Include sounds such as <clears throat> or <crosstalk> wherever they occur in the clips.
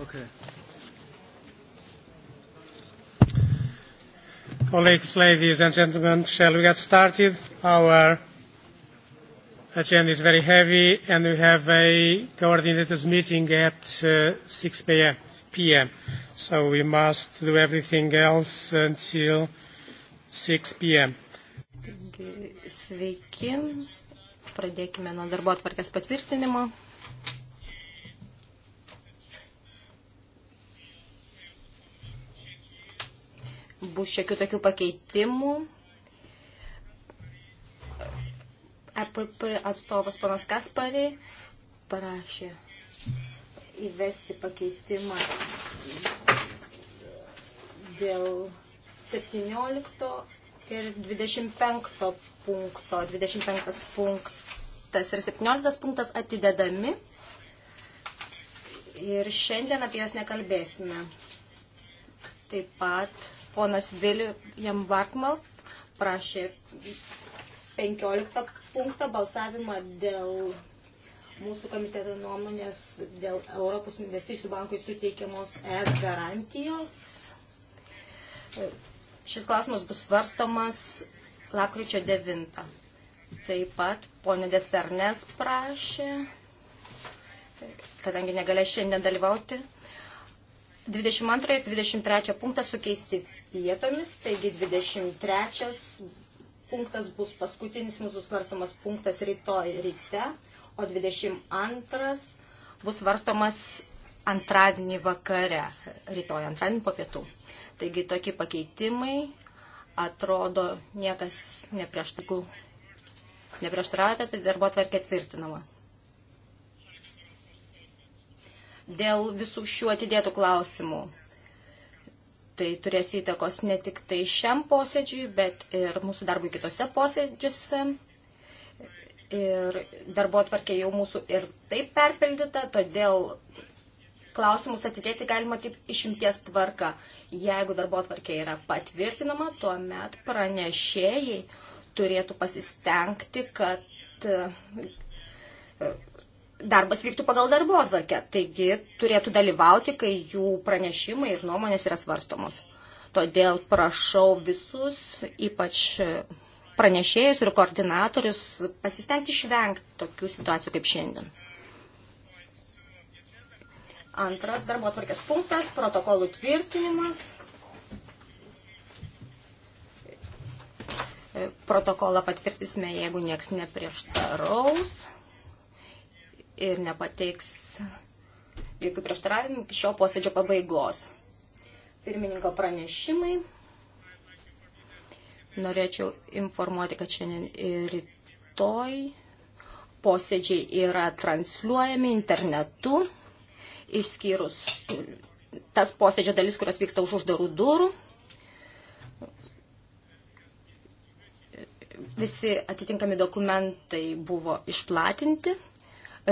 Okay. Colleagues, ladies and gentlemen, shall we get started? Our agenda is very heavy, and we have a coordinators meeting at uh, 6 p.m. p.m. So we must do everything else until 6 p.m. Sveiki. Pradėkime nuo darbo atvarkės patvirtinimo. bus šiokių tokių pakeitimų. EPP atstovas panas Kasparį parašė įvesti pakeitimą dėl 17 ir 25 punkto. 25 punktas ir 17 punktas atidedami. Ir šiandien apie jas nekalbėsime. Taip pat Ponas Vili Jambartmal prašė 15 punktą balsavimą dėl mūsų komiteto nuomonės dėl Europos investicijų bankui suteikiamos ES garantijos. Šis klausimas bus svarstomas lapkričio 9. Taip pat ponė Desernes prašė, kadangi negalės šiandien dalyvauti, 22-23 punktą sukeisti vietomis, taigi 23 punktas bus paskutinis mūsų svarstomas punktas rytoj ryte, o 22 bus svarstomas antradienį vakare, rytoj antradienį po pietų. Taigi tokie pakeitimai, atrodo, niekas neprieštaraujate, tai darbo atvarkė tvirtinama. Dėl visų šių atidėtų klausimų Tai turės įtakos ne tik tai šiam posėdžiui, bet ir mūsų darbui kitose posėdžiuose. Ir darbo atvarkė jau mūsų ir taip perpildyta, todėl klausimus atidėti galima taip išimties tvarka. Jeigu darbo atvarkė yra patvirtinama, tuomet pranešėjai turėtų pasistengti, kad darbas vyktų pagal darbo atvarkę. Taigi turėtų dalyvauti, kai jų pranešimai ir nuomonės yra svarstomos. Todėl prašau visus, ypač pranešėjus ir koordinatorius, pasistengti išvengti tokių situacijų kaip šiandien. Antras darbo atvarkės punktas - protokolų tvirtinimas. Protokolą patvirtinsime, jeigu nieks neprieštaraus ir nepateiks jokių prieštaravimų iki šio posėdžio pabaigos. Pirmininko pranešimai. Norėčiau informuoti, kad šiandien ir rytoj posėdžiai yra transliuojami internetu, išskyrus tas posėdžio dalis, kurios vyksta už uždarų durų. Visi atitinkami dokumentai buvo išplatinti.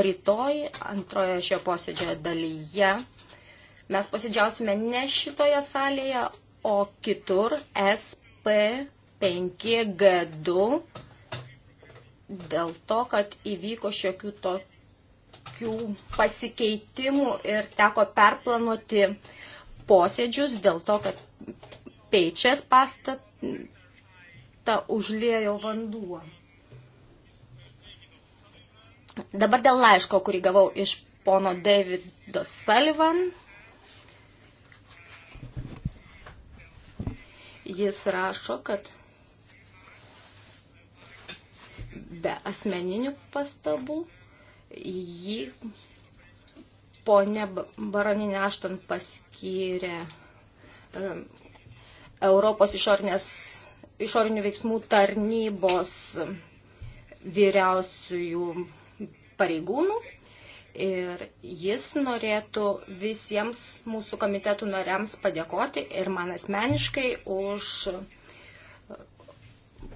Rytoj antroje šio posėdžio dalyje mes posėdžiausime ne šitoje salėje, o kitur SP5G2 dėl to, kad įvyko šiokių tokių pasikeitimų ir teko perplanuoti posėdžius dėl to, kad peičias pastatą užliejo vanduo. Dabar dėl laiško, kurį gavau iš pono Davido Sullivan. Jis rašo, kad be asmeninių pastabų jį ponė Baroninė Ašton paskyrė um, Europos išorinės, išorinių veiksmų tarnybos vyriausiųjų pareigūnų ir jis norėtų visiems mūsų komitetų nariams padėkoti ir man asmeniškai už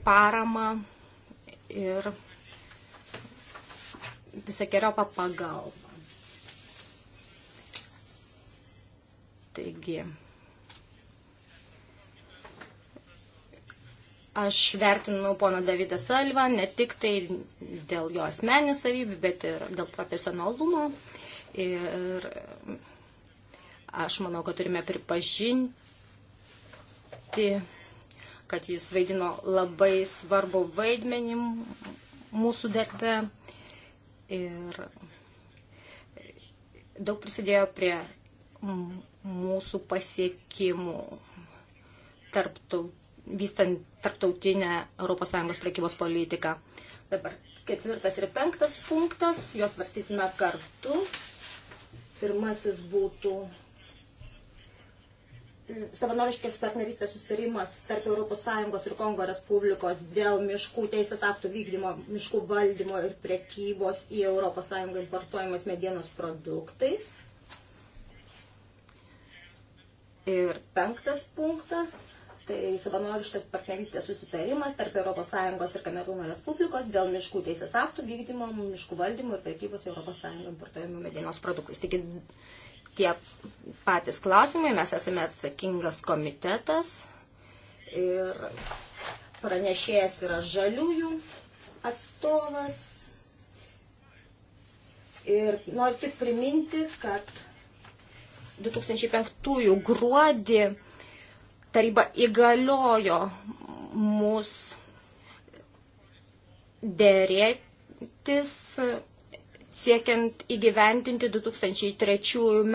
paramą ir visokiojopą pagalbą. Taigi. Aš vertinu pono Davidą Salvą ne tik tai dėl jo asmenių savybių, bet ir dėl profesionalumo. Ir aš manau, kad turime pripažinti, kad jis vaidino labai svarbu vaidmenį mūsų darbe. Ir daug prisidėjo prie mūsų pasiekimų tarptau, vystant tarptautinę ES prekybos politiką. Dabar ketvirtas ir penktas punktas, juos varstysime kartu. Pirmasis būtų savanoriškės partnerystės sustarimas tarp ES ir Kongo Respublikos dėl miškų teisės aktų vykdymo, miškų valdymo ir prekybos į ES importuojamais medienos produktais. Ir penktas punktas Tai savanoriškas partnerystės susitarimas tarp ES ir Kamerūno Respublikos dėl miškų teisės aktų vykdymo, miškų valdymo ir prekybos ES importuojamų medienos produktais. Taigi tie patys klausimai, mes esame atsakingas komitetas ir pranešėjas yra žaliųjų atstovas. Ir noriu tik priminti, kad 2005 gruodį taryba įgaliojo mus dėrėtis siekiant įgyventinti 2003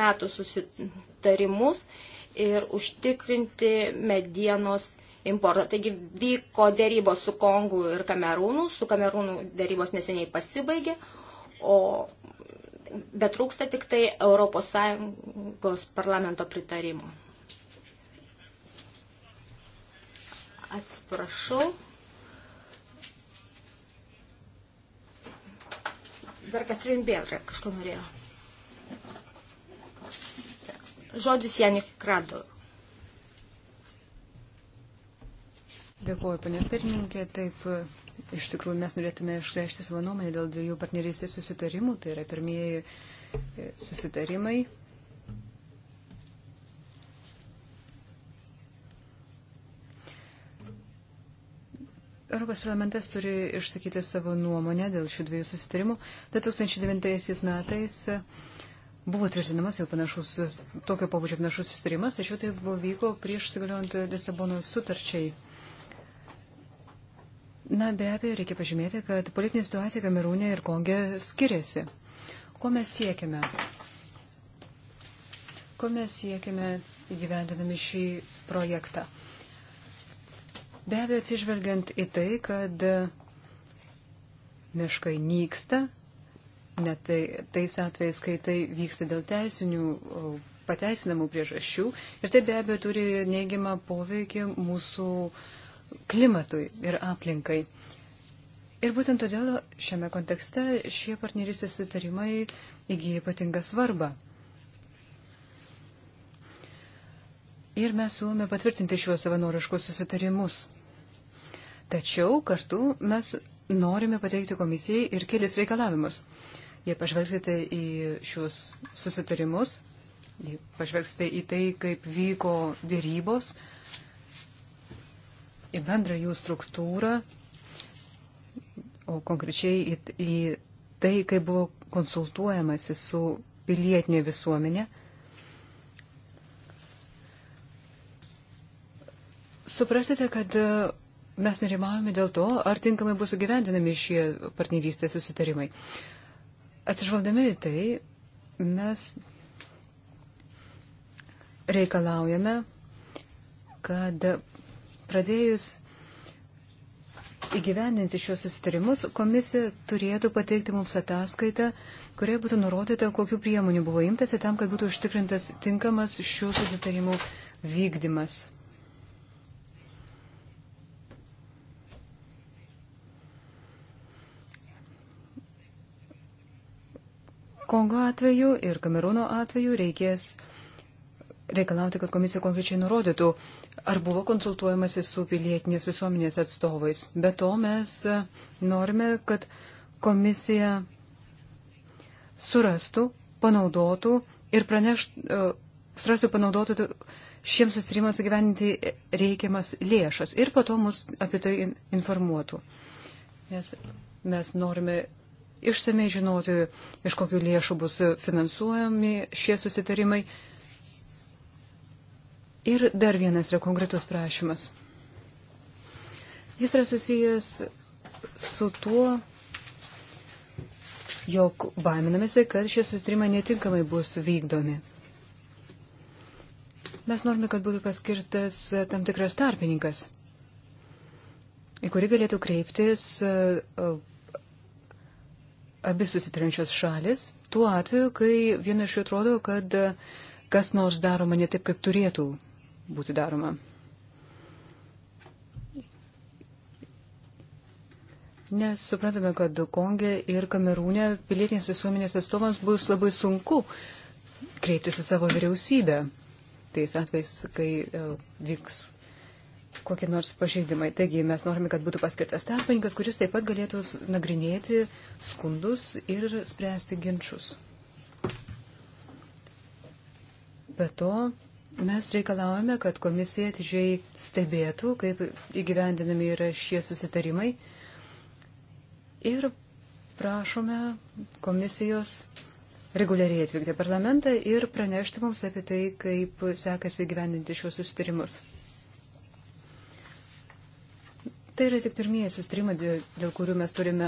metų susitarimus ir užtikrinti medienos importą. Taigi vyko dėrybos su Kongu ir Kamerūnu, su Kamerūnu dėrybos neseniai pasibaigė, o bet trūksta tik tai ES parlamento pritarimo. atsiprašau. Dar Katrin Bėlrė kažko norėjo. Žodis Janik Krador. Dėkuoju, panė pirmininkė. Taip, iš tikrųjų mes norėtume išreikšti savo nuomonę dėl dviejų partnerystės susitarimų. Tai yra pirmieji susitarimai Europos parlamentas turi išsakyti savo nuomonę dėl šių dviejų susitarimų. 2009 metais buvo tvirtinamas jau panašus, tokio pabudžio panašus susitarimas, tačiau tai buvo vyko prieš įsigaliojant Lisabono sutarčiai. Na, be abejo, reikia pažymėti, kad politinė situacija Kamerūne ir Konge skiriasi. Ko mes siekime? Ko mes siekime įgyvendinami šį projektą? Be abejo, atsižvelgiant į tai, kad miškai nyksta, net tai, tais atvejais, kai tai vyksta dėl teisinių pateisinamų priežasčių ir tai be abejo turi neigiamą poveikį mūsų klimatui ir aplinkai. Ir būtent todėl šiame kontekste šie partnerystės sutarimai įgyja ypatingą svarbą. ir mes siūlome patvirtinti šiuos savanoriškus susitarimus. Tačiau kartu mes norime pateikti komisijai ir kelis reikalavimus. Jei pažvelgsite į šiuos susitarimus, jei pažvelgsite į tai, kaip vyko dėrybos, į bendrą jų struktūrą, o konkrečiai į, į tai, kaip buvo konsultuojamasi su pilietinė visuomenė, Suprastite, kad e, mes nerimavome dėl to, ar tinkamai bus sugyvendinami šie partnerystės susitarimai. Atsižvaldami į tai, mes reikalaujame, kad pradėjus įgyvendinti šios susitarimus, komisija turėtų pateikti mums ataskaitą, kurioje būtų nurodyta, kokiu priemoniu buvo imtasi tam, kad būtų užtikrintas tinkamas šių susitarimų vykdymas. Kongo atveju ir Kamerūno atveju reikės reikalauti, kad komisija konkrečiai nurodytų, ar buvo konsultuojamasi su pilietinės visuomenės atstovais. Be to mes norime, kad komisija surastų, panaudotų ir praneštų, e, surastų, panaudotų šiems susirimams gyventi reikiamas lėšas ir po to mus apie tai informuotų. Nes mes norime išsamei žinoti, iš kokių lėšų bus finansuojami šie susitarimai. Ir dar vienas yra konkretus prašymas. Jis yra susijęs su tuo, jog baiminamėsi, kad šie susitarimai netinkamai bus vykdomi. Mes norime, kad būtų paskirtas tam tikras tarpininkas, į kurį galėtų kreiptis e, abi susitrančios šalis tuo atveju, kai viena iš jų atrodo, kad e, kas nors daroma ne taip, kaip turėtų būti daroma. Nes suprantame, kad Kongė ir Kamerūne pilietinės visuomenės atstovams bus labai sunku kreiptis į savo vyriausybę. Tais atvejais, kai e, vyks kokie nors pažeidimai. Taigi mes norime, kad būtų paskirtas tarpininkas, kuris taip pat galėtų nagrinėti skundus ir spręsti ginčius. Be to, mes reikalavome, kad komisija atidžiai stebėtų, kaip įgyvendinami yra šie susitarimai. Ir prašome komisijos reguliariai atvykti parlamentą ir pranešti mums apie tai, kaip sekasi gyvendinti šios susitarimus. Tai yra tik pirmieji sustrimai, dėl kurių mes turime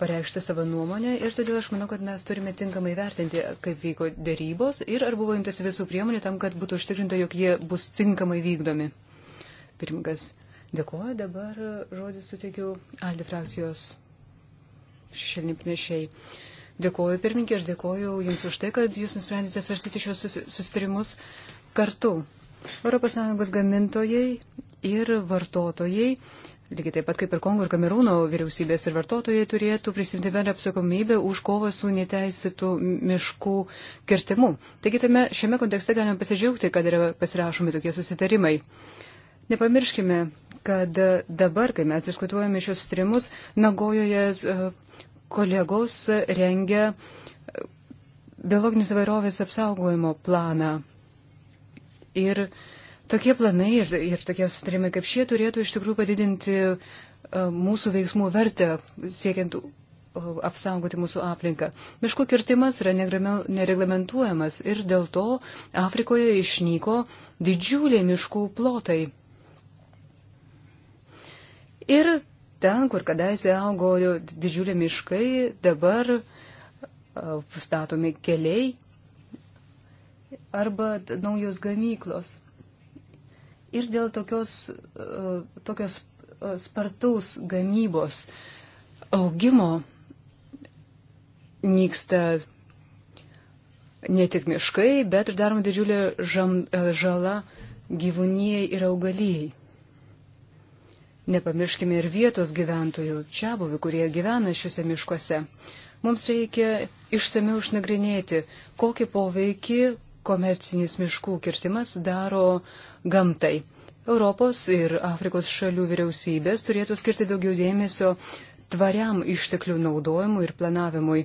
pareikšti savo nuomonę ir todėl aš manau, kad mes turime tinkamai vertinti, kaip vyko dėrybos ir ar buvo imtas visų priemonių tam, kad būtų užtikrinta, jog jie bus tinkamai vykdomi. Pirmininkas, dėkuoju, dabar žodį suteikiu Aldi frakcijos šešėlinį pnešiai. Dėkuoju pirmininkė ir dėkuoju Jums už tai, kad Jūs nusprendėte svarstyti šios susitarimus kartu. ES gamintojai ir vartotojai, lygiai taip pat kaip ir Kongo ir Kamerūno vyriausybės ir vartotojai, turėtų prisimti bendrą apsakomybę už kovą su neteisėtų miškų kirtimu. Taigi tame, šiame kontekste galime pasidžiaugti, kad yra pasirašomi tokie susitarimai. Nepamirškime, kad dabar, kai mes diskutuojame šios sutrimus, Nagojoje e, kolegos rengia e, biologinės įvairovės apsaugojimo planą. Ir uh, Tokie planai ir, ir tokie sutarimai kaip šie turėtų iš tikrųjų padidinti e, mūsų veiksmų vertę siekiant e, apsaugoti mūsų aplinką. Miškų kirtimas yra nereglamentuojamas ir dėl to Afrikoje išnyko didžiuliai miškų plotai. Ir ten, kur kadaise augo didžiuliai miškai, dabar e, statomi keliai arba naujos gamyklos ir dėl tokios, e, tokios e, spartaus gamybos augimo nyksta ne tik miškai, bet ir daroma didžiulė žam, e, žala gyvūnijai ir augalijai. Nepamirškime ir vietos gyventojų, čia buvių, kurie gyvena šiuose miškuose. Mums reikia išsameu išnagrinėti, kokį poveikį komercinis miškų kirtimas daro gamtai. Europos ir Afrikos šalių vyriausybės turėtų skirti daugiau dėmesio tvariam išteklių naudojimui ir planavimui,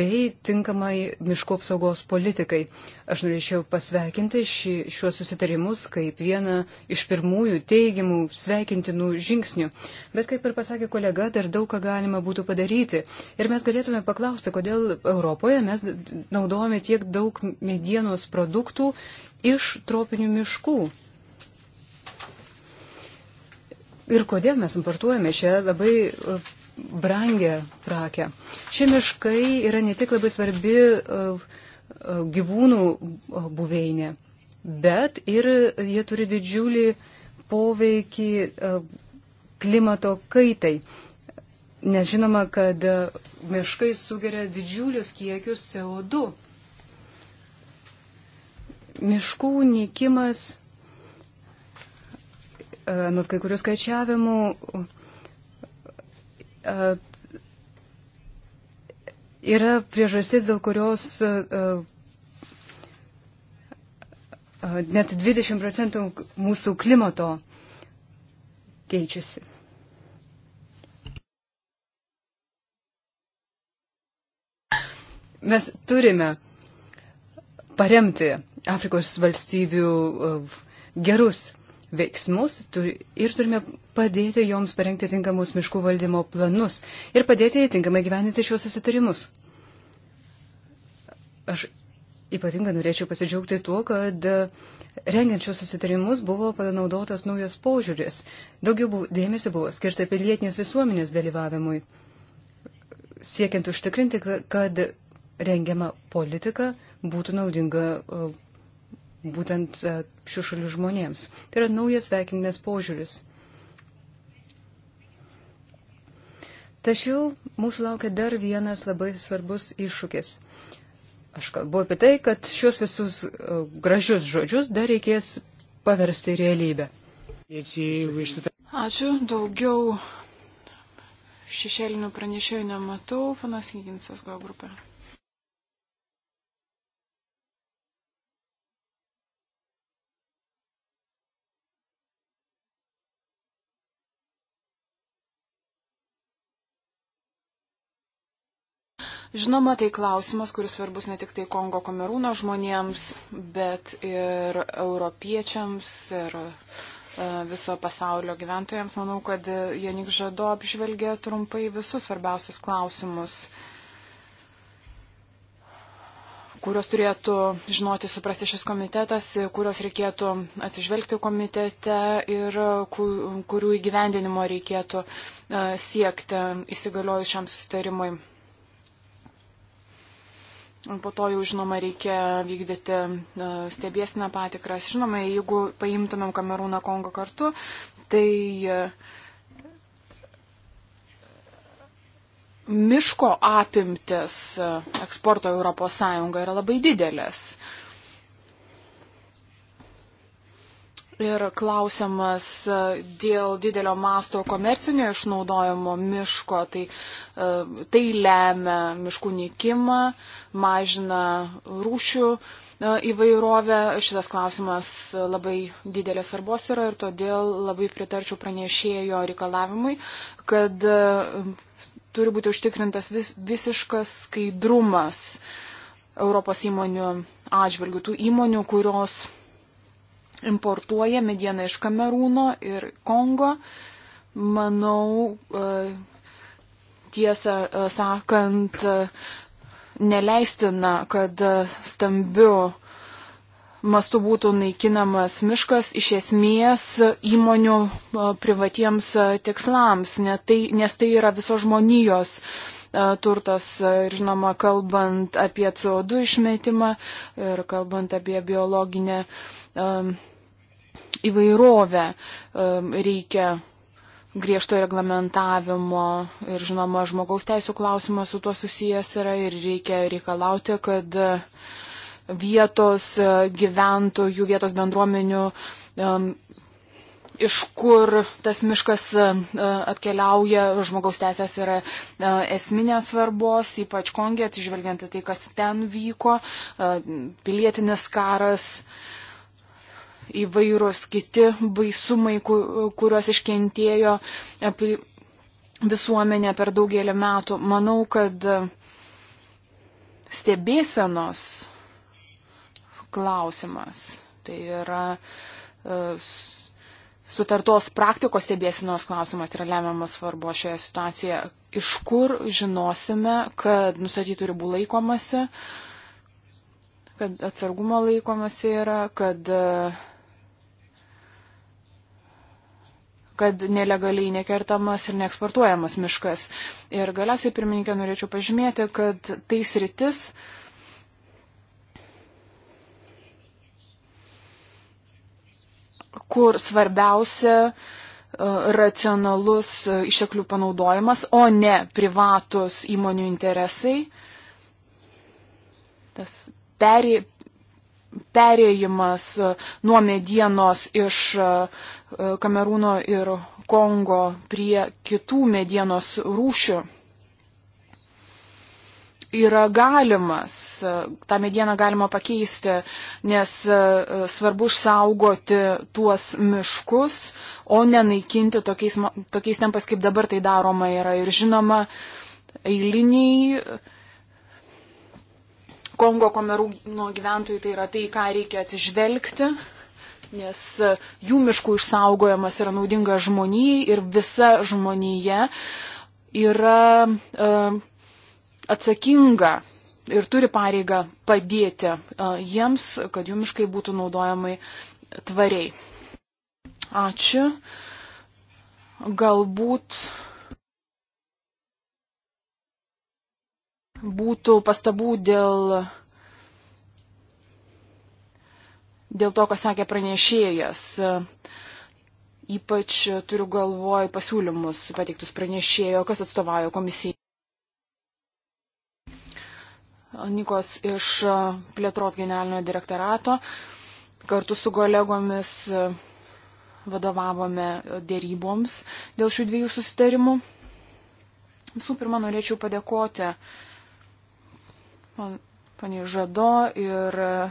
bei tinkamai miškų apsaugos politikai. Aš norėčiau pasveikinti šį, šiuos susitarimus kaip vieną iš pirmųjų teigiamų sveikintinų žingsnių. Bet kaip ir pasakė kolega, dar daug ką galima būtų padaryti. Ir mes galėtume paklausti, kodėl Europoje mes naudojame tiek daug medienos produktų iš tropinių miškų. Ir kodėl mes importuojame šią labai brangę prakę. Šie miškai yra ne tik labai svarbi e, e, gyvūnų e, buveinė, bet ir jie turi didžiulį poveikį klimato kaitai. Nes žinoma, kad miškai sugeria didžiulius kiekius CO2. Miškų nykimas, anot kai kurių skaičiavimų, yra priežastis, dėl kurios e, e, net 20 procentų mūsų klimato keičiasi. Mes turime paremti Afrikos valstybių e, gerus veiksmus ir turime padėti joms parengti tinkamus miškų valdymo planus ir padėti įtinkamai gyveninti šios susitarimus. Aš ypatingai norėčiau pasidžiaugti tuo, kad e, rengiant šios susitarimus buvo panaudotas naujas požiūris. Daugiau buvo, dėmesio buvo skirta pilietinės visuomenės dalyvavimui, siekiant užtikrinti, kad rengiama politika būtų naudinga e, būtent e, šių šalių žmonėms. Tai yra naujas veikininės požiūris. Tačiau mūsų laukia dar vienas labai svarbus iššūkis. Aš kalbu apie tai, kad šios visus e, gražius žodžius dar reikės paversti realybę. Ačiū, daugiau šešėlinių pranešėjų nematau, panas Giginsas gal grupė. Žinoma, tai klausimas, kuris svarbus ne tik tai Kongo Kamerūno žmonėms, bet ir europiečiams ir e, viso pasaulio gyventojams. Manau, kad Janik Žado apžvelgė trumpai visus svarbiausius klausimus, kuriuos turėtų žinoti, suprasti šis komitetas, kuriuos reikėtų atsižvelgti komitete ir kurių įgyvendinimo reikėtų e, siekti įsigaliojus šiam sustarimui. Po to jau, žinoma, reikia vykdyti e, stebėsiną patikras. Žinoma, jeigu paimtumėm Kamerūną Kongo kartu, tai e, miško apimtis e, eksporto Europos Sąjunga yra labai didelės. Uh, Ir klausimas e, dėl didelio masto komercinio išnaudojimo miško, tai, e, tai lemia miškų nykimą, mažina rūšių e, įvairovę. Šitas klausimas labai didelės svarbos yra ir todėl labai pritarčiau pranešėjo reikalavimui, kad turi būti užtikrintas vis, visiškas skaidrumas Europos įmonių atžvilgių, tų įmonių, kurios importuoja medieną iš Kamerūno ir Kongo. Manau, e, tiesą e, sakant, e, neleistina, kad stambiu mastu būtų naikinamas miškas iš esmės įmonių privatiems tikslams, tai, nes tai yra visos žmonijos turtas ir žinoma, kalbant apie CO2 išmetimą ir kalbant apie biologinę įvairovę. Reikia griežto reglamentavimo ir, žinoma, žmogaus teisų klausimas su tuo susijęs yra ir reikia reikalauti, kad vietos e, gyventojų, vietos bendruomenių iš kur tas miškas e, atkeliauja, žmogaus teisės yra e, esminės svarbos, ypač Kongė, atsižvelgiant į tai, kas ten vyko, pilietinis karas, įvairūs kiti baisumai, kuriuos iškentėjo visuomenė per daugelį metų. Manau, kad stebėsenos klausimas, tai yra e, sutartos praktikos stebėsinos klausimas yra lemiamas svarbu šioje situacijoje. Iš kur žinosime, kad nustatytų ribų laikomasi, kad atsargumo laikomasi yra, kad uh, kad nelegaliai nekertamas ir neeksportuojamas miškas. Ir galiausiai, pirmininkė, norėčiau pažymėti, kad tai sritis, kur svarbiausia e, racionalus e, išteklių panaudojimas, o ne privatus įmonių interesai. Tas peri, perėjimas nuo medienos iš e, e, Kamerūno ir Kongo prie kitų medienos rūšių yra galimas. E, Ta mediena galima pakeisti, nes svarbu išsaugoti tuos miškus, o nenaikinti tokiais, tokiais tempas, kaip dabar tai daroma yra. Ir žinoma, eiliniai Kongo komerūno gyventojų tai yra tai, ką reikia atsižvelgti, nes jų miškų išsaugojimas yra naudinga žmonijai ir visa žmonija yra uh, atsakinga ir turi pareigą padėti uh, jiems, kad jų miškai būtų naudojamai tvariai. Ačiū. Galbūt būtų pastabų dėl, dėl to, ką sakė pranešėjas. Ypač turiu galvoj pasiūlymus pateiktus pranešėjo, kas atstovauja komisijai. Nikos iš plėtros generalinio direktorato. Kartu su kolegomis vadovavome dėryboms dėl šių dviejų susitarimų. Visų pirma, norėčiau padėkoti uh, poniai Žado ir e,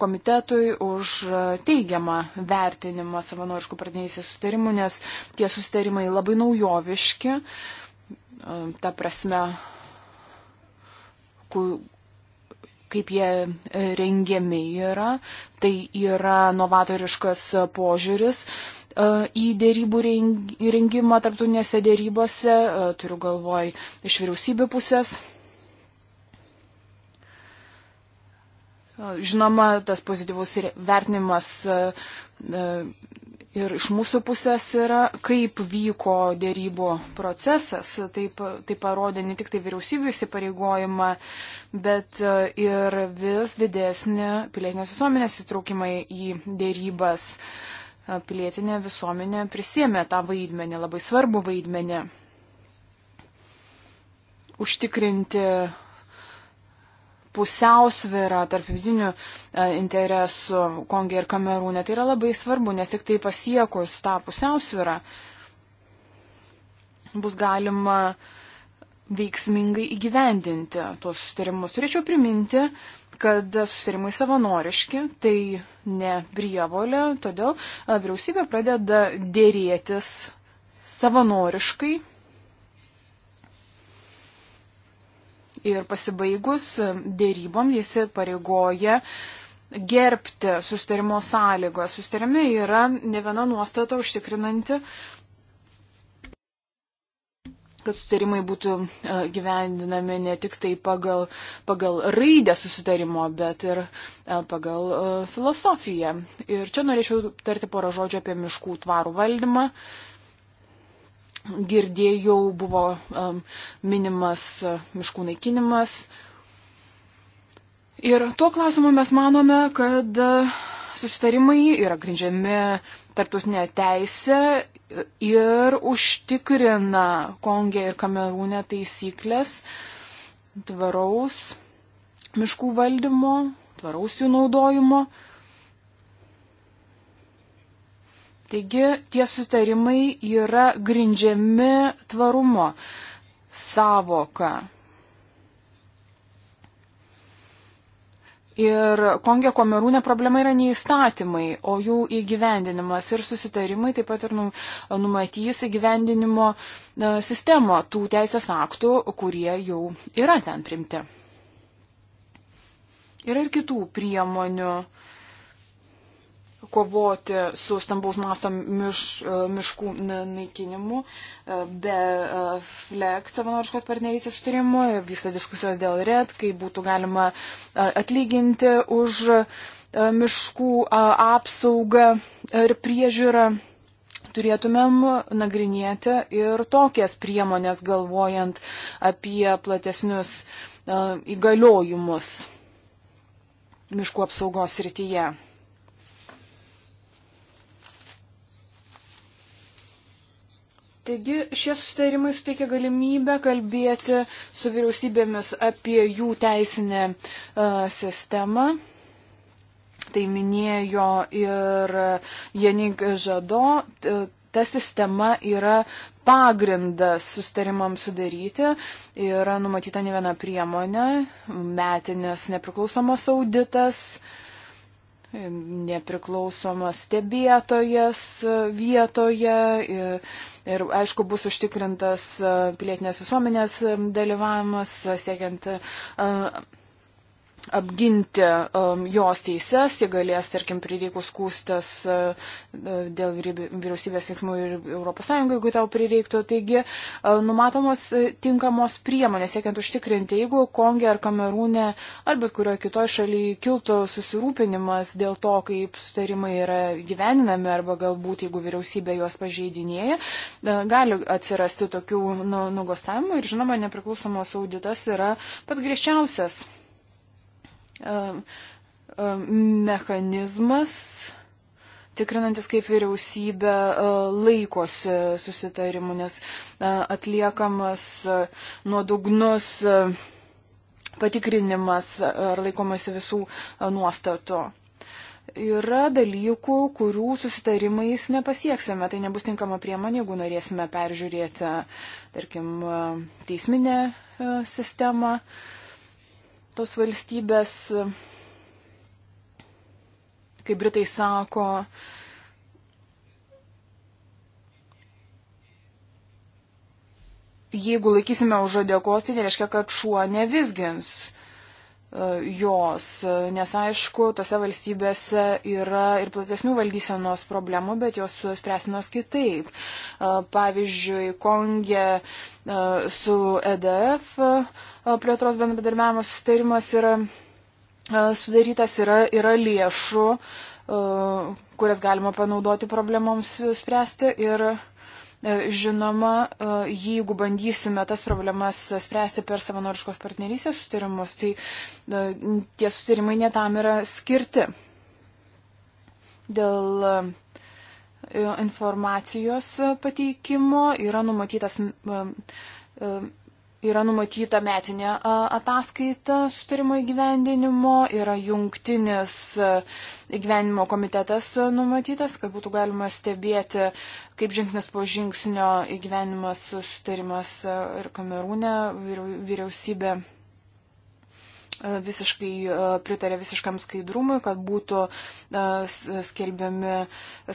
komitetui už e, teigiamą vertinimą savanoriškų partnerystės sustarimų, nes tie sustarimai labai naujoviški, e, ta prasme, ku, kaip jie rengiami yra, tai yra novatoriškas požiūris į dėrybų rengimą tarptautinėse dėrybose, turiu galvoj, iš vyriausybių pusės. Žinoma, tas pozityvus vertinimas e, e, ir iš mūsų pusės yra, kaip vyko dėrybo procesas. Taip, tai parodė ne tik tai vyriausybių įsipareigojimą, bet e, ir vis didesnį pilietinės visuomenės įtraukimą į dėrybas. Pilietinė visuomenė prisėmė tą vaidmenį, labai svarbu vaidmenį užtikrinti pusiausvyrą tarp vidinių e, interesų Kongė ir Kamerūne. Tai yra labai svarbu, nes tik tai pasiekus tą pusiausvyrą bus galima veiksmingai įgyvendinti tuos sustarimus. Turėčiau priminti, kad sustarimai savanoriški, tai ne prievolė, todėl e, vyriausybė pradeda dėrėtis savanoriškai ir pasibaigus dėrybom jis pareigoja gerbti sustarimo sąlygas. Sustarime yra ne viena nuostata užtikrinanti, kad sustarimai būtų e, gyvendinami ne tik tai pagal, pagal raidę susitarimo, bet ir e, pagal e, filosofiją. Ir čia norėčiau tarti porą žodžių apie miškų tvarų valdymą. Uh, girdėjau, buvo um, minimas uh, miškų naikinimas. Ir tuo klausimu mes manome, kad uh, susitarimai yra grindžiami tarptautinė teisė ir užtikrina Kongė ir Kamerūne taisyklės tvaraus miškų valdymo, tvaraus jų naudojimo. Uh, Taigi tie sutarimai yra grindžiami tvarumo savoka. Ir Kongė Komerūne problema yra ne įstatymai, o jų įgyvendinimas ir susitarimai taip pat ir numatys įgyvendinimo sistemą tų teisės aktų, kurie jau yra ten primti. Yra ir kitų priemonių kovoti su stambaus masto miš, e, miškų naikinimu, e, be e, FLEG savanoriškos partnerystės sutarimo, vyksta diskusijos dėl RED, kaip būtų galima atlyginti už miškų apsaugą ir priežiūrą. Turėtumėm nagrinėti ir tokias priemonės, galvojant apie platesnius įgaliojimus miškų apsaugos srityje. Taigi šie susitarimai suteikia galimybę kalbėti su vyriausybėmis apie jų teisinę uh, sistemą. Tai minėjo ir Janik Žado, ta sistema yra pagrindas sustarimams sudaryti. Yra numatyta ne viena priemonė, metinis nepriklausomas auditas, uh, nepriklausomas stebėtojas vietoje ir, ir aišku, bus užtikrintas pilietinės visuomenės dalyvavimas, siekiant apginti um, jos teises, jie galės, tarkim, prireikus skūstas uh, uh, dėl vyriausybės veiksmų ir ES, jeigu tau prireiktų. Taigi uh, numatomos uh, tinkamos priemonės, siekiant užtikrinti, jeigu Kongė ar Kamerūne ar bet kurioje kitoje šalyje kiltų susirūpinimas dėl to, kaip sutarimai yra gyveninami arba galbūt, jeigu vyriausybė juos pažeidinėja, uh, gali atsirasti tokių nugostavimų ir, žinoma, nepriklausomos auditas yra pats griežčiausias mechanizmas, tikrinantis, kaip vyriausybė e, laikosi susitarimų, nes e, atliekamas e, nuodugnus patikrinimas, ar laikomasi visų nuostatų. Yra dalykų, kurių susitarimais nepasieksime. Tai nebus tinkama priemonė, jeigu norėsime peržiūrėti, tarkim, teisminę sistemą. Uh, tos valstybės, kaip Britai sako, jeigu laikysime už žodėkos, tai nereiškia, kad šuo nevisgins jos, nes aišku, tose valstybėse yra ir platesnių valdysenos problemų, bet jos spręsinos kitaip. Pavyzdžiui, Kongė su EDF plėtros bendradarbiavimo sustarimas yra sudarytas, yra, yra lėšų, kurias galima panaudoti problemoms spręsti ir E, žinoma, e, jeigu bandysime tas problemas spręsti per savanoriškos partnerystės sutarimus, tai e, tie sutarimai netam yra skirti. Dėl informacijos pateikimo yra numatytas Yra numatyta metinė ataskaita sutarimo įgyvendinimo, yra jungtinis įgyvendinimo komitetas numatytas, kad būtų galima stebėti, kaip žingsnis po žingsnio įgyvendinimas sutarimas ir kamerūne vyriausybė E, visiškai e, pritarė visiškam skaidrumui, kad būtų e, skelbiami,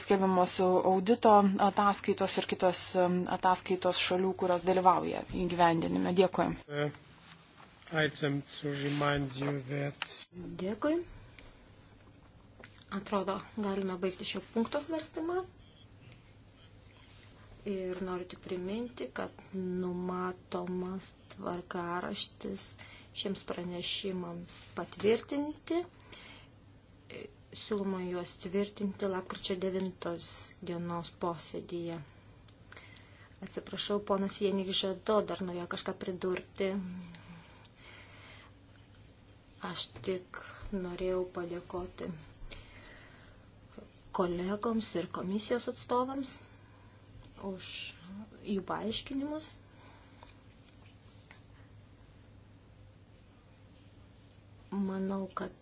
skelbiamos audito ataskaitos ir kitos ataskaitos šalių, kurios dalyvauja įgyvendinime. Dėkui. Uh, Dėkui. Atrodo, galime baigti šio punkto svarstymą. Ir noriu tik priminti, kad numatomas tvarkaraštis šiems pranešimams patvirtinti. Siūloma juos tvirtinti lapkričio 9 dienos posėdyje. Atsiprašau, ponas Jenik Žado dar norėjo kažką pridurti. Aš tik norėjau padėkoti kolegoms ir komisijos atstovams už jų paaiškinimus. Manau, kad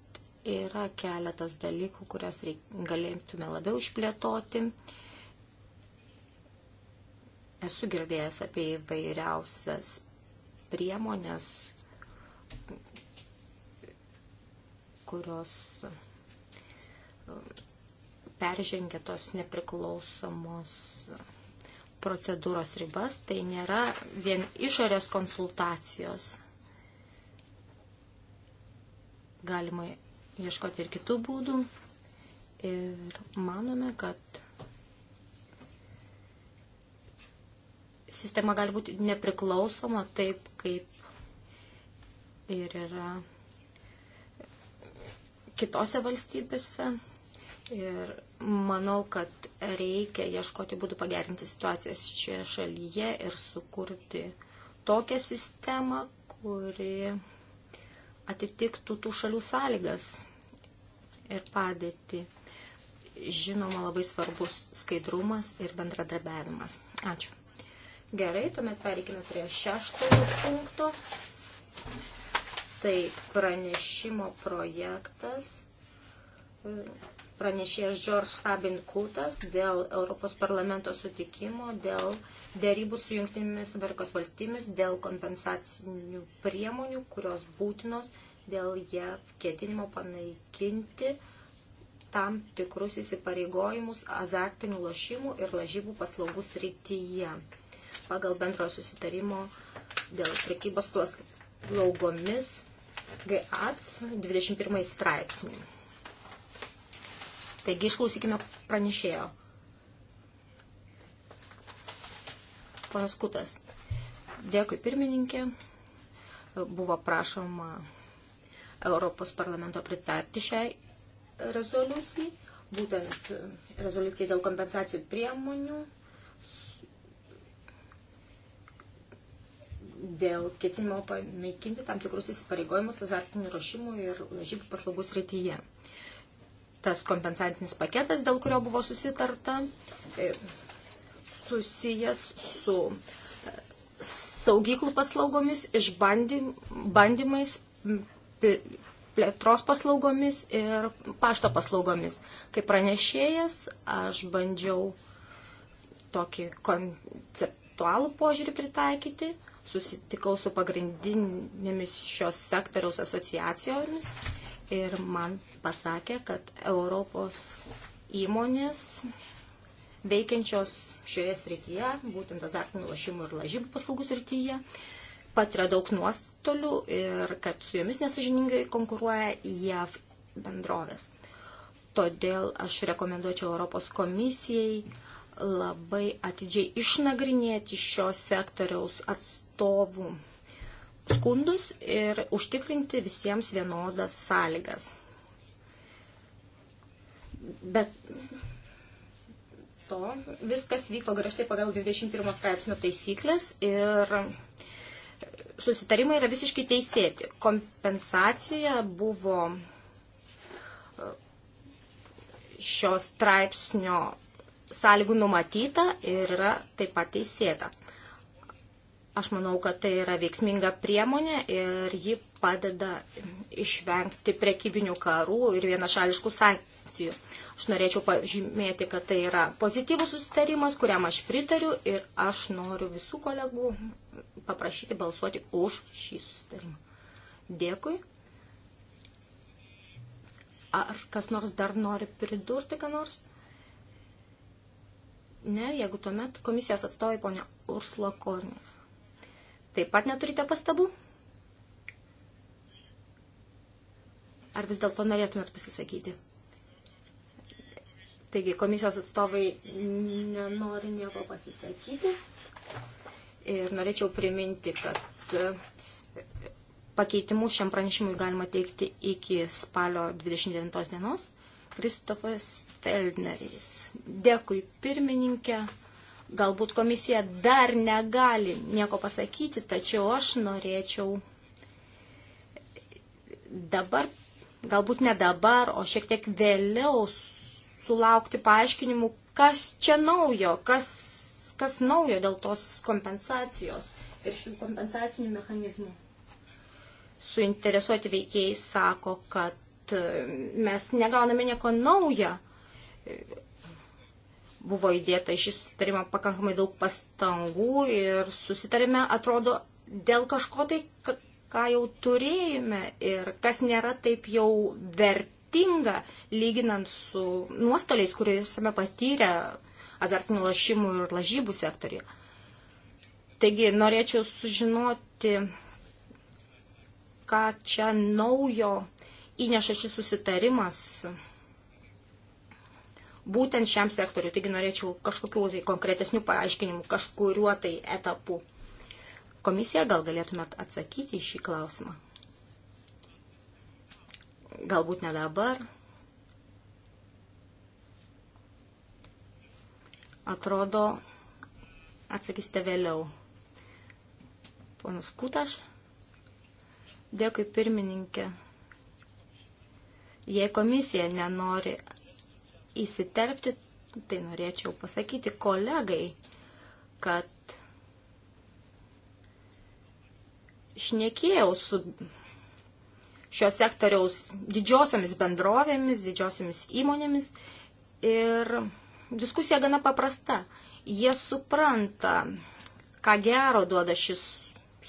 yra keletas dalykų, kurias reik, galėtume labiau išplėtoti. Esu girdėjęs apie įvairiausias priemonės, kurios um, peržengia tos nepriklausomos procedūros ribas. Tai nėra vien išorės konsultacijos galima ieškoti ir kitų būdų. Ir manome, kad sistema gali būti nepriklausoma taip, kaip ir yra kitose valstybėse. Ir manau, kad reikia ieškoti būdų pagerinti situacijas šioje šalyje ir sukurti tokią sistemą, kuri atitiktų tų šalių sąlygas ir padėtį. Žinoma, labai svarbus skaidrumas ir bendradarbiavimas. Ačiū. Gerai, tuomet pereikime prie šeštojo punkto. Tai pranešimo projektas pranešėjas George Fabin Kultas dėl Europos parlamento sutikimo, dėl dėrybų su Junktinėmis Amerikos valstybėmis, dėl kompensacinių priemonių, kurios būtinos dėl JAV ketinimo panaikinti tam tikrus įsipareigojimus azartinių lošimų ir lažybų paslaugų srityje pagal bendrojo susitarimo dėl prekybos paslaugomis GATS 21 straipsnį. Taigi išklausykime pranešėjo. Panas Kutas. Dėkui pirmininkė. Buvo prašoma Europos parlamento pritarti šiai rezoliucijai, būtent rezoliucijai dėl kompensacijų priemonių, dėl ketinimo panaikinti tam tikrus įsipareigojimus azartinių rašymų ir lažybų paslaugų srityje tas kompensantinis paketas, dėl kurio buvo susitarta, e, susijęs su e, saugyklų paslaugomis, išbandymais, plėtros paslaugomis ir pašto paslaugomis. Kaip pranešėjas, aš bandžiau tokį konceptualų požiūrį pritaikyti, susitikau su pagrindinėmis šios sektoriaus asociacijomis ir man pasakė, kad Europos įmonės veikiančios šioje srityje, būtent azartinių lašimų ir lažybų paslaugų srityje, patiria daug nuostolių ir kad su jomis nesažiningai konkuruoja JAV bendrovės. Todėl aš rekomenduočiau Europos komisijai labai atidžiai išnagrinėti šio sektoriaus atstovų skundus ir užtikrinti visiems vienodas sąlygas. Bet to viskas vyko gražtai pagal 21 straipsnio taisyklės ir susitarimai yra visiškai teisėti. Kompensacija buvo e, šios straipsnio sąlygų numatyta ir yra taip pat teisėta. Aš manau, kad tai yra veiksminga priemonė ir ji padeda išvengti prekybinių karų ir vienašališkų sankcijų. Aš norėčiau pažymėti, kad tai yra pozityvus susitarimas, kuriam aš pritariu ir aš noriu visų kolegų paprašyti balsuoti už šį susitarimą. Dėkui. Ar kas nors dar nori pridurti, ką nors? Ne, jeigu tuomet komisijos atstovai ponia Ursula Kornė taip pat neturite pastabų? Ar vis dėlto norėtumėt pasisakyti? Taigi, komisijos atstovai nenori nieko pasisakyti. Ir norėčiau priminti, kad e, pakeitimus šiam pranešimui galima teikti iki spalio 29 dienos. Kristofas Feldneris. Dėkui pirmininkė. Galbūt komisija dar negali nieko pasakyti, tačiau aš norėčiau dabar, galbūt ne dabar, o šiek tiek vėliau sulaukti paaiškinimų, kas čia naujo, kas, kas naujo dėl tos kompensacijos ir šių kompensacinių mechanizmų. Suinteresuoti veikėjai sako, kad e, mes negauname nieko naujo. Buvo įdėta iš įsitarimą pakankamai daug pastangų ir susitarime, atrodo, dėl kažko tai, ką jau turėjome ir kas nėra taip jau vertinga, lyginant su nuostoliais, kuriais esame patyrę azartinių lašimų ir lažybų sektoriuje. Taigi norėčiau sužinoti, ką čia naujo įneša šis susitarimas būtent šiam sektoriu. Taigi norėčiau kažkokių tai konkretesnių paaiškinimų, kažkuriuo tai etapu. Komisija, gal galėtumėt atsakyti į šį klausimą? Galbūt ne dabar. Atrodo, atsakysite vėliau. Ponas Kutaš, dėkui pirmininkė. Jei komisija nenori įsiterpti, tai norėčiau pasakyti kolegai, kad šnekėjau su šio sektoriaus didžiosiomis bendrovėmis, didžiosiomis įmonėmis ir diskusija gana paprasta. Jie supranta, ką gero duoda šis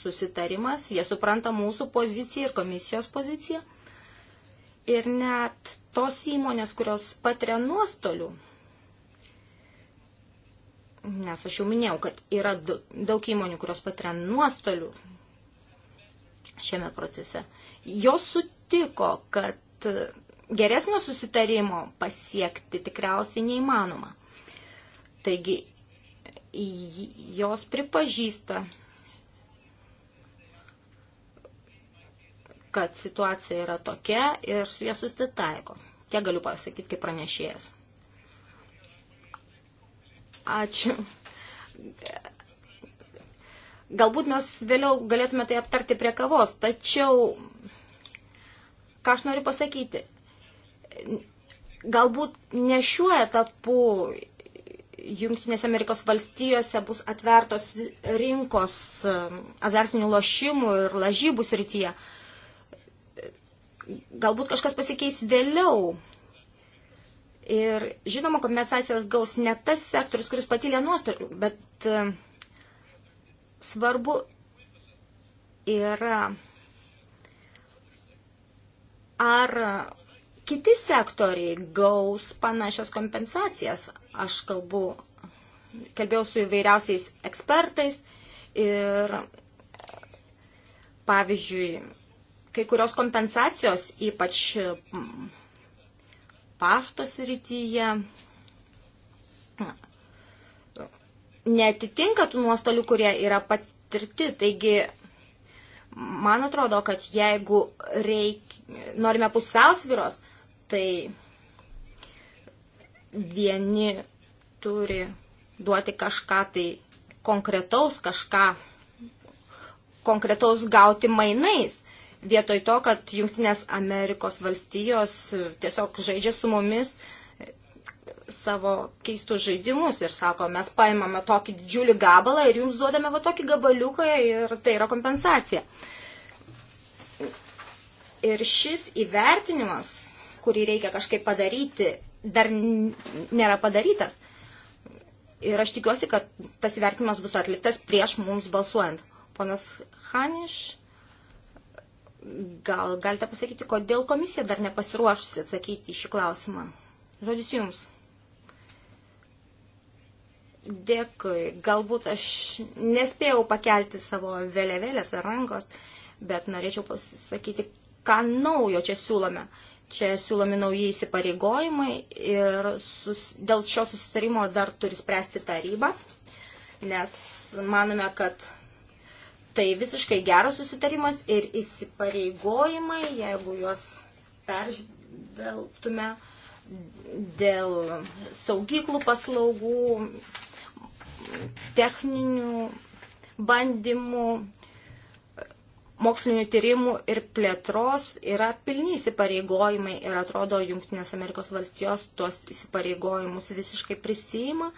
susitarimas, jie supranta mūsų poziciją ir komisijos poziciją. Ir net tos įmonės, kurios patiria nuostolių, nes aš jau minėjau, kad yra daug įmonių, kurios patiria nuostolių šiame procese, jos sutiko, kad geresnio susitarimo pasiekti tikriausiai neįmanoma. Taigi jos pripažįsta, kad situacija yra tokia ir su jie susitaiko. Tiek galiu pasakyti kaip pranešėjas. Ačiū. Galbūt mes vėliau galėtume tai aptarti prie kavos, tačiau ką aš noriu pasakyti, galbūt ne šiuo etapu Junktinėse Amerikos valstijose bus atvertos rinkos e, azartinių lošimų ir lažybų srityje galbūt kažkas pasikeis vėliau. Ir žinoma, kompensacijas gaus ne tas sektorius, kuris patylė nuostolių, bet e, svarbu yra, ar kiti sektoriai gaus panašias kompensacijas. Aš kalbu, kalbėjau su įvairiausiais ekspertais ir, pavyzdžiui, kai kurios kompensacijos, ypač paštos rytyje, netitinka tų nuostolių, kurie yra patirti. Taigi, man atrodo, kad jeigu reik, norime pusiausviros, tai vieni turi duoti kažką tai konkretaus, kažką konkretaus gauti mainais vietoj to, kad Junktinės Amerikos valstijos tiesiog žaidžia su mumis savo keistus žaidimus ir sako, mes paimame tokį didžiulį gabalą ir jums duodame va tokį gabaliuką ir tai yra kompensacija. Ir šis įvertinimas, kurį reikia kažkaip padaryti, dar nėra padarytas. Ir aš tikiuosi, kad tas įvertinimas bus atliktas prieš mums balsuojant. Ponas Haniš Gal galite pasakyti, kodėl komisija dar nepasiruošusi atsakyti į šį klausimą? Žodis jums. Dėkui. Galbūt aš nespėjau pakelti savo vėliavėlės ar rankos, bet norėčiau pasakyti, ką naujo čia siūlome. Čia siūlomi nauji įsipareigojimai ir sus, dėl šio susitarimo dar turi spręsti taryba, nes manome, kad Tai visiškai geras susitarimas ir įsipareigojimai, jeigu juos peržvelgtume dėl saugyklų paslaugų, techninių bandymų, mokslinių tyrimų ir plėtros yra pilni įsipareigojimai ir atrodo Junktinės Amerikos valstijos tuos įsipareigojimus visiškai prisima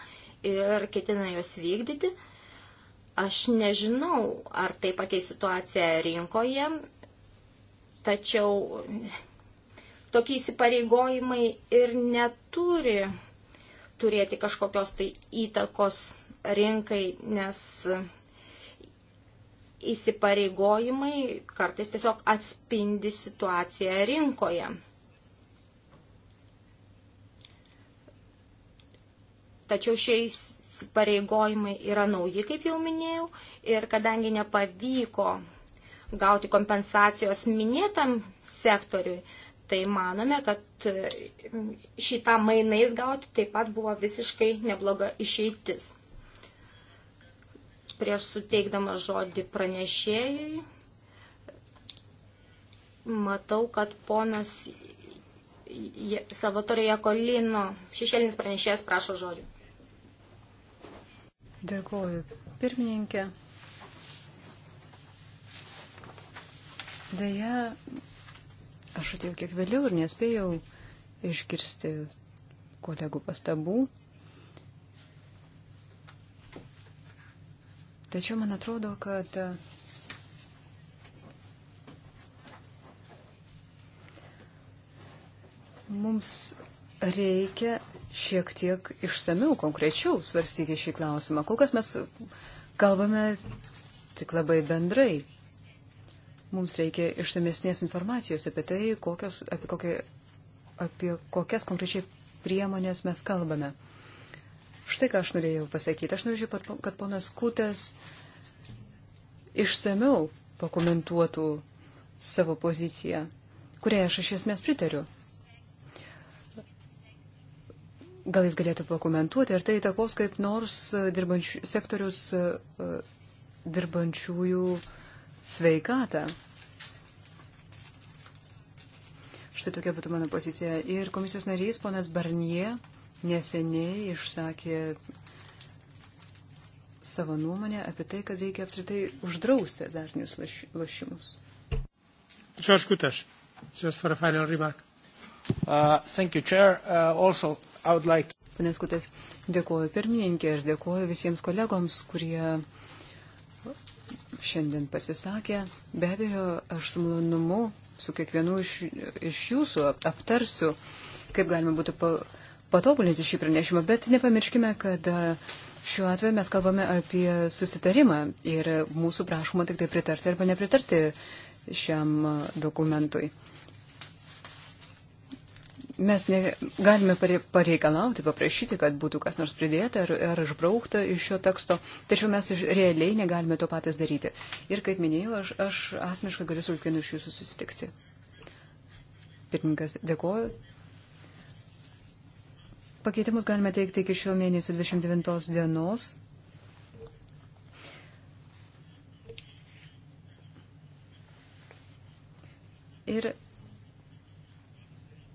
ir ketina juos vykdyti. Aš nežinau, ar tai pakeis situaciją rinkoje, tačiau tokie įsipareigojimai ir neturi turėti kažkokios tai įtakos rinkai, nes įsipareigojimai kartais tiesiog atspindi situaciją rinkoje. Tačiau šiais įsipareigojimai yra nauji, kaip jau minėjau, ir kadangi nepavyko gauti kompensacijos minėtam sektoriui, tai manome, kad e, šitą mainais gauti taip pat buvo visiškai nebloga išeitis. Prieš suteikdama žodį pranešėjui, matau, kad ponas Savatorija Kolino šešėlinis pranešėjas prašo žodžių. Dėkuoju, pirmininkė. Deja, aš atėjau kiek vėliau ir nespėjau išgirsti kolegų pastabų. Tačiau man atrodo, kad mums reikia šiek tiek išsamiau, konkrečiau svarstyti šį klausimą. Kol kas mes kalbame tik labai bendrai. Mums reikia išsamesnės informacijos apie tai, kokios, apie, kokie, apie kokias konkrečiai priemonės mes kalbame. Štai ką aš norėjau pasakyti. Aš norėčiau, kad ponas Kutas išsameu pakomentuotų savo poziciją, kuriai aš iš esmės pritariu. Gal jis galėtų pakomentuoti, ar tai įtakos kaip nors e, dirbančių, sektorius e, e, dirbančiųjų sveikatą? Štai tokia būtų mano pozicija. Ir komisijos narys, ponas Barnie, neseniai išsakė savo nuomonę apie tai, kad reikia apskritai uždrausti azartinius lošimus. George Kutash, just for a final remark. Uh, thank you, Chair. Uh, also, like to... Panas Kutas, dėkuoju pirmininkė ir dėkuoju visiems kolegoms, kurie šiandien pasisakė. Be abejo, aš su malonumu su kiekvienu iš, iš jūsų aptarsiu, kaip galima būtų pa, patobulinti šį pranešimą, bet nepamirškime, kad šiuo atveju mes kalbame apie susitarimą ir mūsų prašoma tik tai pritarti arba nepritarti šiam dokumentui. Mes ne, galime pareikalauti, paprašyti, kad būtų kas nors pridėta ar, ar išbraukta iš šio teksto, tačiau mes iš, realiai negalime to patys daryti. Ir kaip minėjau, aš, aš asmeniškai galiu su kiekvienu iš jūsų susitikti. Pirmininkas, dėkoju. Pakeitimus galime teikti iki šio mėnesio 29 dienos. Ir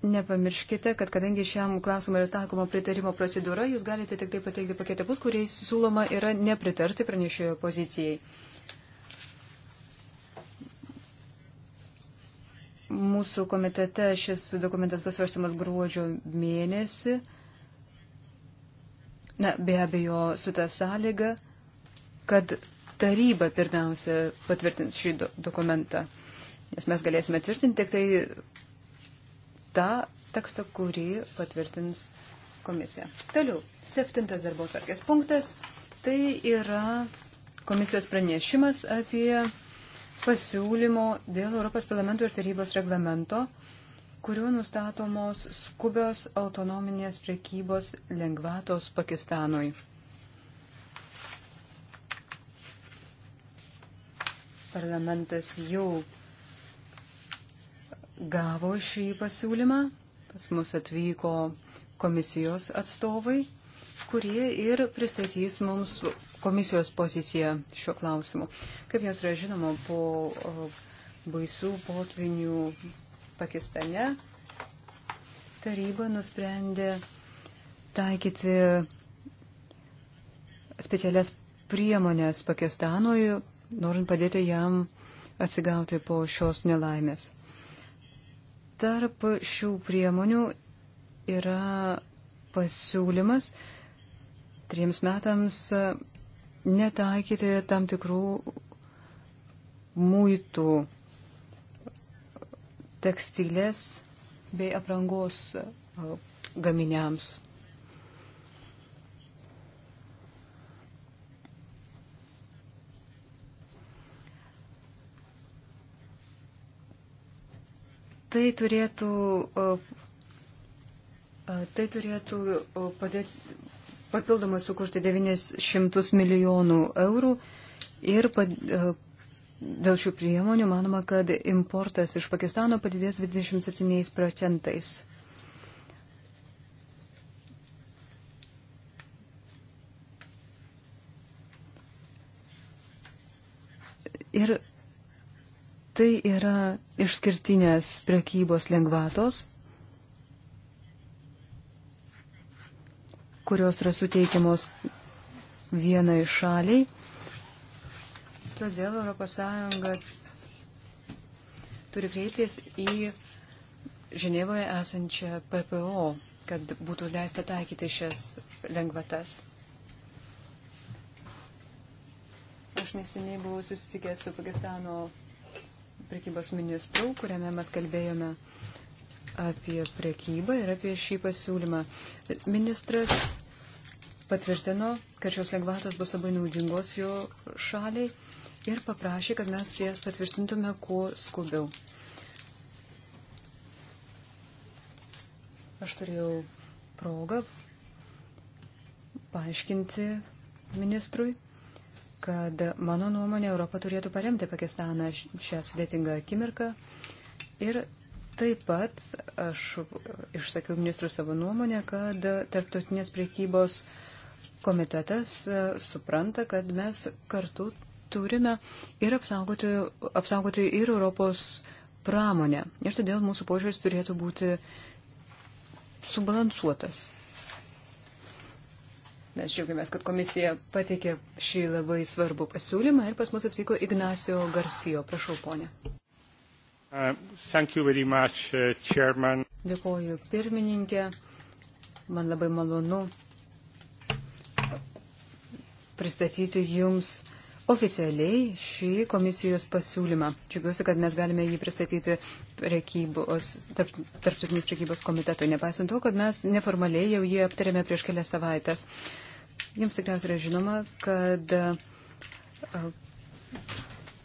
Nepamirškite, kad kadangi šiam klausimui yra takoma pritarimo procedūra, jūs galite tik tai pateikti paketimus, kuriais siūloma yra nepritarti pranešėjo pozicijai. Mūsų komitete šis dokumentas bus svarstamas gruodžio mėnesį. Na, be abejo, su tą sąlyga, kad taryba pirmiausia patvirtins šį do dokumentą. Nes mes galėsime tvirtinti tik tai tą tekstą, kurį patvirtins komisija. Toliau, septintas darbo tvarkės punktas. Tai yra komisijos pranešimas apie pasiūlymo dėl Europos parlamento ir tarybos reglamento, kuriuo nustatomos skubios autonominės prekybos lengvatos Pakistanui. Parlamentas jau gavo šį pasiūlymą. Pas mus atvyko komisijos atstovai, kurie ir pristatys mums komisijos poziciją šiuo klausimu. Kaip jums yra žinoma, po baisių potvinių Pakistane taryba nusprendė taikyti specialias priemonės Pakistanui, norint padėti jam atsigauti po šios nelaimės. Tarp šių priemonių yra pasiūlymas trims metams netaikyti tam tikrų muitų tekstilės bei aprangos gaminiams. Tai turėtų, tai turėtų padėti, papildomai sukurti 900 milijonų eurų ir pad, dėl šių priemonių manoma, kad importas iš Pakistano padidės 27 procentais. Ir Tai yra išskirtinės prekybos lengvatos, kurios yra suteikiamos vienai šaliai. Todėl ES turi kreiptis į Ženevoje esančią PPO, kad būtų leista taikyti šias lengvatas. Aš neseniai buvau susitikęs su Pakistano prekybos ministrų, kuriame mes kalbėjome apie prekybą ir apie šį pasiūlymą. Ministras patvirtino, kad šios lengvatos bus labai naudingos jo šaliai ir paprašė, kad mes jas patvirtintume kuo skubiau. Aš turėjau progą paaiškinti ministrui, kad mano nuomonė Europa turėtų paremti Pakistaną šią sudėtingą akimirką. Ir taip pat aš išsakiau ministrų savo nuomonę, kad tarptautinės priekybos komitetas e, supranta, kad mes kartu turime ir apsaugoti, apsaugoti ir Europos pramonę. Ir todėl mūsų požiūris turėtų būti subalansuotas. Mes džiaugiamės, kad komisija pateikė šį labai svarbų pasiūlymą ir pas mus atvyko Ignacio Garcijo. Prašau, ponė. Uh, much, uh, Dėkuoju pirmininkė. Man labai malonu pristatyti Jums oficialiai šį komisijos pasiūlymą. Džiugiuosi, kad mes galime jį pristatyti prekybos, tarp, tarptautinės prekybos komitetui, nepaisant to, kad mes neformaliai jau jį aptarėme prieš kelias savaitės. Uh, Jums tikriausiai yra žinoma, kad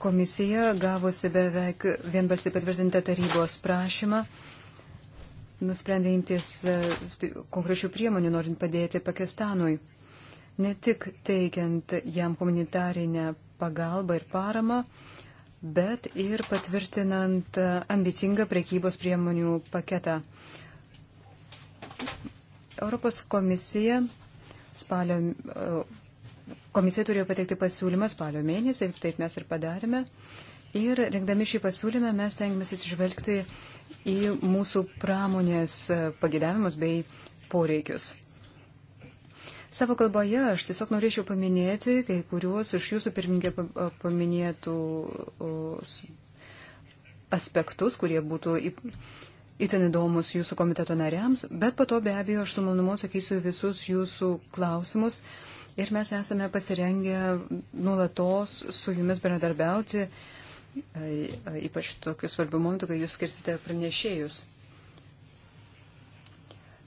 komisija gavusi beveik vienbalsiai patvirtintą tarybos prašymą nusprendė imtis konkrečių priemonių, norint padėti Pakistanui. Ne tik teikiant jam humanitarinę pagalbą ir paramą, bet ir patvirtinant ambicingą prekybos priemonių paketą. Europos komisija Spalio, komisija turėjo pateikti pasiūlymą spalio mėnesį, taip mes ir padarėme. Ir rengdami šį pasiūlymą mes tengiamės atsižvelgti į mūsų pramonės e, pagidavimus bei poreikius. Savo kalboje aš tiesiog norėčiau paminėti kai kuriuos iš jūsų pirmininkė paminėtų aspektus, kurie būtų itin įdomus jūsų komiteto nariams, bet po to be abejo aš su malonumu atsakysiu visus jūsų klausimus ir mes esame pasirengę nulatos su jumis bendradarbiauti, e, ypač tokiu svarbiu momentu, kai jūs skirsite pranešėjus.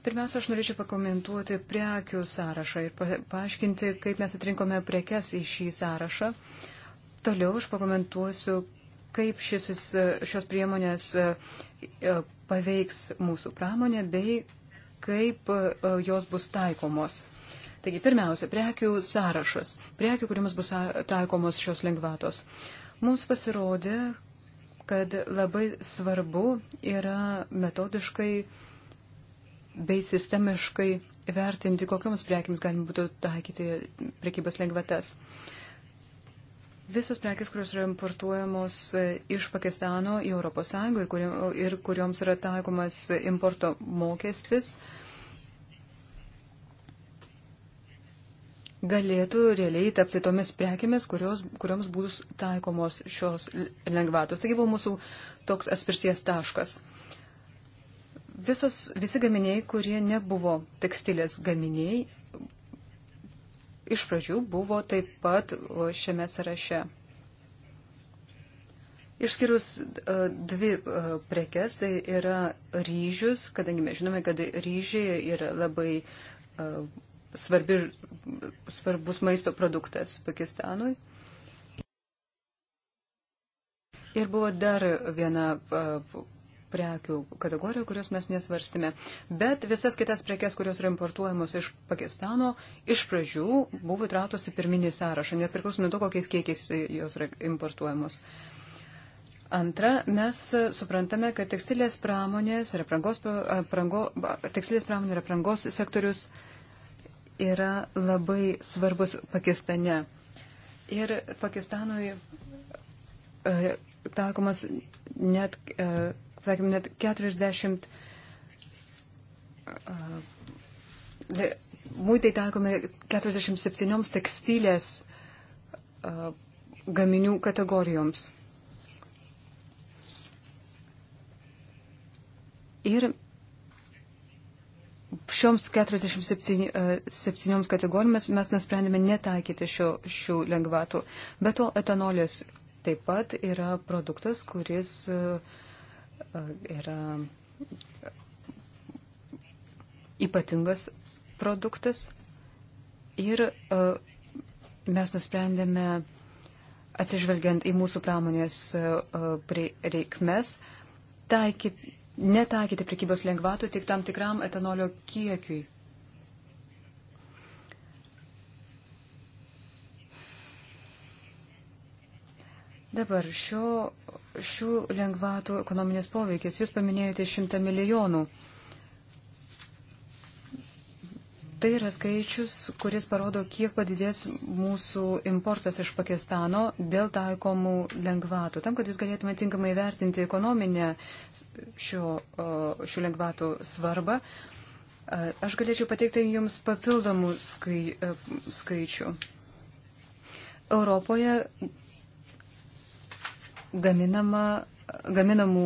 Pirmiausia, aš norėčiau pakomentuoti prekių sąrašą ir paaiškinti, kaip mes atrinkome prekes į šį sąrašą. Toliau aš pakomentuosiu, kaip šis, šios priemonės e, e, paveiks mūsų pramonę bei kaip e, jos bus taikomos. Taigi, pirmiausia, prekių sąrašas, prekių, kuriams bus taikomos šios lengvatos. Mums pasirodė, kad labai svarbu yra metodiškai bei sistemiškai vertinti, kokiams prekiams galima būtų taikyti prekybos lengvatas. Uh, Visos prekes, kurios yra importuojamos e, iš Pakistano į ES ir, kuriom, ir kurioms yra taikomas importo mokestis, galėtų realiai tapti tomis prekėmis, kurios, kurioms bus taikomos šios lengvatos. Taigi buvo mūsų toks atspirties taškas. Visos, visi gaminiai, kurie nebuvo tekstilės gaminiai, iš pradžių buvo taip pat šiame sąraše. Išskyrus e, dvi e, prekes, tai yra ryžius, kadangi mes žinome, kad ryžiai yra labai e, svarbi, svarbus maisto produktas Pakistanui. Ir buvo dar viena prekių kategorijų, kurios mes nesvarstėme. Bet visas kitas prekes, kurios yra importuojamos iš Pakistano, iš pradžių buvo įtrauktos į pirminį sąrašą, nepriklausomai to, kokiais kiekiais jos yra importuojamos. Antra, mes suprantame, kad tekstilės pramonės ir aprangos, aprango, tekstilės pramonė ir aprangos sektorius yra labai svarbus Pakistane. Ir Pakistanui e, taikomas net e, sakėm, net 40 uh, mūtai taikomi 47 tekstilės uh, gaminių kategorijoms. Ir šioms 47 uh, kategorijomis mes nusprendėme netaikyti šio, šių lengvatų. Be to, etanolis taip pat yra produktas, kuris uh, yra ypatingas produktas ir e, mes nusprendėme atsižvelgiant į mūsų pramonės e, reikmes, taikyti, netaikyti prekybos lengvatų tik tam tikram etanolio kiekiui. Dabar šio, šių lengvatų ekonominės poveikis, jūs paminėjote 100 milijonų. Tai yra skaičius, kuris parodo, kiek padidės mūsų importas iš Pakistano dėl taikomų lengvatų. Tam, kad jūs galėtume tinkamai vertinti ekonominę šio, šių lengvatų svarbą, Aš galėčiau pateikti jums papildomų skai, skaičių. Europoje gaminama, gaminamų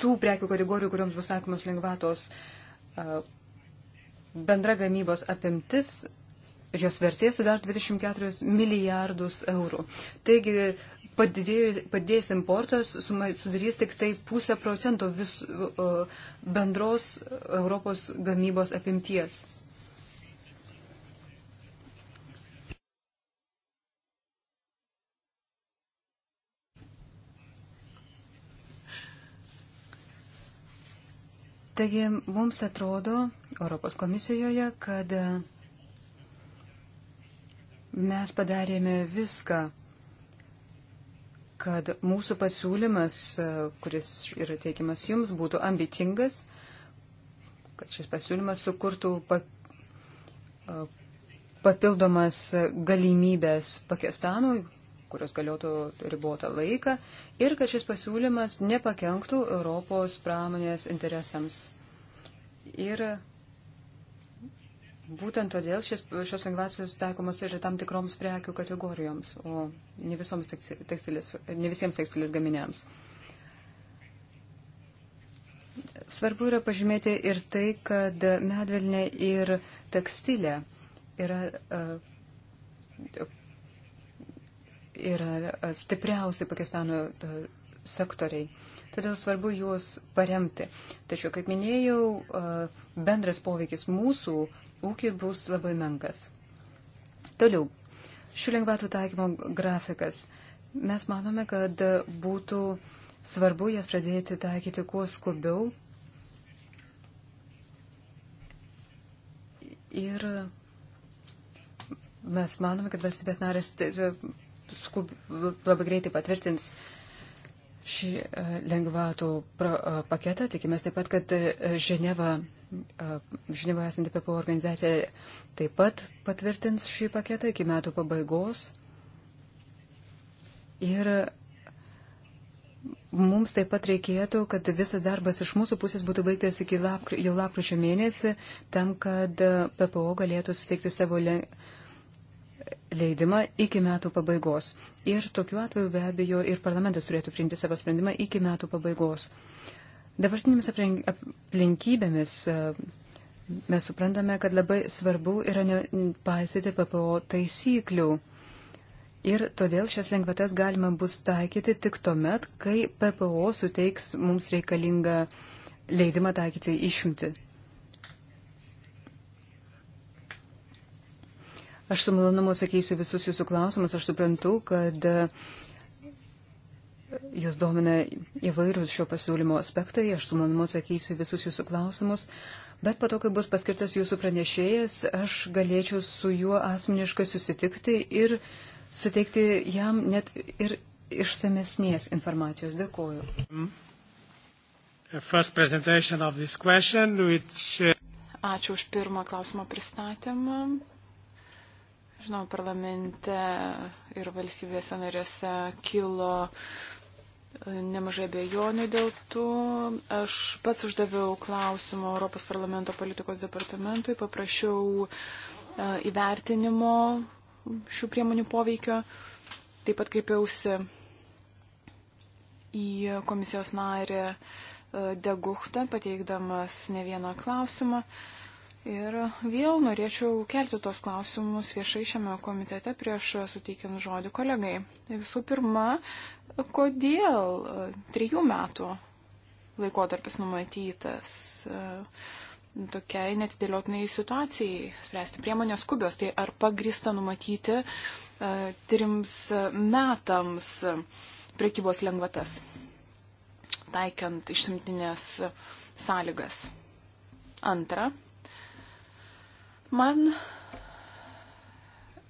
tų prekių kategorijų, kuriuoms bus taikomos lengvatos bendra gamybos apimtis, jos vertė sudaro 24 milijardus eurų. Taigi padidėjęs importas sudarys tik tai pusę procento vis, bendros Europos gamybos apimties. Taigi mums atrodo Europos komisijoje, kad mes padarėme viską, kad mūsų pasiūlymas, kuris yra teikiamas jums, būtų ambicingas, kad šis pasiūlymas sukurtų papildomas galimybės Pakistanui, kurios galėtų ribotą laiką ir kad šis pasiūlymas nepakenktų Europos pramonės interesams. Ir būtent todėl šis, šios lengvacijos taikomas ir tam tikroms prekių kategorijoms, o ne, tekstilės, ne visiems tekstilės gaminiams. Svarbu yra pažymėti ir tai, kad medvilnė ir tekstilė yra uh, yra stipriausi Pakistano e, sektoriai. Todėl svarbu juos paremti. Tačiau, kaip minėjau, e, bendras poveikis mūsų ūkiai bus labai menkas. Toliau, šių lengvatų taikymo grafikas. Mes manome, kad būtų svarbu jas pradėti taikyti kuo skubiau. Ir mes manome, kad valstybės narės skub, labai greitai patvirtins šį e, lengvatų e, paketą. Tikimės taip pat, kad e, Ženeva, Ženeva esanti PPO organizacija taip pat patvirtins šį paketą iki metų pabaigos. Ir mums taip pat reikėtų, kad visas darbas iš mūsų pusės būtų baigtas iki lapkri, jau lapkričio mėnesį, tam, kad PPO galėtų suteikti savo lengvatą leidimą iki metų pabaigos. Ir tokiu atveju be abejo ir parlamentas turėtų priimti savo sprendimą iki metų pabaigos. Dabartinėmis aplinkybėmis e, mes suprantame, kad labai svarbu yra paisyti PPO taisyklių. Ir todėl šias lengvatas galima bus taikyti tik tuomet, kai PPO suteiks mums reikalingą leidimą taikyti išimti. Aš su malonumu sakysiu visus jūsų klausimus. Aš suprantu, kad e, jūs domina įvairūs šio pasiūlymo aspektai. Aš su malonumu sakysiu visus jūsų klausimus. Bet po to, kai bus paskirtas jūsų pranešėjas, aš galėčiau su juo asmeniškai susitikti ir suteikti jam net ir išsamesnės informacijos. Dėkuoju. Which... Uh, Ačiū už pirmą klausimą pristatymą. Žinau, parlamente ir valstybėse narėse kilo e, nemažai bejonių dėl tų. Aš pats uždaviau klausimą Europos parlamento politikos departamentui, paprašiau e, įvertinimo šių priemonių poveikio. Taip pat kreipiausi į komisijos narę e, Deguchtą, pateikdamas ne vieną klausimą. Uh, Ir vėl norėčiau kelti tos klausimus viešai šiame komitete prieš suteikiant žodį kolegai. Visų pirma, kodėl e, trijų metų laikotarpis numatytas e, tokiai netidėliotinai situacijai spręsti priemonės skubios, tai ar pagrįsta numatyti e, trims metams prekybos lengvatas, taikant išsimtinės sąlygas. Antra, Man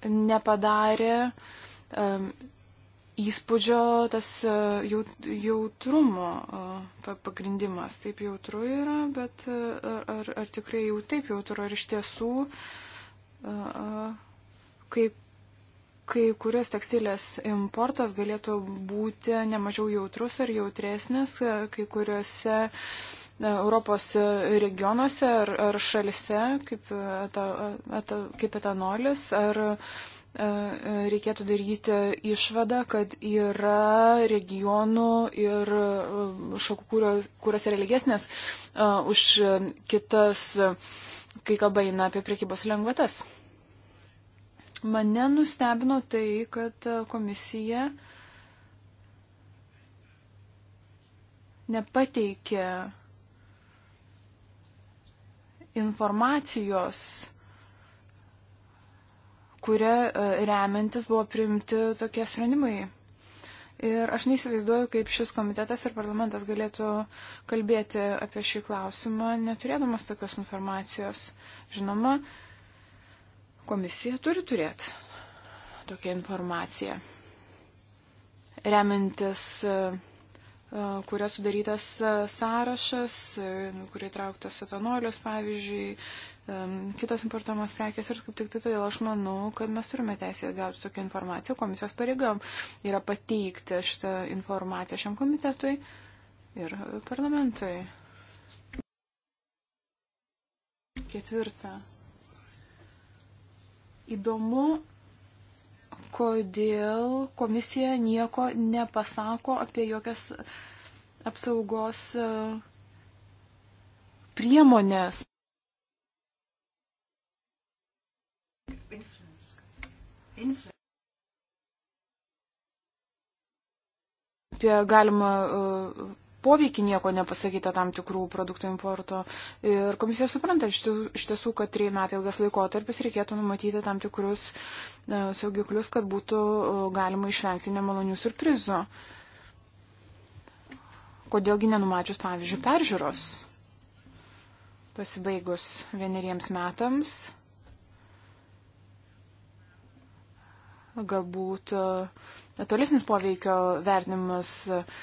nepadarė um, įspūdžio tas uh, jaut, jautrumo uh, pagrindimas. Taip jautru yra, bet uh, ar, ar tikrai jau taip jautru, ar iš tiesų, kaip kai kurios tekstilės importas galėtų būti nemažiau jautrus ar jautresnis, kai kuriuose E, Europos regionuose ar, ar šalise, kaip, e, eta, eta, kaip etanolis, ar e, reikėtų daryti išvadą, kad yra regionų ir šakų, kurios yra ilgesnės už kitas, kai kalba eina apie priekybos lengvatas. Mane nustebino tai, kad komisija nepateikė informacijos, kuria e, remiantis buvo priimti tokie sprendimai. Ir aš neįsivaizduoju, kaip šis komitetas ir parlamentas galėtų kalbėti apie šį klausimą, neturėdamas tokios informacijos. Žinoma, komisija turi turėti tokią informaciją. Remintis uh, e, kurio sudarytas sąrašas, nu, kurį trauktas etanolius, pavyzdžiui, kitos importuojamos prekės ir kaip tik tai todėl aš manau, kad mes turime teisę gauti tokią informaciją. Komisijos pareiga yra pateikti šitą informaciją šiam komitetui ir parlamentui. Ketvirta. Įdomu kodėl komisija nieko nepasako apie jokias apsaugos e, priemonės. Influence. Influence. Apie galima uh, e, poveikį nieko nepasakyta tam tikrų produktų importo. Ir komisija supranta iš tiesų, kad trejai metai ilgas laikotarpis reikėtų numatyti tam tikrus e, saugiklius, kad būtų e, galima išvengti nemalonių surprizų. Kodėlgi nenumačius, pavyzdžiui, peržiūros pasibaigus vieneriems metams. Galbūt e, tolesnis poveikio vertinimas uh,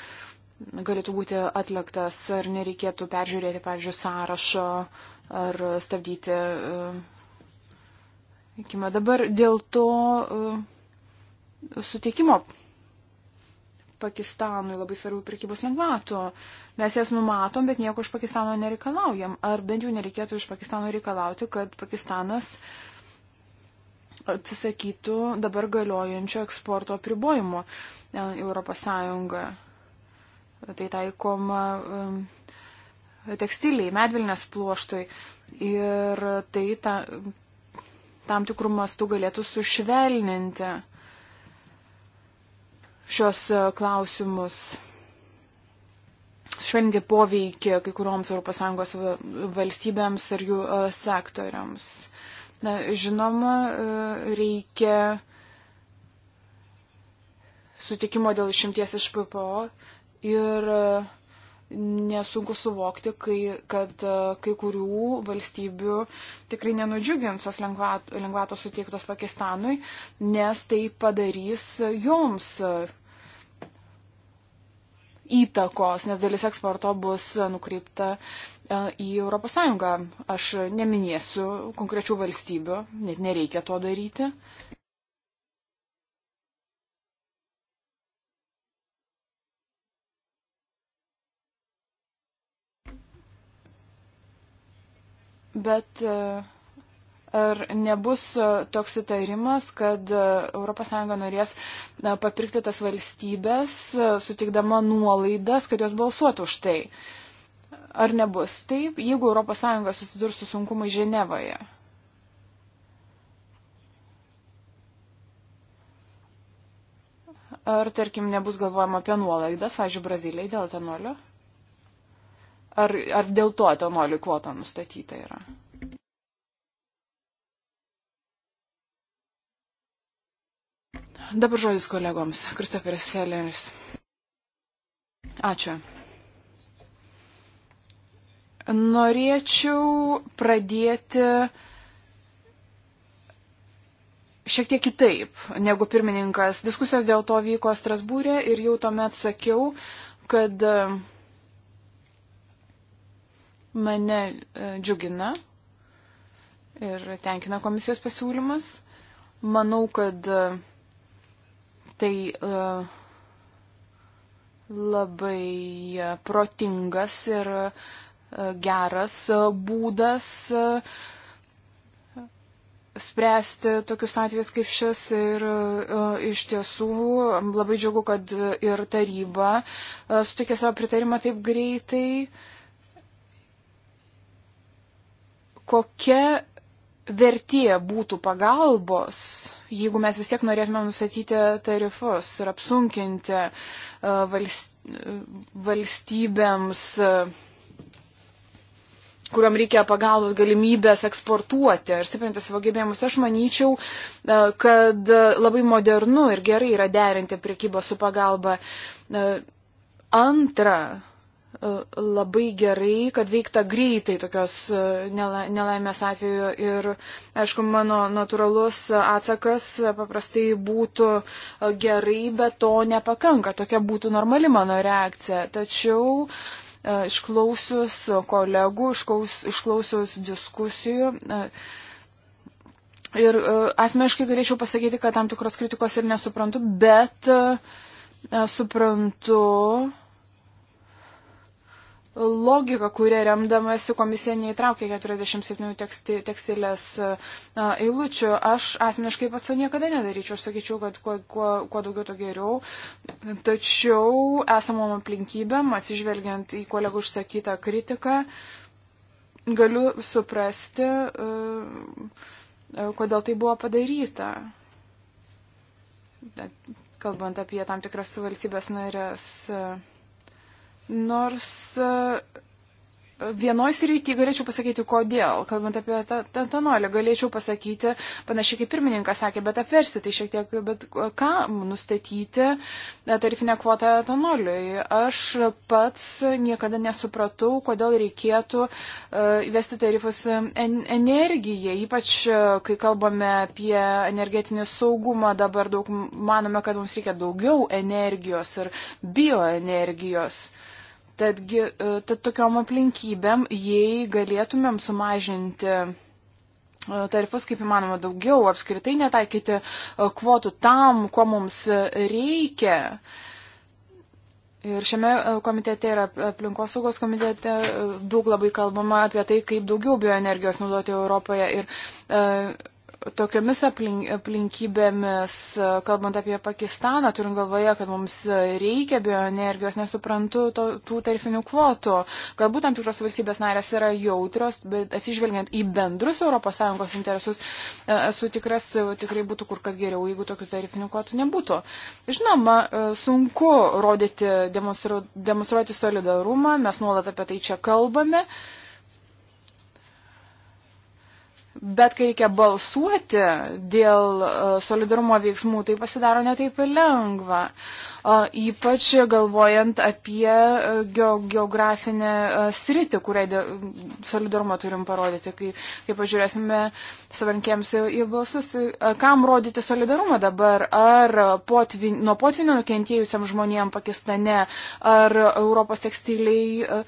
galėtų būti atliktas, ar nereikėtų peržiūrėti, pavyzdžiui, sąrašo, ar stabdyti. E, Ikime dabar dėl to e, suteikimo Pakistanui labai svarbių prekybos lengvatų. Mes jas numatom, bet nieko iš Pakistano nereikalaujam. Ar bent jau nereikėtų iš Pakistano reikalauti, kad Pakistanas atsisakytų dabar galiojančio eksporto apribojimo e, Europos Sąjungoje tai taikoma tekstiliai, medvilnės pluoštui. Ir tai ta, tam tikrų mastų galėtų sušvelninti šios e, klausimus, švelninti poveikį kai kurioms ES valstybėms ir jų e, sektoriams. Na, žinoma, e, reikia sutikimo dėl išimties iš PPO ir e, nesunku suvokti, kai, kad e, kai kurių valstybių tikrai nenudžiuginsios lengvat, lengvatos suteiktos Pakistanui, nes tai padarys joms e, įtakos, nes dalis eksporto bus nukreipta į ES. Aš neminėsiu konkrečių valstybių, net nereikia to daryti. Bet e, ar nebus e, toks įtarimas, kad ES norės e, papirkti tas valstybės, sutikdama nuolaidas, kad jos balsuotų už tai? Ar nebus taip, jeigu ES susidurs su sunkumai Ženevoje? Ar, tarkim, nebus galvojama apie nuolaidas, važiuoju, Brazilijai dėl etanolio? Ar, ar dėl to etanolio kvota nustatyta yra? Dabar žodis kolegoms. Kristoferis Felleris. Ačiū. Norėčiau pradėti šiek tiek kitaip negu pirmininkas. Diskusijos dėl to vyko Strasbūrė ir jau tuomet sakiau, kad uh, mane e, džiugina ir tenkina komisijos pasiūlymas. Manau, kad e, tai e, labai protingas ir geras būdas spręsti tokius atvejus kaip šis ir iš tiesų labai džiugu, kad ir taryba sutikė savo pritarimą taip greitai. kokia vertė būtų pagalbos, jeigu mes vis tiek norėtume nustatyti tarifus ir apsunkinti e, valstybėms, e, kuriuom reikia pagalbos galimybės eksportuoti ir stiprinti savo gebėjimus. Aš manyčiau, e, kad labai modernu ir gerai yra derinti priekybą su pagalba. Antra, E, labai gerai, kad veikta greitai tokios e, nelaimės atveju. Ir, aišku, mano natūralus atsakas paprastai būtų e, gerai, bet to nepakanka. Tokia būtų normali mano reakcija. Tačiau išklausius kolegų, išklausius diskusijų. Ir asmeniškai galėčiau pasakyti, kad tam tikros kritikos ir nesuprantu, bet suprantu, logika, kuria remdamasi komisija neįtraukė 47 tekstilės eilučių. Aš asmeniškai pats to niekada nedaryčiau. Aš sakyčiau, kad kuo, kuo, kuo daugiau, to geriau. Tačiau esamom aplinkybėm, atsižvelgiant į kolegų išsakytą kritiką, galiu suprasti, kodėl tai buvo padaryta. Kalbant apie tam tikras valstybės narės. Uh, Nors e, vienoj srity galėčiau pasakyti, kodėl. Kalbant apie tantanolį, galėčiau pasakyti, panašiai kaip pirmininkas sakė, bet apversti tai šiek tiek, bet kam nustatyti e, tarifinę kvotą tanoliui. Aš pats niekada nesupratau, kodėl reikėtų e, įvesti tarifus energijai, ypač kai kalbame apie energetinį saugumą, dabar daug manome, kad mums reikia daugiau energijos ir bioenergijos. Yes. Tadgi, e, tad tokiom aplinkybėm, jei galėtumėm sumažinti e, tarifus kaip įmanoma daugiau, apskritai netaikyti e, kvotų tam, ko mums reikia. Ir šiame komitete ir aplinkosaugos komitete daug labai kalbama apie tai, kaip daugiau bioenergijos naudoti Europoje. Ir Tokiamis aplink, aplinkybėmis, kalbant apie Pakistaną, turint galvoje, kad mums reikia bioenergijos, nesuprantu to, tų tarifinių kvotų. Galbūt tam tikros valstybės narės yra jautrios, bet atsižvelgiant į bendrus ES interesus, e, esu tikras, e, tikrai būtų kur kas geriau, jeigu tokių tarifinių kvotų nebūtų. Žinoma, e, sunku rodyti, demonstru, demonstruoti solidarumą, mes nuolat apie tai čia kalbame. Uh, Bet kai reikia balsuoti dėl e, solidarumo veiksmų, tai pasidaro netaip lengva. Ypač galvojant apie e, geografinę e, sritį, kuriai solidarumą turim parodyti. Kai, kai pažiūrėsime savarinkiems į balsus, tai, kam rodyti solidarumą dabar? Ar potvin, nuo potvinio nukentėjusiam žmonėm Pakistane, ar Europos tekstiliai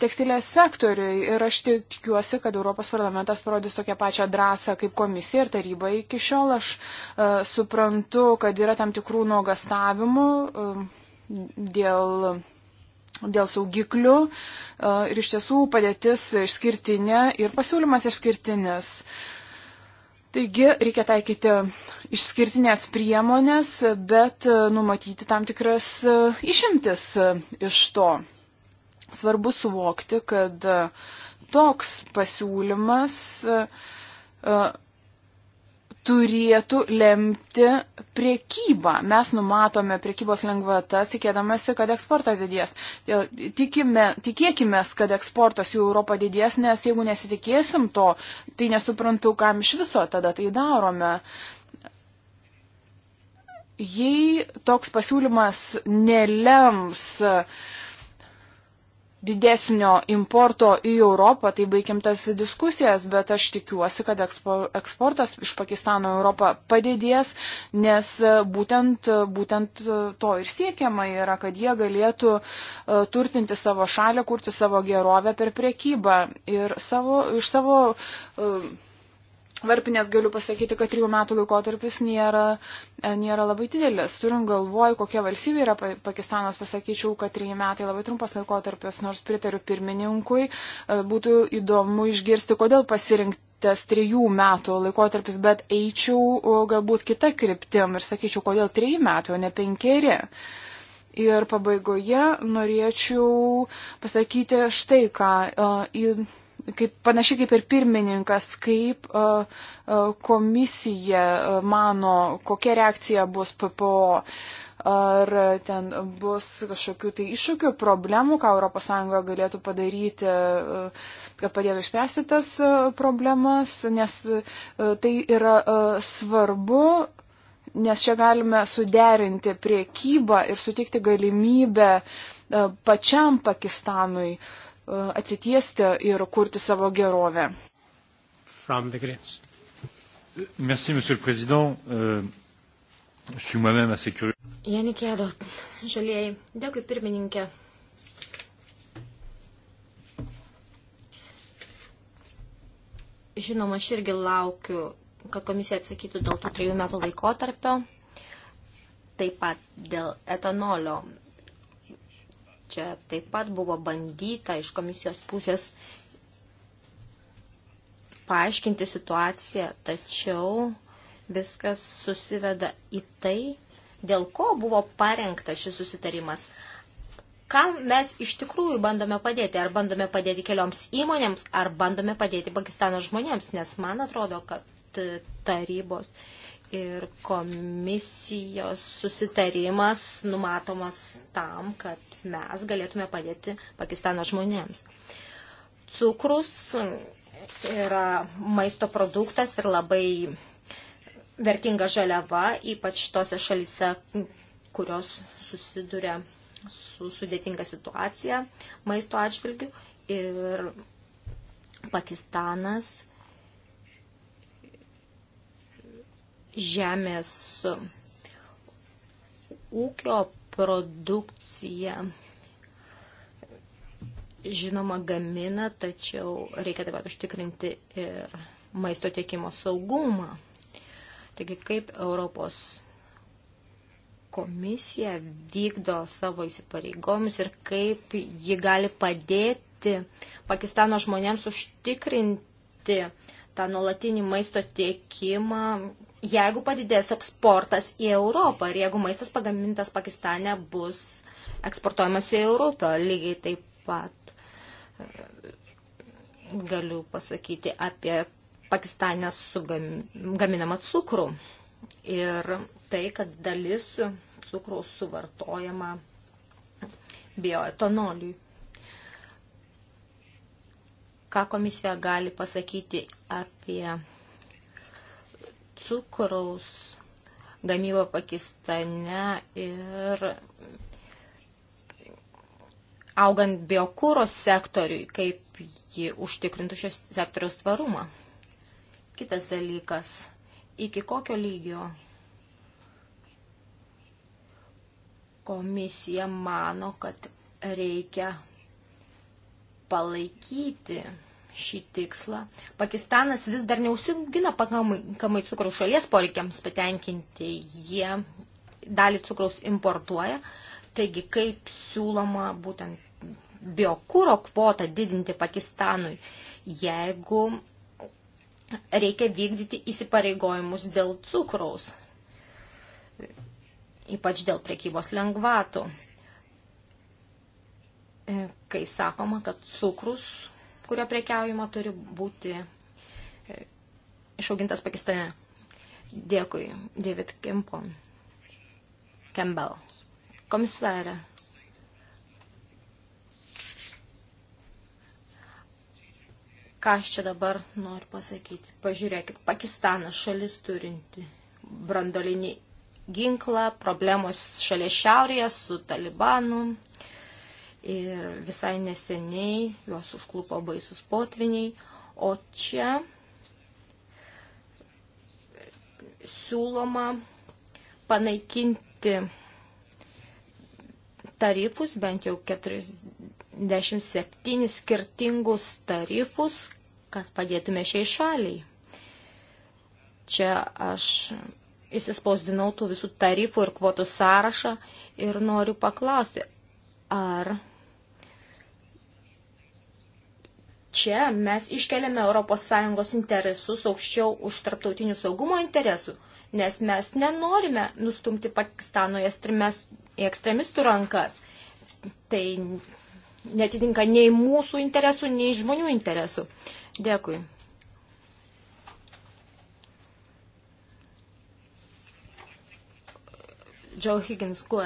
tekstilės sektoriui ir aš tikiuosi, kad Europos parlamentas parodys tokią pačią drąsą kaip komisija ir taryba. Iki šiol aš uh, suprantu, kad yra tam tikrų nuogastavimų uh, dėl. Dėl saugiklių uh, ir iš tiesų padėtis išskirtinė ir pasiūlymas išskirtinis. Taigi reikia taikyti išskirtinės priemonės, bet numatyti tam tikras išimtis iš to. Svarbu suvokti, kad e, toks pasiūlymas e, e, turėtų lemti priekybą. Mes numatome priekybos lengvatas, tikėdamasi, kad eksportas didės. Tikime, tikėkime, kad eksportas į Europą didės, nes jeigu nesitikėsim to, tai nesuprantu, kam iš viso tada tai darome. Jei toks pasiūlymas nelems uh, didesnio importo į Europą, tai baigim tas diskusijas, bet aš tikiuosi, kad eksportas iš Pakistano į Europą padidės, nes e, būtent, e, būtent e, to ir siekiama yra, kad jie galėtų turtinti savo šalį, kurti savo gerovę per priekybą ir savo, iš savo uh, varpinės galiu pasakyti, kad trijų metų laikotarpis nėra, e, nėra labai didelis. Turim galvoj, kokia valstybė yra Pakistanas, pasakyčiau, kad trijų metai labai trumpas laikotarpis, nors pritariu pirmininkui. E, būtų įdomu išgirsti, kodėl pasirinktas trijų metų laikotarpis, bet eičiau galbūt kitą kryptim ir sakyčiau, kodėl trijų metų, o ne penkeri. Ir pabaigoje norėčiau pasakyti štai ką. Uh, kaip, panašiai kaip ir pirmininkas, kaip uh, uh, komisija uh, mano, kokia reakcija bus PPO, ar ten bus kažkokių tai iššūkių, problemų, ką ES galėtų padaryti, uh, kad padėtų išspręsti tas uh, problemas, nes uh, tai yra uh, svarbu. Nes čia galime suderinti priekybą ir sutikti galimybę pačiam Pakistanui uh, atsitiesti ir kurti savo gerovę. Merci, Monsieur le Président. Euh, je suis moi-même assez curieux. Janik Jado, žalieji, dėkui pirmininkė. Žinoma, aš irgi laukiu, kad komisija atsakytų dėl tų trijų metų laikotarpio, taip pat dėl etanolio Čia taip pat buvo bandyta iš komisijos pusės paaiškinti situaciją, tačiau viskas susiveda į tai, dėl ko buvo parengta šis susitarimas. Kam mes iš tikrųjų bandome padėti? Ar bandome padėti kelioms įmonėms, ar bandome padėti Pakistano žmonėms? Nes man atrodo, kad tarybos ir komisijos susitarimas numatomas tam, kad mes galėtume padėti Pakistano žmonėms. Cukrus yra maisto produktas ir labai vertinga žaliava, ypač tose šalise, kurios susiduria su sudėtinga situacija maisto atžvilgiu. Ir Pakistanas žemės ūkio produkcija žinoma gamina, tačiau reikia taip pat užtikrinti ir maisto tiekimo saugumą. Taigi kaip Europos komisija vykdo savo įsipareigomus ir kaip ji gali padėti Pakistano žmonėms užtikrinti tą nuolatinį maisto tiekimą jeigu padidės eksportas į Europą ir jeigu maistas pagamintas Pakistane bus eksportuojamas į Europą, lygiai taip pat e, galiu pasakyti apie Pakistane sugaminamą cukrų ir tai, kad dalis cukraus suvartojama bioetanoliui. Ką komisija gali pasakyti apie cukraus gamyba Pakistane ir augant biokūros sektoriui, kaip ji užtikrintų šios sektoriaus tvarumą. Kitas dalykas, iki kokio lygio komisija mano, kad reikia palaikyti šį tikslą. Pakistanas vis dar neužsigina pakankamai cukraus šalies poreikiams patenkinti. Jie dalį cukraus importuoja. Taigi, kaip siūloma būtent biokūro kvotą didinti Pakistanui, jeigu reikia vykdyti įsipareigojimus dėl cukraus, ypač dėl prekybos lengvatų e, kai sakoma, kad cukrus kurio prekiaujama turi būti e, išaugintas Pakistane. Dėkui, David Kempon. Campbell. Komisarė. Ką aš čia dabar noriu pasakyti? Pažiūrėkit, Pakistanas šalis turinti brandolinį ginklą, problemos šalia šiaurėje su talibanu. Uh, ir visai neseniai juos užklupo baisus potviniai, o čia siūloma panaikinti tarifus, bent jau 47 skirtingus tarifus, kad padėtume šiai šaliai. Čia aš įsispausdinau tų visų tarifų ir kvotų sąrašą ir noriu paklausti, ar čia mes iškeliame ES interesus aukščiau už tarptautinių saugumo interesų, nes mes nenorime nustumti Pakistano į ekstremistų rankas. Tai netitinka nei mūsų interesų, nei žmonių interesų. Dėkui. Joe Higgins kuo.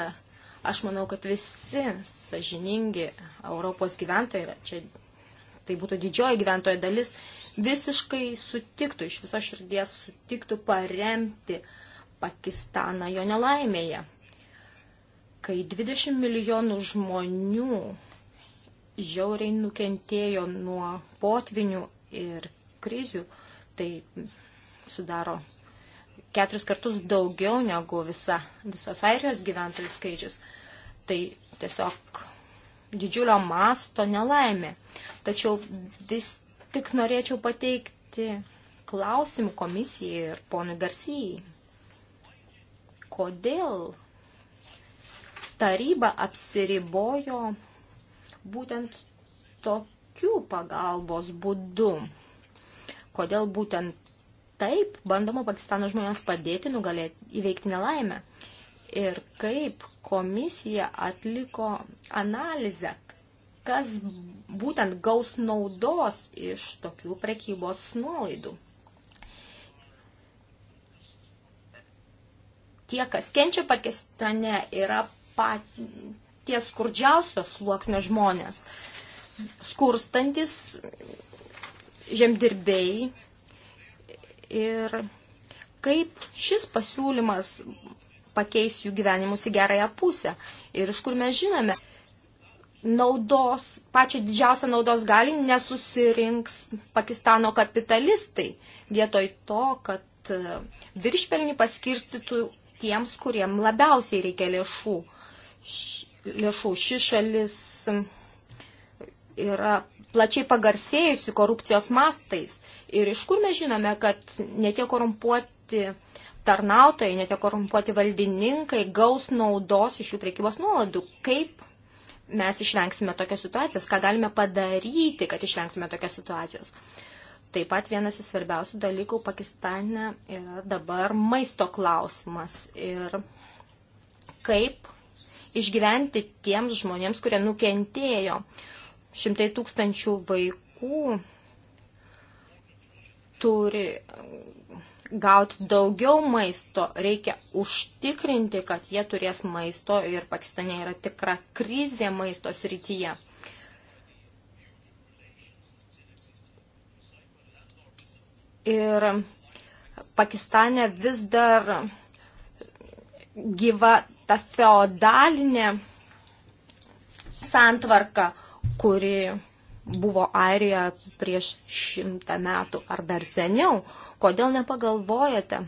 Aš manau, kad visi sažiningi Europos gyventojai yra čia tai būtų didžioji gyventoja dalis, visiškai sutiktų, iš viso širdies sutiktų paremti Pakistaną jo nelaimėje. Kai 20 milijonų žmonių žiauriai nukentėjo nuo potvinių ir krizių, tai sudaro keturis kartus daugiau negu visa, visos airijos gyventojų skaičius. Tai tiesiog didžiulio masto nelaimė. Tačiau vis tik norėčiau pateikti klausimų komisijai ir ponui Garsijai. Kodėl taryba apsiribojo būtent tokių pagalbos būdų? Kodėl būtent taip bandoma Pakistano žmonėms padėti nugalėti, įveikti nelaimę? Ir kaip komisija atliko analizę, kas būtent gaus naudos iš tokių prekybos nuolaidų. Tie, kas kenčia Pakistane, yra paties skurdžiausios sluoksnio žmonės. Skurstantis žemdirbiai ir kaip šis pasiūlymas pakeis jų gyvenimus į gerąją pusę. Ir iš kur mes žinome, naudos, pačią didžiausią naudos gali nesusirinks Pakistano kapitalistai, vietoj to, kad e, viršpelnį paskirstytų tiems, kuriem labiausiai reikia lėšų. lėšų. Ši šalis yra plačiai pagarsėjusi korupcijos mastais. Ir iš kur mes žinome, kad netie korumpuoti tarnautojai, netie korumpuoti valdininkai gaus naudos iš jų priekybos nuolaidų. Kaip mes išvengsime tokios situacijos, ką galime padaryti, kad išvengtume tokios situacijos. Taip pat vienas iš svarbiausių dalykų Pakistane yra dabar maisto klausimas ir kaip išgyventi tiems žmonėms, kurie nukentėjo. Šimtai tūkstančių vaikų turi gauti daugiau maisto, reikia užtikrinti, kad jie turės maisto ir Pakistane yra tikra krizė maisto srityje. Ir Pakistane vis dar gyva ta feodalinė santvarka, kuri buvo Airija prieš šimtą metų ar dar seniau. Kodėl nepagalvojate,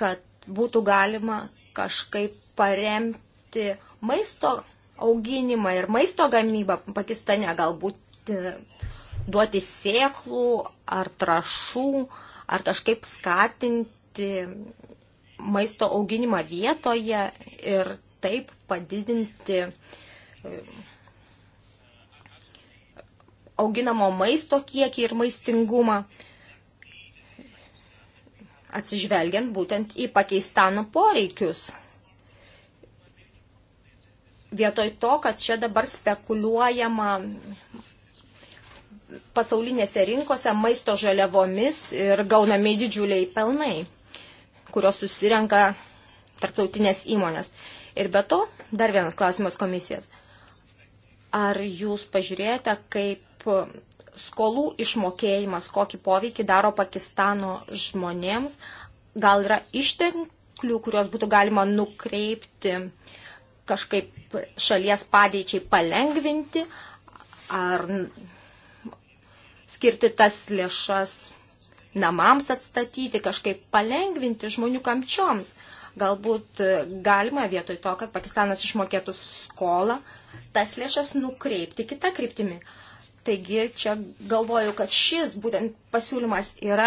kad būtų galima kažkaip paremti maisto auginimą ir maisto gamybą Pakistane, galbūt e, duoti sėklų ar trašų, ar kažkaip skatinti maisto auginimą vietoje ir taip padidinti e, auginamo maisto kiekį ir maistingumą, atsižvelgiant būtent į pakeistano poreikius. Vietoj to, kad čia dabar spekuliuojama pasaulinėse rinkose maisto žaliavomis ir gaunami didžiuliai pelnai, kurios susirenka tarptautinės įmonės. Ir be to, dar vienas klausimas komisijas. Ar jūs pažiūrėjote, kaip skolų išmokėjimas, kokį poveikį daro Pakistano žmonėms? Gal yra išteklių, kuriuos būtų galima nukreipti kažkaip šalies padėčiai palengvinti ar skirti tas lėšas namams atstatyti, kažkaip palengvinti žmonių kamčioms? Uh, Galbūt e, galima vietoj to, kad Pakistanas išmokėtų skolą, tas lėšas nukreipti kitą kryptimį. Taigi čia galvoju, kad šis būtent pasiūlymas yra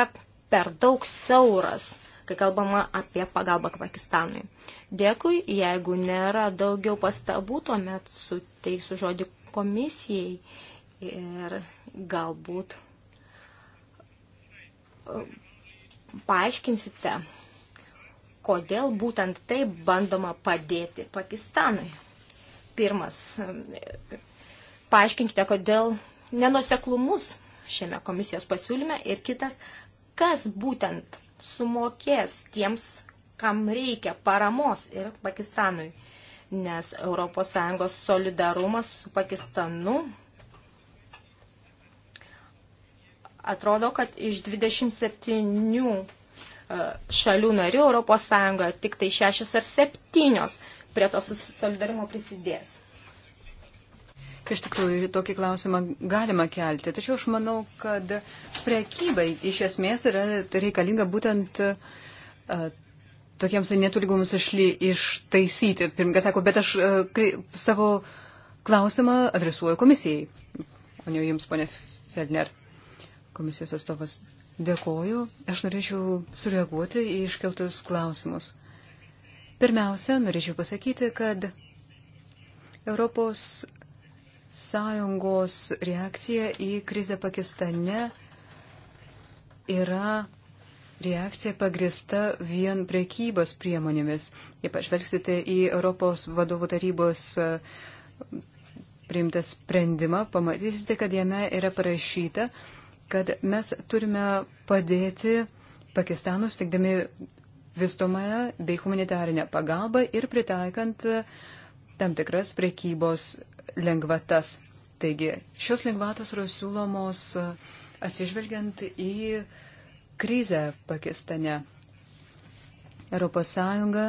per daug siauras, kai kalbama apie pagalbą Pakistanui. Dėkui, jeigu nėra daugiau pastabų, tuomet suteiksiu žodį komisijai ir galbūt e, paaiškinsite kodėl būtent taip bandoma padėti Pakistanui. Pirmas, paaiškinkite, kodėl nenuseklumus šiame komisijos pasiūlyme ir kitas, kas būtent sumokės tiems, kam reikia paramos ir Pakistanui, nes ES solidarumas su Pakistanu atrodo, kad iš 27 E, šalių narių Europos Sąjungoje, tik tai šešios ar septynios prie to solidarumo prisidės. Tai iš tikrųjų, tokį klausimą galima kelti, tačiau aš manau, kad prekybai iš esmės yra reikalinga būtent uh, tokiems netolygumams ištaisyti. Pirmininkas sako, bet aš uh, kri, savo klausimą adresuoju komisijai, o ne jums, ponė Felner, komisijos atstovas. Dėkoju. Aš norėčiau sureaguoti į iškeltus klausimus. Pirmiausia, norėčiau pasakyti, kad Europos Sąjungos reakcija į krizę Pakistane yra reakcija pagrista vien priekybos priemonėmis. Jei pažvelgsite į Europos vadovų tarybos e, priimtą sprendimą, pamatysite, kad jame yra parašyta, kad mes turime padėti Pakistanus, teikdami vystomąją bei humanitarinę pagalbą ir pritaikant tam tikras priekybos lengvatas. Taigi, šios lengvatos yra siūlomos atsižvelgiant į krizę Pakistane. Europos Sąjunga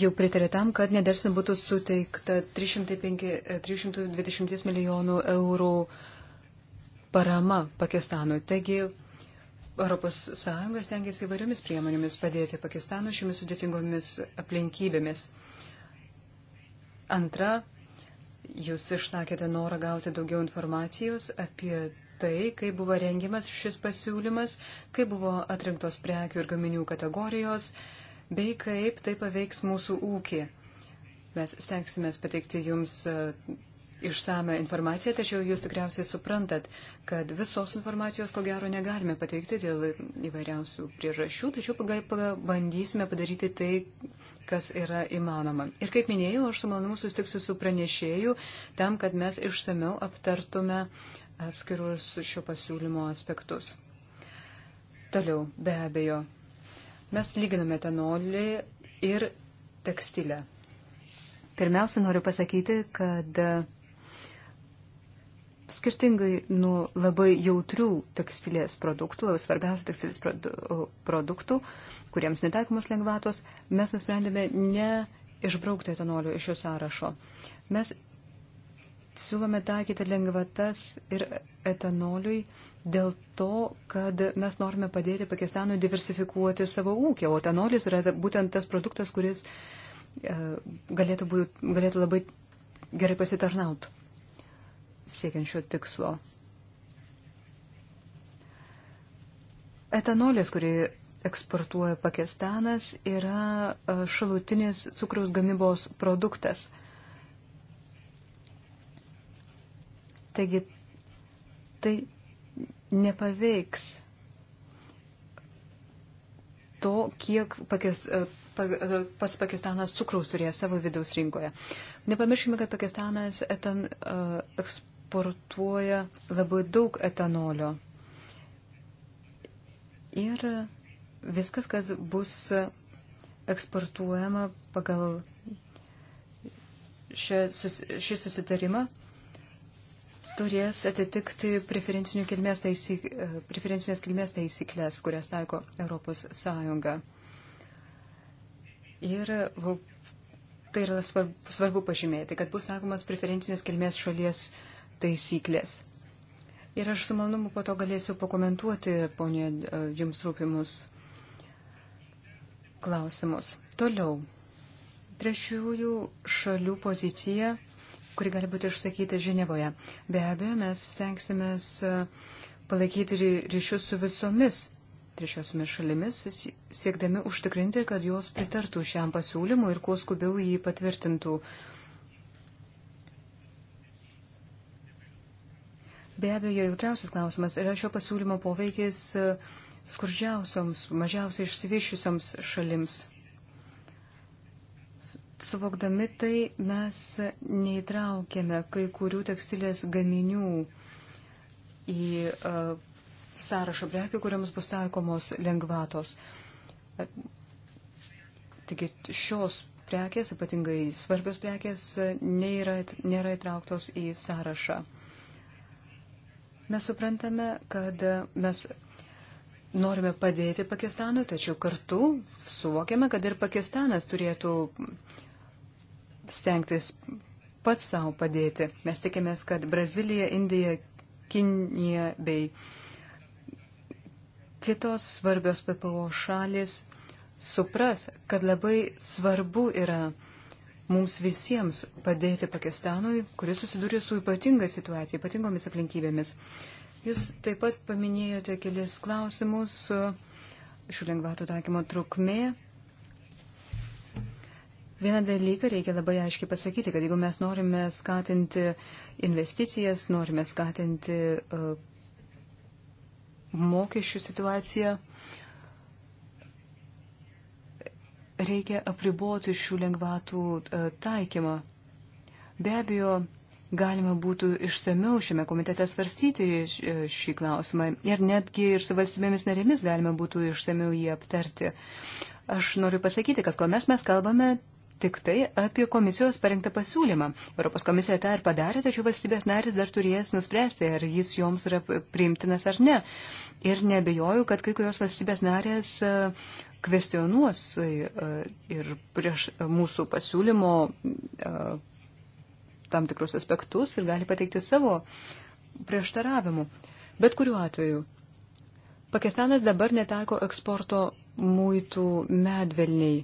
jau pritarė tam, kad nedersin būtų suteikta 305, 320 e, milijonų eurų parama Pakistanui. Taigi ES stengiasi įvairiomis priemonėmis padėti Pakistanui šiomis sudėtingomis aplinkybėmis. Antra, jūs išsakėte norą gauti daugiau informacijos apie tai, kaip buvo rengiamas šis pasiūlymas, kaip buvo atrinktos prekių ir gaminių kategorijos, bei kaip tai paveiks mūsų ūkį. Mes stengsime pateikti jums išsame informaciją, tačiau jūs tikriausiai suprantat, kad visos informacijos ko gero negalime pateikti dėl įvairiausių priežasčių, tačiau bandysime padaryti tai, kas yra įmanoma. Ir kaip minėjau, aš su malonumu sustiksiu su pranešėju tam, kad mes išsameu aptartume atskirus šio pasiūlymo aspektus. Toliau, be abejo, mes lyginame etanolį ir tekstilę. Pirmiausia, noriu pasakyti, kad skirtingai nuo labai jautrių tekstilės produktų, svarbiausių tekstilės produktų, kuriems netaikomos lengvatos, mes nusprendėme ne išbraukti etanolio iš šio sąrašo. Mes siūlome taikyti lengvatas ir etanoliui dėl to, kad mes norime padėti Pakistanui diversifikuoti savo ūkį, o etanolis yra būtent tas produktas, kuris e, galėtų, būt, galėtų labai gerai pasitarnauti siekiančio tikslo. Etanolės, kurį eksportuoja Pakistanas, yra e, šalutinis cukraus gamybos produktas. Taigi tai nepaveiks to, kiek pakis, e, e, pas Pakistanas cukraus turėjo savo vidaus rinkoje. Nepamirškime, kad Pakistanas etan, uh, eks, importuoja labai daug etanolio. Ir viskas, kas bus eksportuojama pagal šį susitarimą, turės atitikti kilmės taisyk, preferencinės kilmės taisyklės, kurias taiko Europos Sąjunga. Ir tai yra svarbu, svarbu pažymėti, kad bus sakomas preferencinės kilmės šalies uh, taisyklės. Ir aš su malonumu po to galėsiu pakomentuoti, ponė, e, jums rūpimus klausimus. Toliau. Trečiųjų šalių pozicija, kuri gali būti išsakyta Ženevoje. Be abejo, mes stengsimės e, palaikyti ryšius su visomis trečiosiomis šalimis, siekdami užtikrinti, kad jos pritartų šiam pasiūlymu ir kuo skubiau jį patvirtintų. Uh, be abejo jautriausias klausimas yra šio pasiūlymo poveikis e, skurdžiausioms, mažiausiai išsivyščiusioms šalims. Suvokdami tai, mes neįtraukėme kai kurių tekstilės gaminių į uh, e, sąrašą prekių, kuriams bus taikomos lengvatos. E, taigi šios prekės, ypatingai svarbios prekės, nėra, nėra įtrauktos į sąrašą. Mes suprantame, kad mes norime padėti Pakistanui, tačiau kartu suvokiame, kad ir Pakistanas turėtų stengtis pats savo padėti. Mes tikimės, kad Brazilija, Indija, Kinija bei kitos svarbios PPO šalis supras, kad labai svarbu yra mums visiems padėti Pakistanui, kuris susidūrė su ypatinga situacija, ypatingomis aplinkybėmis. Jūs taip pat paminėjote kelis klausimus šių lengvatų taikymo trukmė. Vieną dalyką reikia labai aiškiai pasakyti, kad jeigu mes norime skatinti investicijas, norime skatinti uh, mokesčių situaciją, uh, reikia apriboti šių lengvatų e, taikymą. Be abejo, galima būtų išsameu šiame komitete svarstyti e, šį klausimą ir netgi ir su valstybėmis narėmis galima būtų išsameu jį aptarti. Aš noriu pasakyti, kad kol mes mes kalbame tik tai apie komisijos parengtą pasiūlymą. Europos komisija tą ir padarė, tačiau valstybės narys dar turės nuspręsti, ar jis joms yra priimtinas ar ne. Ir nebejoju, kad kai kurios valstybės narės uh, kvestionuos e, ir prieš mūsų pasiūlymo e, tam tikrus aspektus ir gali pateikti savo prieštaravimų. Bet kuriuo atveju, Pakistanas dabar netaiko eksporto muitų medvelniai.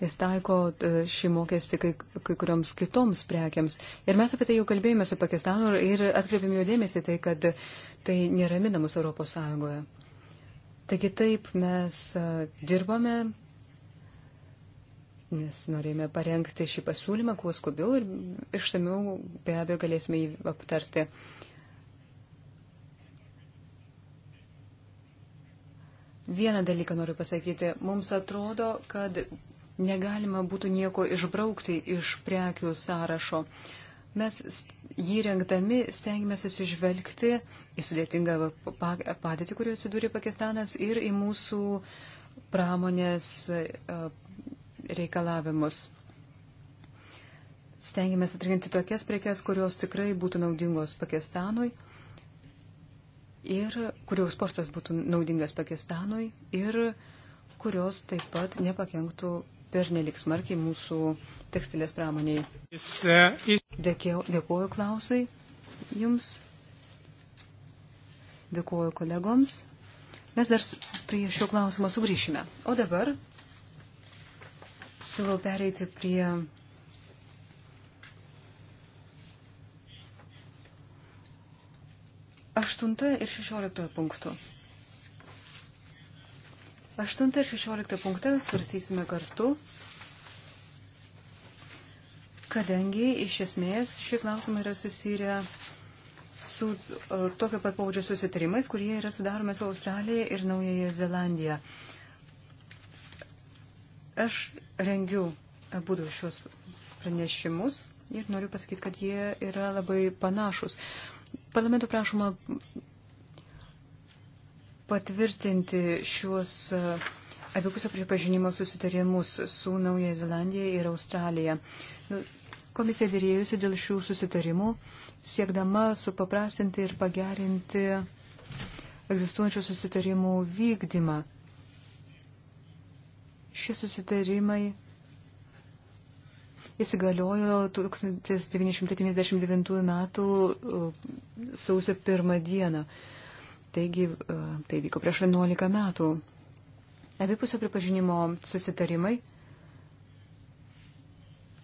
Jis taiko e, šį mokestį kai, kai kurioms kitoms prekiams. Ir mes apie tai jau kalbėjome su Pakistanu ir atkreipėme jų dėmesį tai, kad tai neramina mus Europos Sąjungoje. Taigi taip mes e, dirbame, nes norėjome parengti šį pasiūlymą kuo skubiau ir išsamiau be abejo galėsime jį aptarti. Vieną dalyką noriu pasakyti. Mums atrodo, kad negalima būtų nieko išbraukti iš prekių sąrašo. Mes jį rengdami stengiamės atsižvelgti į sudėtingą padėtį, kurioje atsidūrė Pakistanas ir į mūsų pramonės reikalavimus. Stengiamės atrinkti tokias prekes, kurios tikrai būtų naudingos Pakistanui ir kurių eksportas būtų naudingas Pakistanui ir kurios taip pat nepakenktų per nelik smarkiai mūsų tekstilės pramoniai. Dėkiau, uh, dėkuoju Klausai Jums. Dėkuoju kolegoms. Mes dar prie šio klausimo sugrįšime. O dabar siūlau pereiti prie aštuntojo ir šešioliktojo punktų. Aštuntą ir šešioliktą punktą svarstysime kartu, kadangi iš esmės šie klausimai yra susirę su uh, tokio pat paudžio susitarimais, kurie yra sudaromi su Australija ir Naujoje Zelandija. Aš rengiu būdų šios pranešimus ir noriu pasakyti, kad jie yra labai panašus. Parlamentų prašoma patvirtinti šiuos uh, abipusio pripažinimo susitarimus su Naujoje Zelandija ir Australija. Uh, Komisija dėrėjusi dėl šių susitarimų, siekdama supaprastinti ir pagerinti egzistuojančių susitarimų vykdymą. Šie susitarimai įsigaliojo 1999 m. Uh, sausio 1 dieną. Taigi uh, tai vyko prieš 11 metų. Abipusio pripažinimo susitarimai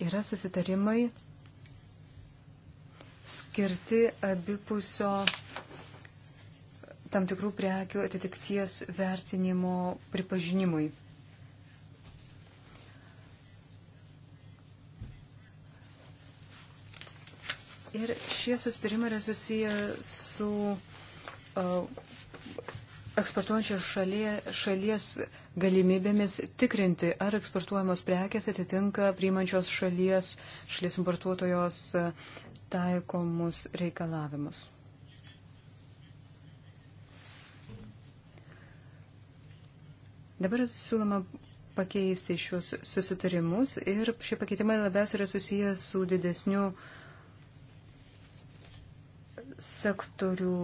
yra susitarimai skirti abipusio tam tikrų prekių atitikties vertinimo pripažinimui. Ir šie susitarimai yra susiję su uh, eksportuojančios šalie, šalies galimybėmis tikrinti, ar eksportuojamos prekes atitinka priimančios šalies, šalies importuotojos e, taikomus reikalavimus. Dabar siūloma pakeisti šios susitarimus ir šie pakeitimai labiausiai yra susijęs su didesniu sektorių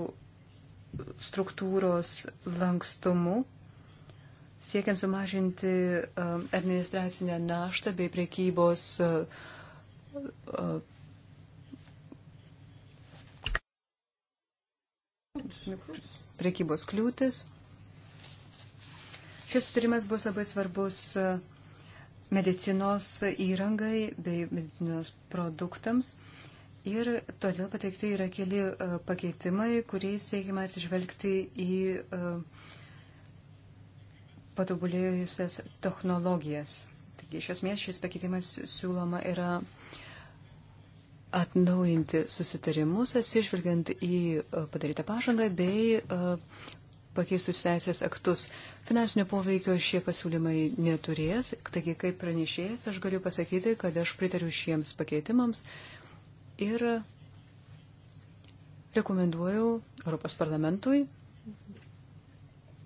struktūros lankstumu siekiant sumažinti um, administracinę naštą bei priekybos uh, priekybos kliūtis. Šis sutarimas bus labai svarbus uh, medicinos įrangai bei medicinos produktams. Ir todėl pateikti yra keli uh, pakeitimai, kuriais siekime atsižvelgti į uh, patobulėjusias technologijas. Taigi, iš esmės, šis pakeitimas siūloma yra atnaujinti susitarimus, atsižvelgiant į e, padarytą pažangą bei e, pakeistus teisės aktus. Finansinio poveikio šie pasiūlymai neturės, taigi kaip pranešėjas aš galiu pasakyti, kad aš pritariu šiems pakeitimams ir rekomenduoju Europos parlamentui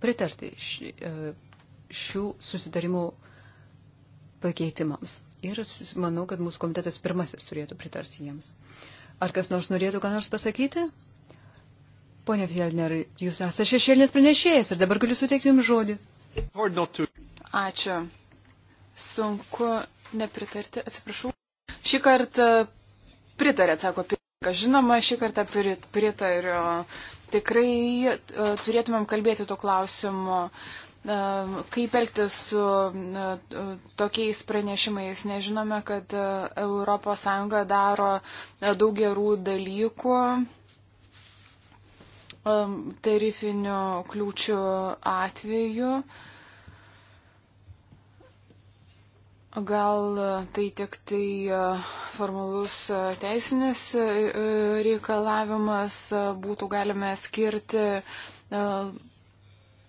pritarti ši, e, šių susitarimų pakeitimams. Ir manau, kad mūsų komitetas pirmasis turėtų pritarti jiems. Ar kas nors norėtų ką nors pasakyti? Pone Fjellner, jūs esate šešėlinės pranešėjas ir dabar galiu suteikti jums žodį. Ačiū. Sunku nepritarti, atsiprašau. Šį kartą pritarė, sako pirmininkas. Žinoma, šį kartą pritariu. Tikrai e, turėtumėm kalbėti tuo klausimu kaip elgtis su tokiais pranešimais. Nežinome, kad ES daro e, daug gerų dalykų e, tarifinių kliūčių atveju. Gal e, tai tik tai formalus teisinis reikalavimas būtų galime skirti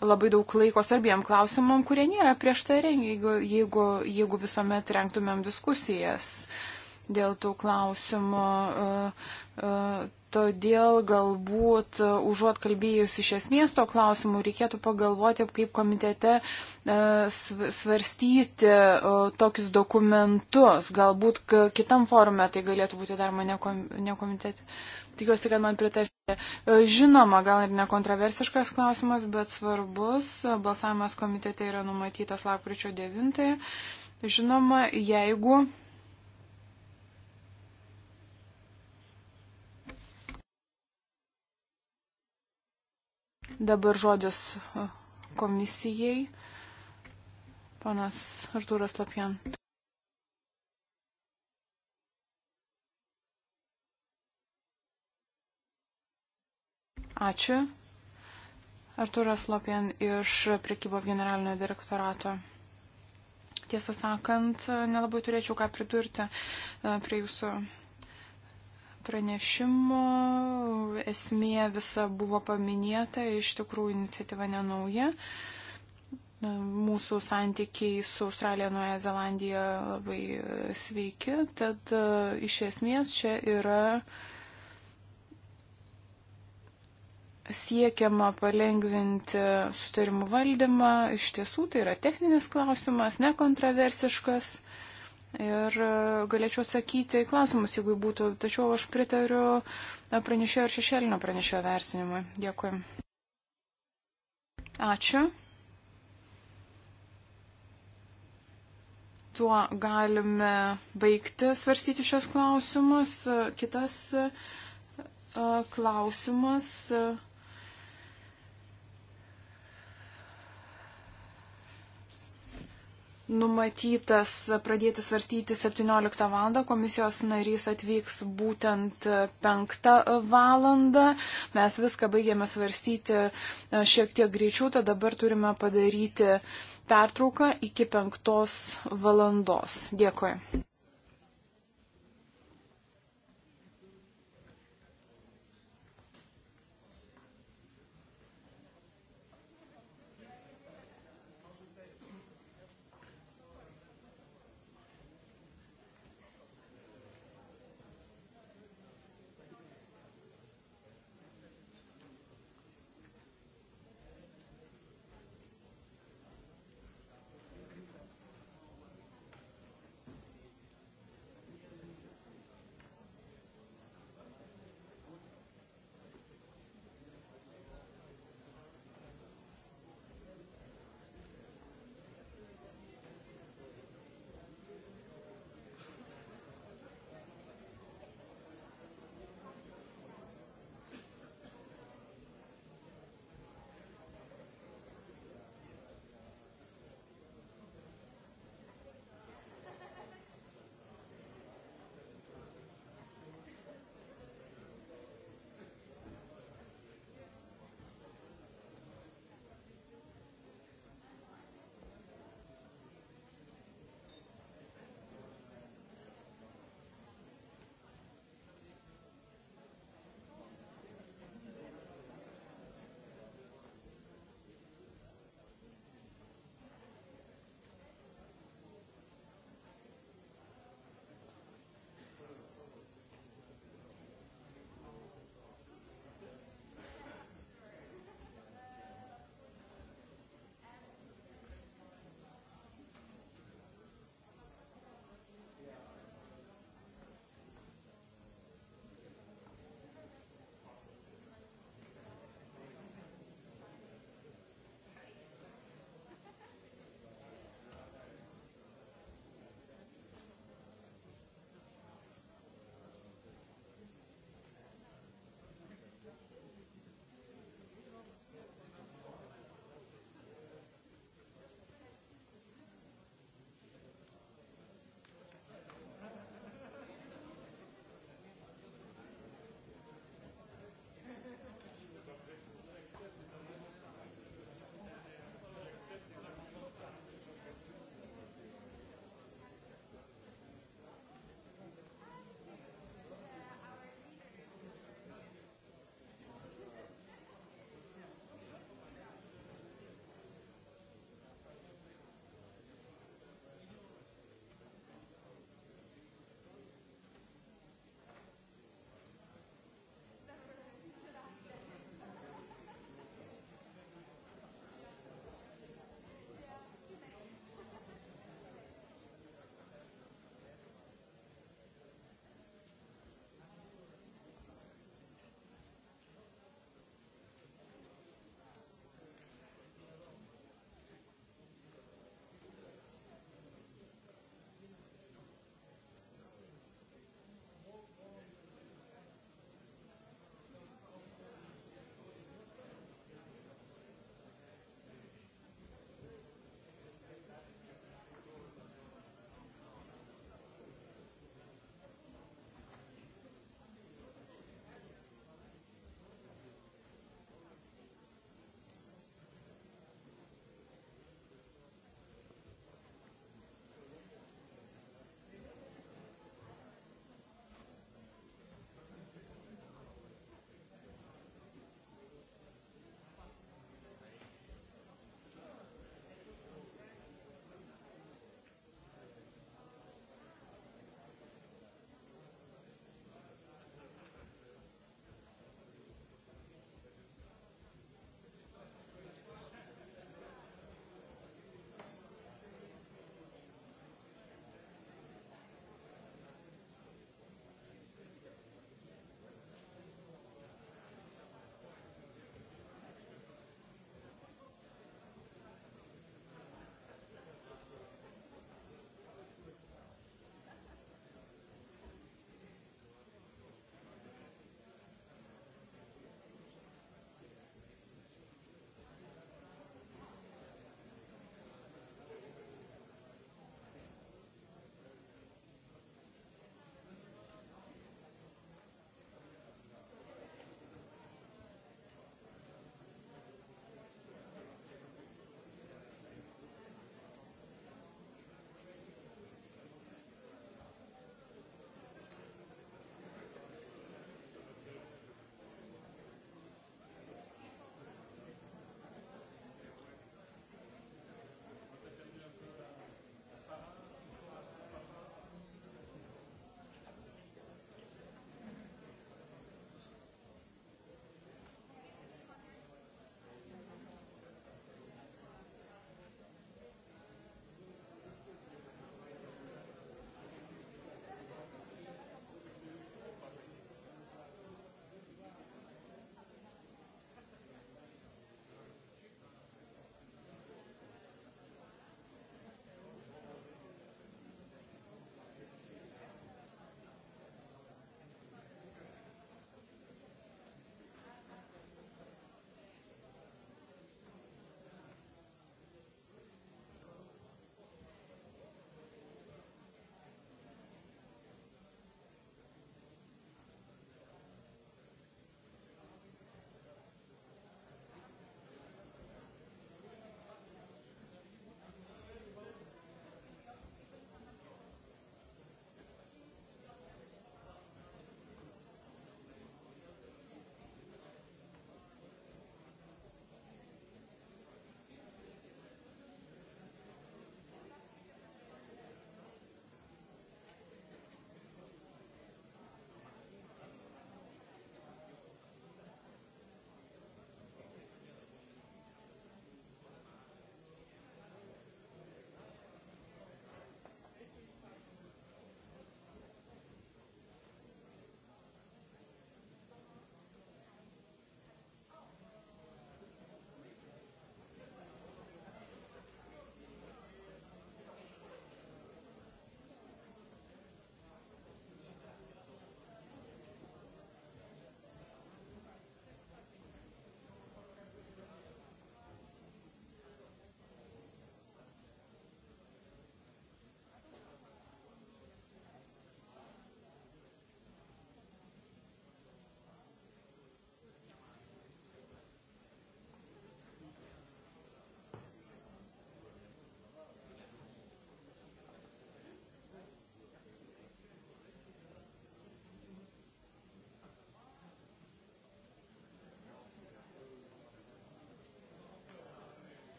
labai daug laiko svarbiem klausimam, kurie nėra prieštaringi, jeigu, jeigu, jeigu visuomet renktumėm diskusijas dėl tų klausimų. E, e, todėl galbūt e, užuot kalbėjus iš esmės to klausimų, reikėtų pagalvoti, kaip komitete svarstyti tokius dokumentus. Galbūt kitam forume tai galėtų būti daroma ne komitete. Tikiuosi, kad man pritarsite. Žinoma, gal ir nekontroversiškas klausimas, bet svarbus. Balsavimas komitete yra numatytas lapkričio 9. Žinoma, jeigu. Dabar žodis komisijai. Panas Artūras Lapjan. Ačiū. Arturas Lopien iš prekybos generalinio direktorato. Tiesą sakant, nelabai turėčiau ką pridurti e, prie jūsų pranešimo. Esmė visa buvo paminėta, iš tikrųjų iniciatyva nenauja. E, mūsų santykiai su Australija, Nuoja Zelandija labai sveiki, tad e, iš esmės čia yra uh, siekiama palengvinti sutarimų valdymą. Iš tiesų tai yra techninis klausimas, nekontroversiškas. Ir e, galėčiau atsakyti į klausimus, jeigu būtų, tačiau aš pritariu e, pranešėjo ir šešėlinio pranešėjo vertinimui. Dėkui. Ačiū. Tuo galime baigti svarstyti šios klausimus. Kitas e, klausimas. Uh, numatytas pradėti svarstyti 17 val. Komisijos narys atvyks būtent 5 val. Mes viską baigėme svarstyti e, šiek tiek greičiau, tad dabar turime padaryti pertrauką iki 5 val. Dėkui.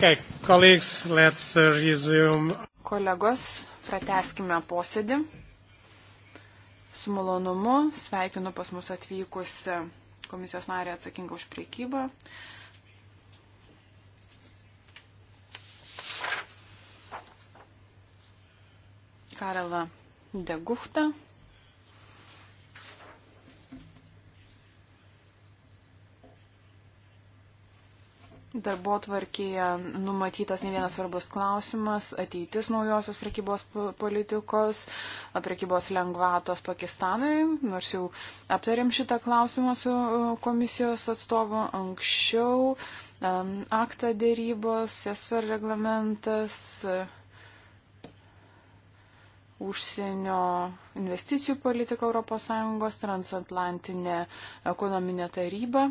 Okay, colleagues, let's uh, resume. Kolegos, prateskime posėdį. Su malonumu sveikinu pas mus atvykus komisijos narį atsakingą už priekybą. Karela Deguchta. Darbo tvarkėje numatytas ne vienas svarbus klausimas - ateitis naujosios prekybos politikos, prekybos lengvatos Pakistanui. Nors jau aptarėm šitą klausimą su uh, komisijos atstovu anksčiau. Um, Akta dėrybos, SFR reglamentas, uh, užsienio investicijų politika ES, transatlantinė ekonominė taryba.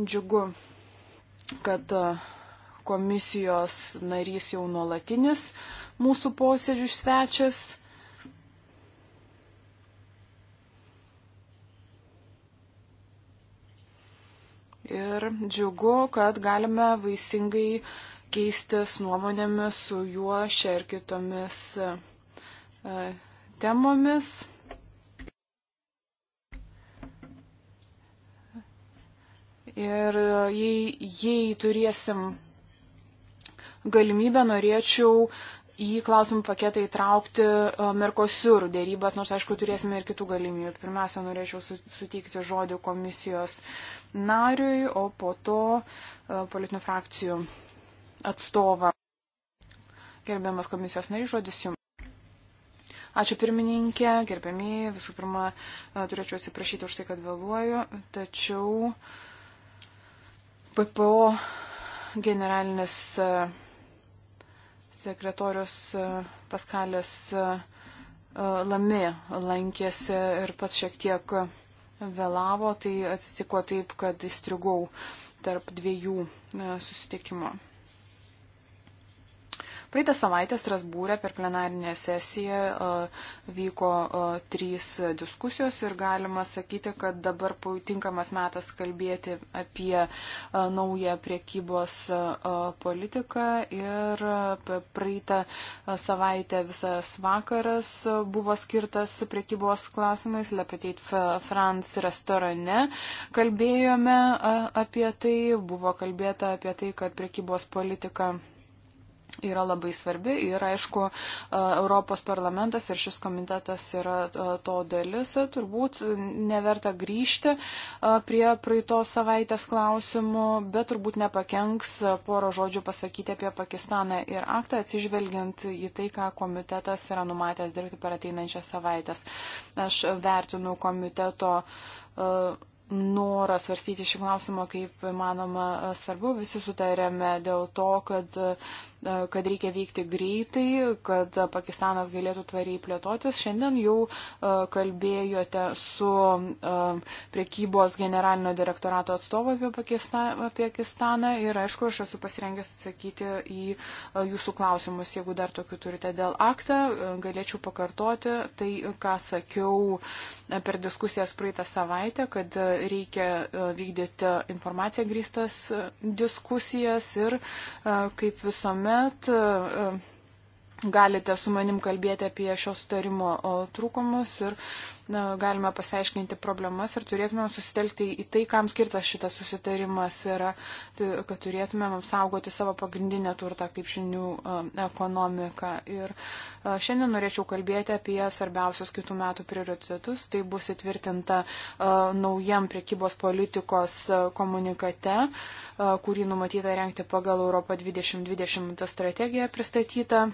Džiugu kad e, komisijos narys jau nuolatinis mūsų posėdžių svečias. Ir džiugu, kad galime vaisingai keistis nuomonėmis su juo šia ir kitomis e, temomis. Ir e, jei, jei turėsim galimybę, norėčiau į klausimų paketą įtraukti e, Merkosiur dėrybas, nors aišku turėsime ir kitų galimybių. Pirmiausia, norėčiau suteikti žodį komisijos nariui, o po to e, politinių frakcijų atstovą. Gerbiamas komisijos narys, žodis jums. Ačiū pirmininkė, gerbėmiai, visų pirma, turėčiau atsiprašyti už tai, kad vėluoju, tačiau uh, PPO generalinis e, sekretorius e, Paskalis e, Lami lankėsi ir pats šiek tiek vėlavo, tai atsitiko taip, kad įstrigau tarp dviejų susitikimų. Praeitą savaitę Strasbūrė per plenarinę sesiją e, vyko e, trys diskusijos ir galima sakyti, kad dabar tinkamas metas kalbėti apie e, naują priekybos politiką ir praeitą savaitę visas vakaras buvo skirtas priekybos klausimais Lepetit France restorane. Kalbėjome apie tai, buvo kalbėta apie tai, kad priekybos politika yra labai svarbi ir aišku, e, Europos parlamentas ir šis komitetas yra e, to dalis. Turbūt neverta grįžti e, prie praeitos savaitės klausimų, bet turbūt nepakenks poro žodžių pasakyti apie Pakistaną ir aktą atsižvelgiant į tai, ką komitetas yra numatęs dirbti per ateinančią savaitęs. Aš vertinu komiteto norą svarstyti šį klausimą kaip manoma svarbu. Visi sutarėme dėl to, kad E, kad reikia vykti greitai, kad Pakistanas galėtų tvariai plėtotis. Šiandien jau e, kalbėjote su e, priekybos generalinio direktorato atstovu apie Pakistaną, apie Pakistaną ir aišku, aš esu pasirengęs atsakyti į jūsų klausimus, jeigu dar tokių turite dėl aktą, galėčiau pakartoti tai, ką sakiau per diskusijas praeitą savaitę, kad reikia vykdyti informaciją grįstas diskusijas ir kaip visuomet tuomet e, galite su manim kalbėti apie šios sutarimo trūkumus ir na, galime pasiaiškinti problemas ir turėtume susitelkti į tai, kam skirtas šitas susitarimas yra, tai, kad turėtume apsaugoti savo pagrindinę turtą kaip žinių ekonomiką. Ir šiandien norėčiau kalbėti apie svarbiausius kitų metų prioritetus. Tai bus įtvirtinta naujam priekybos politikos komunikate, kurį numatyta renkti pagal Europą 2020 strategiją pristatytą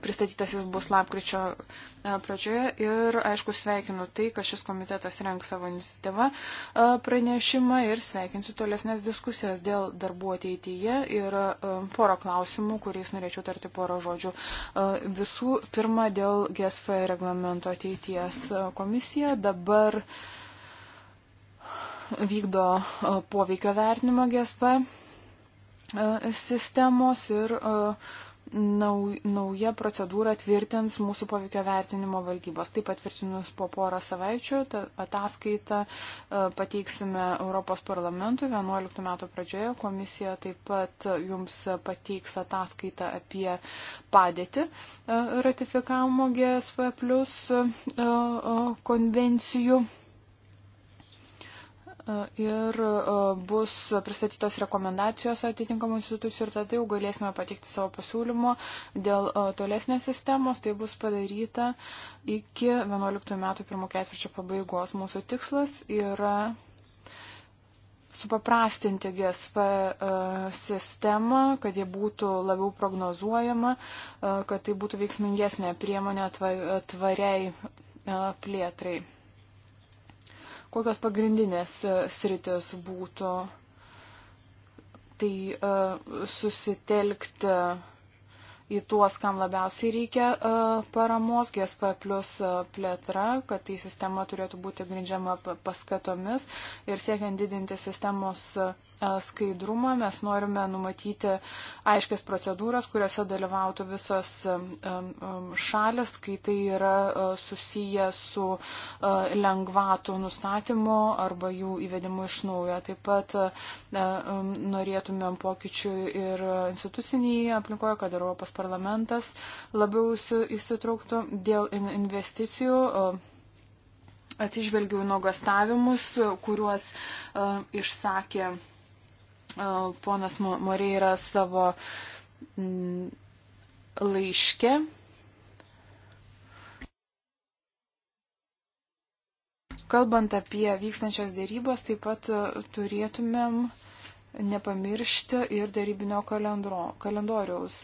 pristatytas jis bus lapkričio e, pradžioje ir, aišku, sveikinu tai, kad šis komitetas renks savo iniciatyvą e, pranešimą ir sveikinsiu tolesnės diskusijas dėl darbų ateityje ir e, poro klausimų, kuriais norėčiau tarti poro žodžių. Visų pirma, dėl GSF reglamento ateities komisija dabar vykdo poveikio vertinimo GSP sistemos ir uh, nauja procedūra tvirtins mūsų poveikio vertinimo valdybos. Taip patvirtinus po porą savaičių, tą ataskaitą e, pateiksime Europos parlamentui 11 metų pradžioje. Komisija taip pat jums pateiks ataskaitą apie padėtį e, ratifikavimo GSV plus e, konvencijų E, ir e, bus pristatytos rekomendacijos atitinkamų institucijų ir tada jau galėsime pateikti savo pasiūlymo dėl e, tolesnės sistemos. Tai bus padaryta iki 11 metų pirmo ketvirčio pabaigos. Mūsų tikslas yra supaprastinti GSP sistemą, kad jie būtų labiau prognozuojama, kad tai būtų veiksmingesnė priemonė tvariai plėtrai kokios pagrindinės e, sritis būtų. Tai e, susitelkti į tuos, kam labiausiai reikia e, paramos, GSP plus plėtra, kad tai sistema turėtų būti grindžiama paskatomis ir siekiant didinti sistemos skaidrumą, mes norime numatyti aiškės procedūras, kuriuose dalyvautų visos šalis, kai tai yra susiję su lengvatų nustatymu arba jų įvedimu iš naujo. Taip pat norėtumėm pokyčių ir instituciniai aplinkoje, kad Europos parlamentas labiau įsitrauktų dėl investicijų atsižvelgiau nuogastavimus, kuriuos uh, išsakė uh, ponas Moreira savo mm, laiške. Kalbant apie vykstančias dėrybas, taip pat e, turėtumėm nepamiršti ir dėrybinio kalendro, kalendoriaus.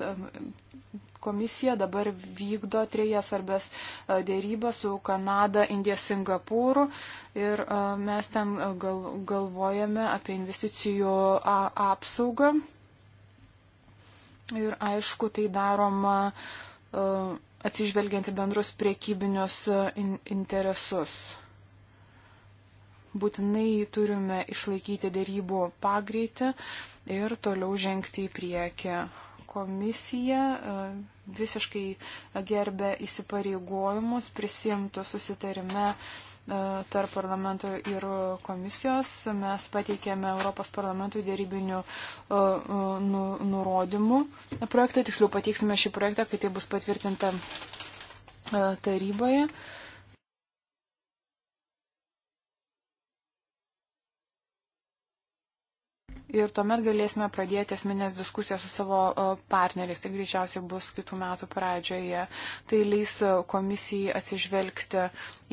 Komisija dabar vykdo trejas svarbės e, dėrybas su Kanada, Indija, Singapūru ir e, mes ten e, gal, galvojame apie investicijų apsaugą. Ir aišku, tai daroma atsižvelgianti bendrus priekybinius interesus. Būtinai turime išlaikyti dėrybų pagreitį ir toliau žengti į priekį komisija e, visiškai gerbė įsipareigojimus prisimtų susitarime e, tarp parlamento ir komisijos. Mes pateikėme Europos parlamentui dėrybinių e, nu, nurodymų projektą, tiksliau pateiksime šį projektą, kai tai bus patvirtinta taryboje. Uh, ir tuomet galėsime pradėti esminės diskusijas su savo e, partneriais. Tai greičiausiai bus kitų metų pradžioje. Tai leis e, komisijai atsižvelgti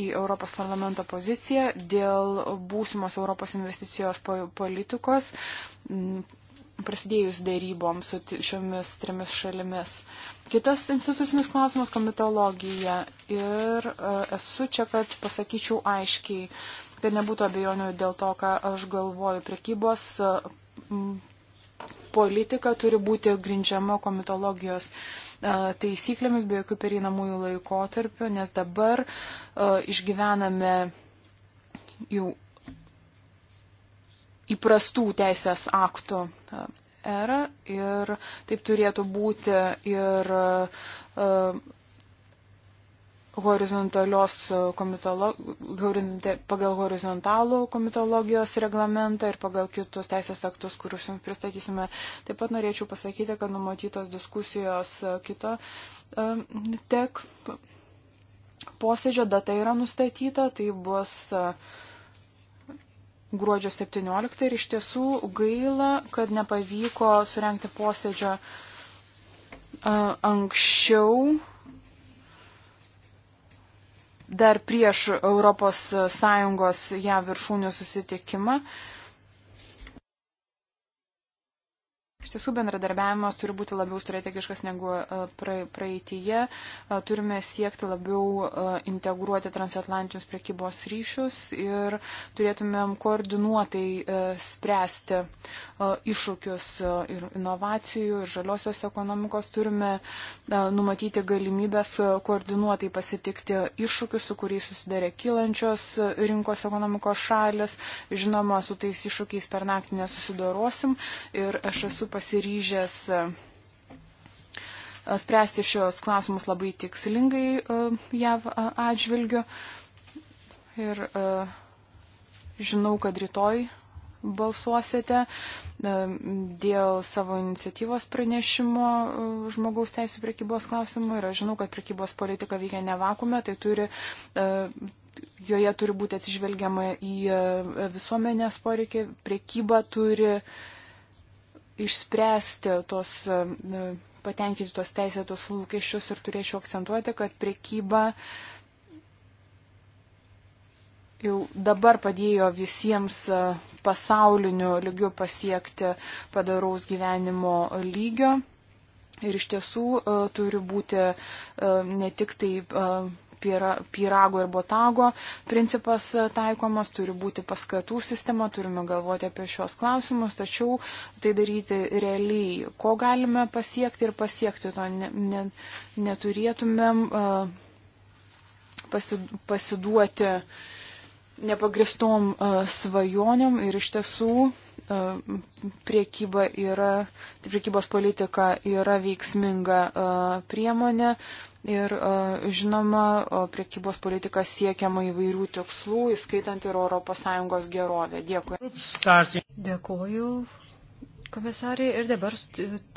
į Europos parlamento poziciją dėl būsimos Europos investicijos politikos prasidėjus dėryboms su šiomis trimis šalimis. Kitas institucinis klausimas - komitologija. Ir e, esu čia, kad pasakyčiau aiškiai, kad nebūtų abejonių dėl to, ką aš galvoju. Prekybos politika turi būti grindžiama komitologijos e, taisyklėmis be jokių pereinamųjų laikotarpių, nes dabar e, išgyvename jau įprastų teisės aktų e, erą ir taip turėtų būti ir horizontalios e, komitologijos, pagal horizontalų komitologijos reglamentą ir pagal kitus teisės aktus, kuriuos jums pristatysime. Taip pat norėčiau pasakyti, kad numatytos diskusijos e, kito e, tek posėdžio data yra nustatyta, tai bus gruodžio 17 ir iš tiesų gaila, kad nepavyko surenkti posėdžio anksčiau dar prieš ES JAV viršūnių susitikimą. Uh, Iš tiesų, bendradarbiavimas turi būti labiau strategiškas negu e, praeitįje. E, turime siekti labiau e, integruoti transatlantinius prekybos ryšius ir turėtumėm koordinuotai spręsti iššūkius ir inovacijų, ir žaliosios ekonomikos. Turime numatyti galimybės koordinuotai pasitikti iššūkius, su kuriais susidarė kylančios rinkos ekonomikos šalis. Žinoma, su tais iššūkiais per naktį nesusidorosim. Ir aš esu pasiryžęs e, spręsti šios klausimus labai tikslingai e, JAV atžvilgiu. Ir e, žinau, kad rytoj balsuosite dėl savo iniciatyvos pranešimo žmogaus teisų priekybos klausimų. Ir aš žinau, kad priekybos politika veikia ne vakume, tai turi, joje turi būti atsižvelgiama į visuomenės poreikį. Priekyba turi išspręsti tos, e, patenkinti tos teisėtos lūkesčius ir turėčiau akcentuoti, kad priekyba jau dabar padėjo visiems e, pasauliniu lygiu pasiekti padaraus gyvenimo lygio. Ir iš tiesų e, turi būti ne tik tai pyrago ir botago principas e, taikomas, turi būti paskatų sistema, turime galvoti apie šios klausimus, tačiau tai daryti realiai, ko galime pasiekti ir pasiekti, to ne, ne, neturėtumėm e, pasiduoti nepagristom e, svajonėm ir iš tiesų priekyba yra, priekybos politika yra veiksminga priemonė, Ir e, žinoma, e, priekybos politika siekiama įvairių tikslų, įskaitant ir ES gerovę. Dėkui. Dėkuoju. Komisarė, ir dabar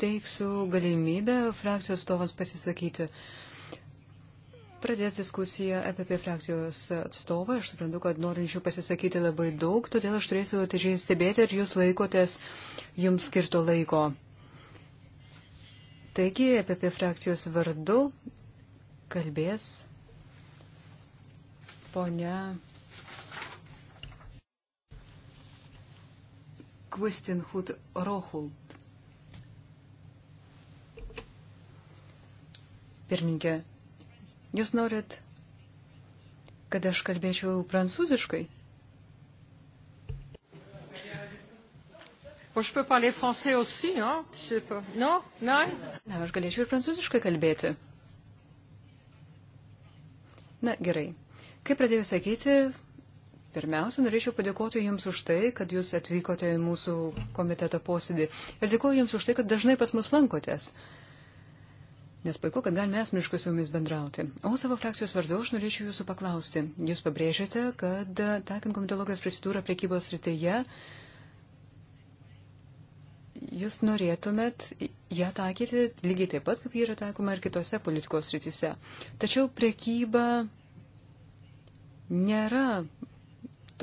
teiksiu galimybę frakcijos atstovams pasisakyti. Pradės diskusiją apie, apie frakcijos atstovą. Aš suprantu, kad norinčių pasisakyti labai daug, todėl aš turėsiu atidžiai stebėti, ar jūs laikotės jums skirto laiko. Taigi, apie, apie frakcijos vardu kalbės ponia Kvistinhut Rohult. Pirminkė, jūs norit, kad aš kalbėčiau prancūziškai? O aš peux parler français aussi, hein? Je sais pas. Non? Non? Na, aš galėčiau ir prancūziškai kalbėti. Na gerai. Kaip pradėjau sakyti, pirmiausia, norėčiau padėkoti Jums už tai, kad Jūs atvykote į mūsų komiteto posėdį. Ir dėkoju Jums už tai, kad dažnai pas mus lankotės. Nes puiku, kad galime esmiškai su Jumis bendrauti. O savo frakcijos vardu aš norėčiau Jūsų paklausti. Jūs pabrėžėte, kad taikant komitologijos procedūrą priekybos rytyje. Ja, jūs norėtumėt ją taikyti lygiai taip pat, kaip ji yra taikoma ir kitose politikos rytise. Tačiau priekyba nėra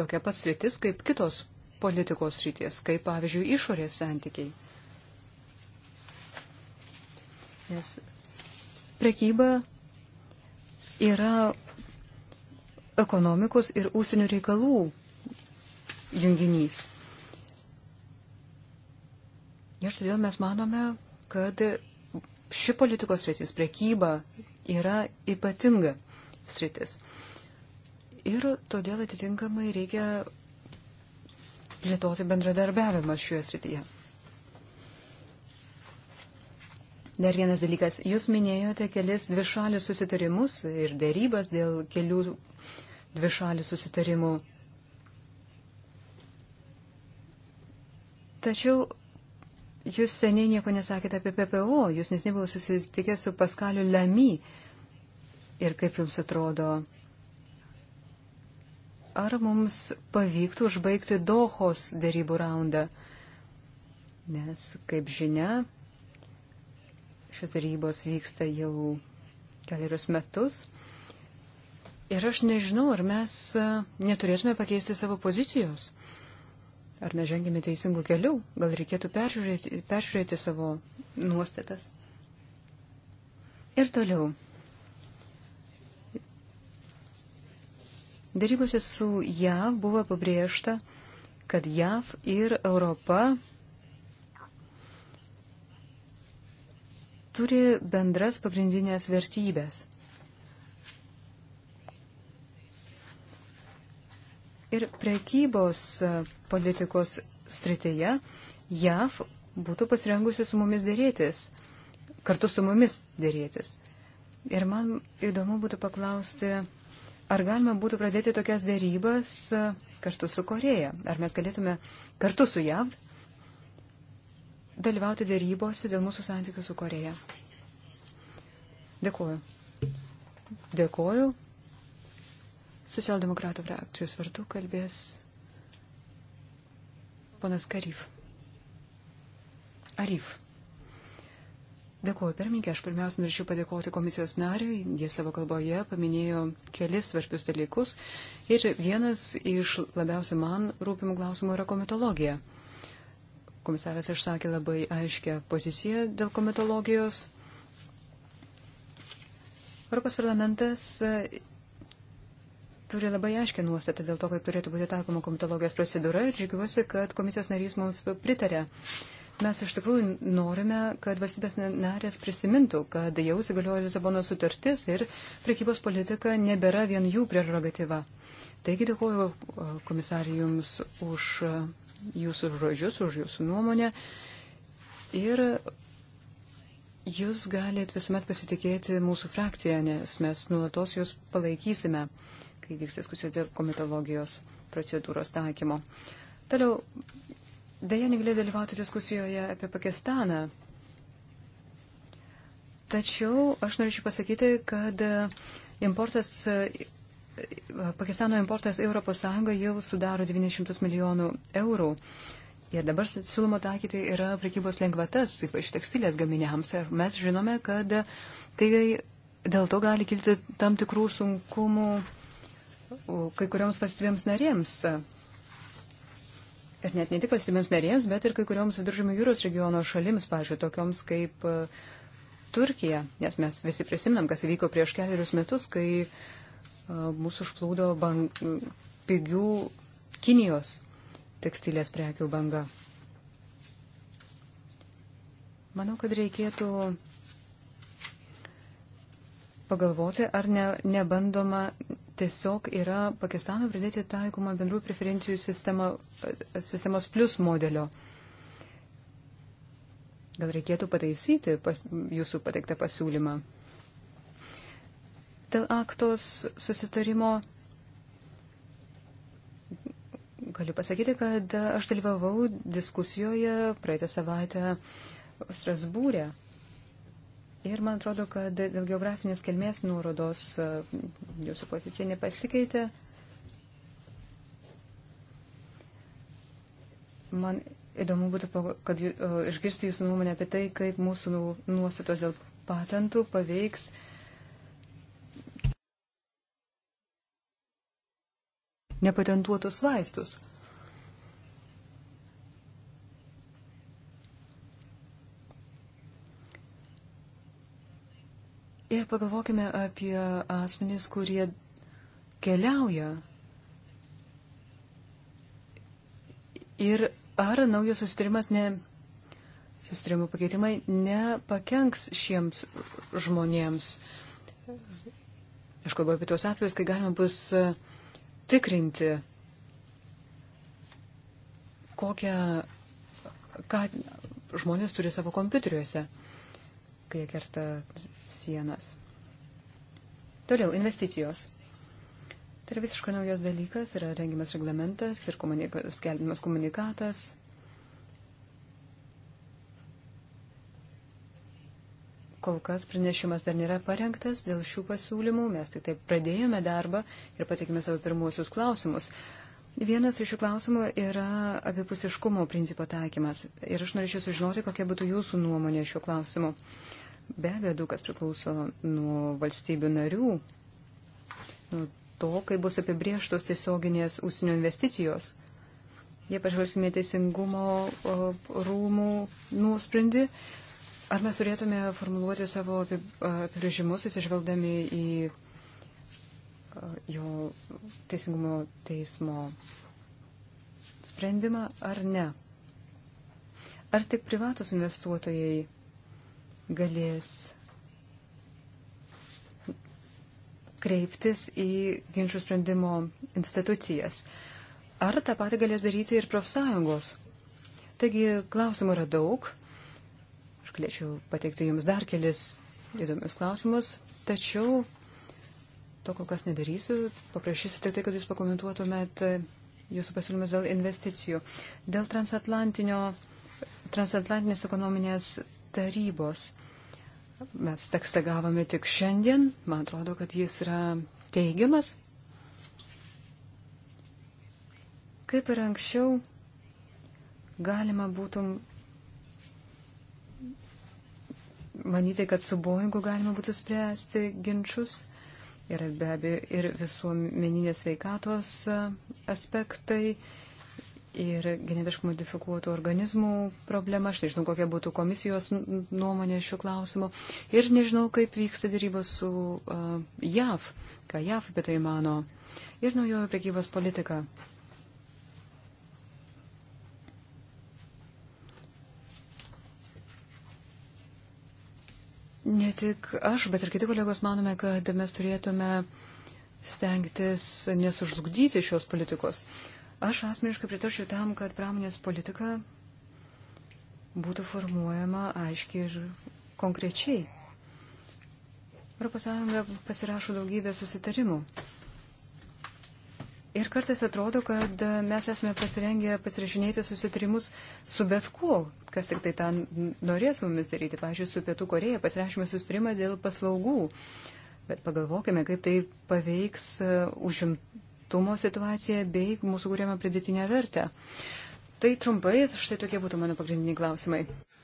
tokia pat sritis kaip kitos politikos rytis, kaip pavyzdžiui išorės santykiai. Nes priekyba yra ekonomikos ir ūsinių reikalų junginys. Ir todėl mes manome, kad ši politikos sritis, priekyba, yra ypatinga sritis. Ir todėl atitinkamai reikia plėtoti bendradarbiavimą šioje srityje. Dar vienas dalykas. Jūs minėjote kelis dvišalius susitarimus ir dėrybas dėl kelių dvišalių susitarimų. Tačiau Jūs seniai nieko nesakėte apie PPO, jūs nes nebuvo susitikę su Paskaliu Lamy. Ir kaip jums atrodo, ar mums pavyktų užbaigti Dohos dėrybų raundą? Nes, kaip žinia, šios dėrybos vyksta jau keliarius metus. Ir aš nežinau, ar mes e, neturėtume pakeisti savo pozicijos. Ar mes žengėme teisingų kelių? Gal reikėtų peržiūrėti, peržiūrėti savo nuostatas? Ir toliau. Darybose su JAV buvo pabrėžta, kad JAV ir Europa turi bendras pagrindinės vertybės. Ir prekybos politikos srityje, JAV būtų pasirengusi su mumis dėrėtis, kartu su mumis dėrėtis. Ir man įdomu būtų paklausti, ar galima būtų pradėti tokias dėrybas e, kartu su Koreja, ar mes galėtume kartu su JAV dalyvauti dėrybose dėl mūsų santykių su Koreja. Dėkuoju. Dėkuoju. Socialdemokratų frakcijos vardu kalbės Ponas Karyf. Arif. Dėkuoju, pirmininkė, aš pirmiausia norėčiau padėkoti komisijos nariui, jis savo kalboje paminėjo kelis svarbius dalykus ir vienas iš labiausiai man rūpimų klausimų yra komitologija. Komisaras išsakė labai aiškę poziciją dėl komitologijos. Europos parlamentas turi labai aiškę nuostatą dėl to, kaip turėtų būti taikoma komitologijos procedūra ir džiugiuosi, kad komisijos narys mums pritarė. Mes iš tikrųjų norime, kad valstybės narės prisimintų, kad jau įsigaliojo Lisabono sutartis ir prekybos politika nebėra vien jų prerogatyva. Taigi dėkuoju komisarijums už jūsų žodžius, už jūsų nuomonę. Ir jūs galite visuomet pasitikėti mūsų frakciją, nes mes nuolatos jūs palaikysime kai vyks diskusijos dėl komitologijos procedūros taikymo. Toliau, dėja negalėjau dalyvauti diskusijoje apie Pakistaną. Tačiau aš norėčiau pasakyti, kad e, importas, e, Pakistano importas Europos Sąjunga jau sudaro 900 milijonų eurų. Ir dabar siūloma taikyti yra prekybos lengvatas, ypač tekstilės gaminiams. Ir mes žinome, kad e, tai dėl to gali kilti tam tikrų sunkumų kai kurioms valstybėms narėms. Ir net ne tik valstybėms narėms, bet ir kai kurioms viduržymio jūros regiono šalims, pažiūrėjau, tokioms kaip e, Turkija, nes mes visi prisimnam, kas įvyko prieš keliarius metus, kai e, mūsų užplūdo bank, pigių Kinijos tekstilės prekių banga. Manau, kad reikėtų pagalvoti, ar ne, nebandoma tiesiog yra Pakistano pradėti taikoma bendrų preferencijų sistema, sistemos plus modelio. Gal reikėtų pataisyti pas, jūsų pateiktą pasiūlymą. Dėl aktos susitarimo galiu pasakyti, kad aš dalyvavau diskusijoje praeitą savaitę Strasbūrė. E. Ir man atrodo, kad dėl geografinės kelmės nuorodos e, jūsų pozicija nepasikeitė. Man įdomu būtų, kad išgirsti jūsų nuomonę apie tai, kaip mūsų nu- nuostatos dėl patentų paveiks nepatentuotus vaistus. ir pagalvokime apie asmenys, kurie keliauja. Ir ar naujas sustarimas ne. Sustarimų pakeitimai nepakenks šiems žmonėms. Aš kalbu apie tos atvejus, kai galima bus e, tikrinti, kokią, ką žmonės turi savo kompiuteriuose kai jie kerta sienas. Toliau, investicijos. Tai yra visiškai naujas dalykas, yra rengimas reglamentas ir komunika, skelbimas komunikatas. Kol kas pranešimas dar nėra parengtas dėl šių pasiūlymų, mes tik taip pradėjome darbą ir patikime savo pirmuosius klausimus. Vienas iš šių klausimų yra abipusiškumo principo taikymas ir aš norėčiau sužinoti, kokia būtų jūsų nuomonė šiuo klausimu. Uh, Be abejo, daug kas priklauso nuo valstybių narių, nuo to, kaip bus apibrieštos tiesioginės užsienio investicijos. Jei pažvelgsime teisingumo rūmų nuosprendį, ar mes turėtume formuluoti savo apibrėžimus, atsižvelgdami į jo teisingumo teismo sprendimą, ar ne? Ar tik privatus investuotojai galės kreiptis į ginčių sprendimo institucijas. Ar tą patį galės daryti ir profsąjungos? Taigi klausimų yra daug. Aš galėčiau pateikti Jums dar kelis įdomius klausimus, tačiau to kol kas nedarysiu. Paprašysiu tik tai, kad Jūs pakomentuotumėt Jūsų pasiūlymus dėl investicijų. Dėl transatlantinės ekonominės tarybos. Mes tekstą gavome tik šiandien, man atrodo, kad jis yra teigiamas. Kaip ir anksčiau, galima būtų manyti, kad su Boeingu galima būtų spręsti ginčius. Yra be abejo ir visuomeninės veikatos aspektai, ir genetiškai modifikuotų organizmų problema. Aš nežinau, kokia būtų komisijos nuomonė šiuo klausimu. Ir nežinau, kaip vyksta dėrybos su uh, JAV, ką JAV apie tai mano. Ir naujojo priekybos politika. Ne tik aš, bet ir kiti kolegos manome, kad mes turėtume stengtis nesužlugdyti šios politikos. Aš asmeniškai pritarčiau tam, kad pramonės politika būtų formuojama aiškiai ir konkrečiai. ES pasirašo daugybę susitarimų. Ir kartais atrodo, kad mes esame pasirengę pasirašinėti susitarimus su bet kuo, kas tik tai tą norės mumis daryti. Pavyzdžiui, su Pietų Koreja pasirašėme susitarimą dėl paslaugų. Bet pagalvokime, kaip tai paveiks uh, užim, užimtumo situaciją bei mūsų kūrėmą pridėtinę vertę. Tai trumpai, štai tokie būtų mano pagrindiniai klausimai.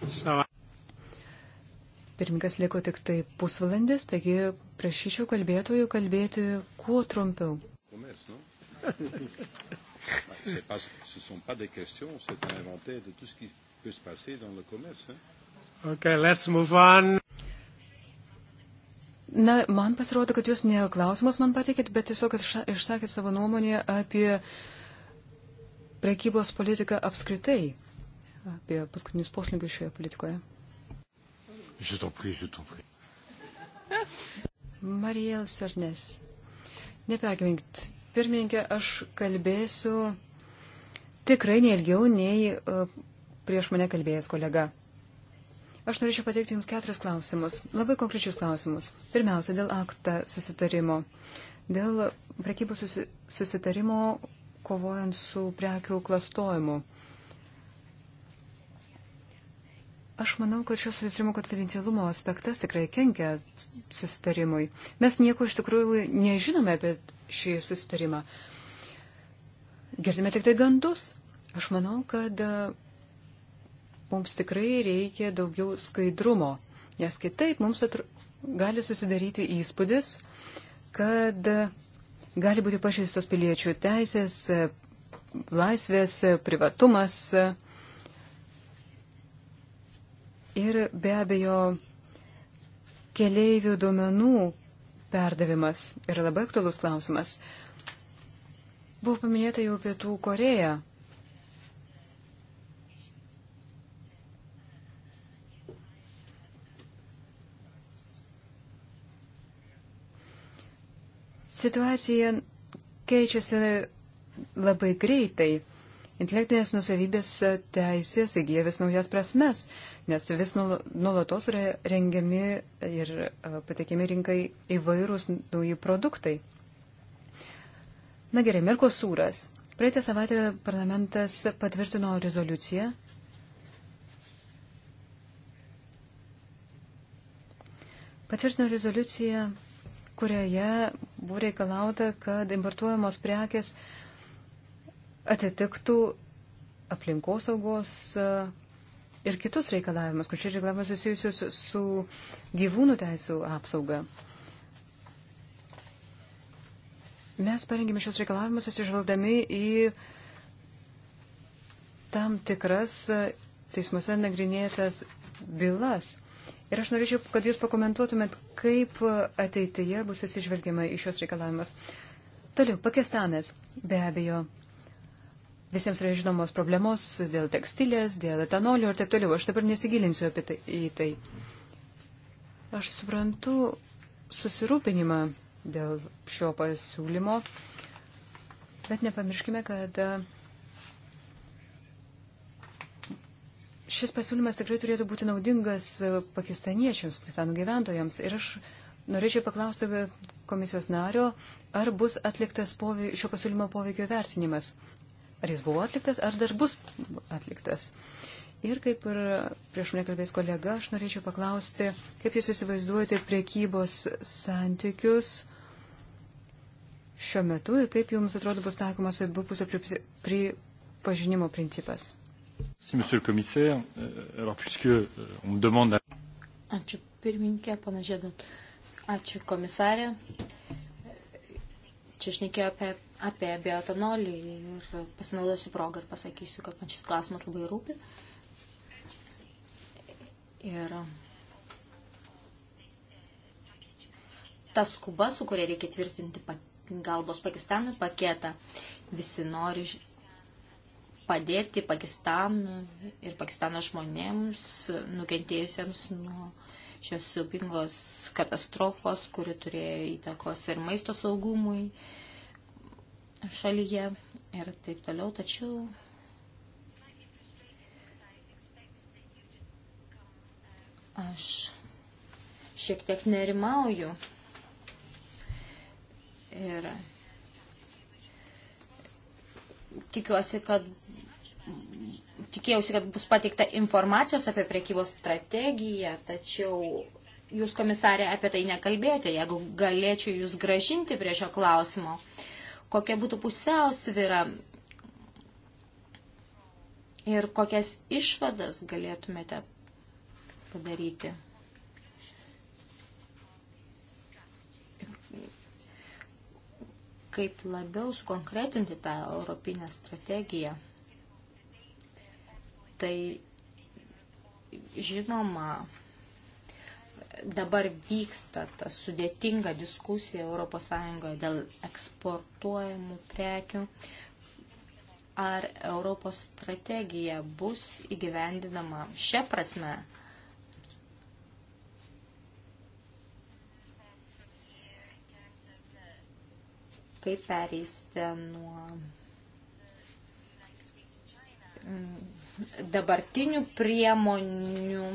Sava. Pirmininkas liko tik tai pusvalandis, taigi prašyčiau kalbėtojų kalbėti kuo trumpiau. Commerce, <laughs> pas, ce sont pas des questions, c'est un inventaire de tout ce qui peut se passer dans le commerce. Hein? Okay, let's move on. Na, man pasirodo, kad jūs ne klausimus man patikėt, bet tiesiog išsakėt savo nuomonę apie prekybos politiką apskritai, apie paskutinius poslinkius šioje politikoje. Marijel Sarnes. Nepergyvenkt. Pirmininkė, aš kalbėsiu tikrai neilgiau nei e, prieš mane kalbėjęs kolega. Aš norėčiau pateikti Jums keturis klausimus, labai konkrečius klausimus. Pirmiausia, dėl aktą susitarimo. Dėl prekybos susitarimo kovojant su prekių klastojimu. Aš manau, kad šios susitarimo konfidencialumo aspektas tikrai kenkia susitarimui. Mes nieko iš tikrųjų nežinome apie šį susitarimą. Girdime tik tai gandus. Aš manau, kad mums tikrai reikia daugiau skaidrumo, nes kitaip mums atru, gali susidaryti įspūdis, kad gali būti pažeistos piliečių teisės, laisvės, privatumas. Ir be abejo, keleivių duomenų perdavimas yra labai aktuolus klausimas. Buvo paminėta jau Pietų Koreja. Situacija keičiasi labai greitai. Intelektinės nusavybės teisės įgyja vis naujas prasmes, nes vis nuolatos yra rengiami ir e, patekiami rinkai įvairūs nauji produktai. Na gerai, Merkosūras. Praeitą savaitę parlamentas patvirtino rezoliuciją. Patvirtino rezoliuciją kurioje buvo reikalauta, kad importuojamos prekes atitiktų aplinkosaugos e, ir kitus reikalavimus, kur šie reikalavimai susijusius su gyvūnų teisų apsauga. Mes parengėme šios reikalavimus atsižvelgdami į tam tikras teismuose nagrinėtas bylas. Ir aš norėčiau, kad jūs pakomentuotumėt, kaip ateityje bus atsižvelgiama į šios reikalavimus. Toliau, Pakistanas. Be abejo, visiems yra žinomos problemos dėl tekstilės, dėl etanolio ir taip toliau. Aš dabar nesigilinsiu apie tai, į tai. Aš suprantu susirūpinimą dėl šio pasiūlymo, bet nepamirškime, kad Šis pasiūlymas tikrai turėtų būti naudingas e, pakistaniečiams, pakistano gyventojams. Ir aš norėčiau paklausti e, komisijos nario, ar bus atliktas povei, šio pasiūlymo poveikio vertinimas. Ar jis buvo atliktas, ar dar bus atliktas. Ir kaip ir prieš mane kalbės kolega, aš norėčiau paklausti, kaip jūs įsivaizduojate priekybos santykius šiuo metu ir kaip jums atrodo bus taikomas abipusio pripažinimo principas. Euh, euh, Ačiū pirmininkė, pana Žėdot. Ačiū komisarė. Čia aš nekėjau apie, apie bioetanolį ir pasinaudosiu progą ir pasakysiu, kad man šis klausimas labai rūpi. Ir ta skuba, su kuria reikia tvirtinti galbos Pakistanui paketą, visi nori padėti Pakistanui ir Pakistano žmonėms nukentėjusiems nuo šios siubingos katastrofos, kuri turėjo įtakos ir maisto saugumui šalyje ir taip toliau. Tačiau aš šiek tiek nerimauju ir tikiuosi, kad tikėjausi, kad bus pateikta informacijos apie priekybos strategiją, tačiau jūs, komisarė, apie tai nekalbėjote. Jeigu galėčiau jūs gražinti prie šio klausimo, kokia būtų pusiausvyra ir kokias išvadas galėtumėte padaryti. kaip labiau skonkretinti tą europinę strategiją tai žinoma, dabar vyksta ta sudėtinga diskusija ES dėl eksportuojamų prekių. Ar Europos strategija bus įgyvendinama šią prasme? Kaip pereisite nuo mm, dabartinių priemonių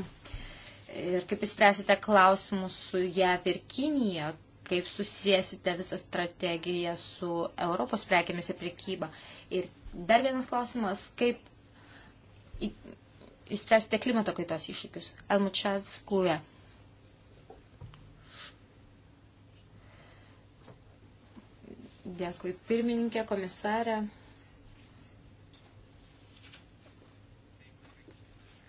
ir kaip įspręsite klausimus su JAV ir Kinija, kaip susijęsite visą strategiją su Europos prekėmis ir prekyba. Ir dar vienas klausimas, kaip įspręsite klimato kaitos iššūkius. Almučas Kuja. Dėkui pirmininkė, komisarė.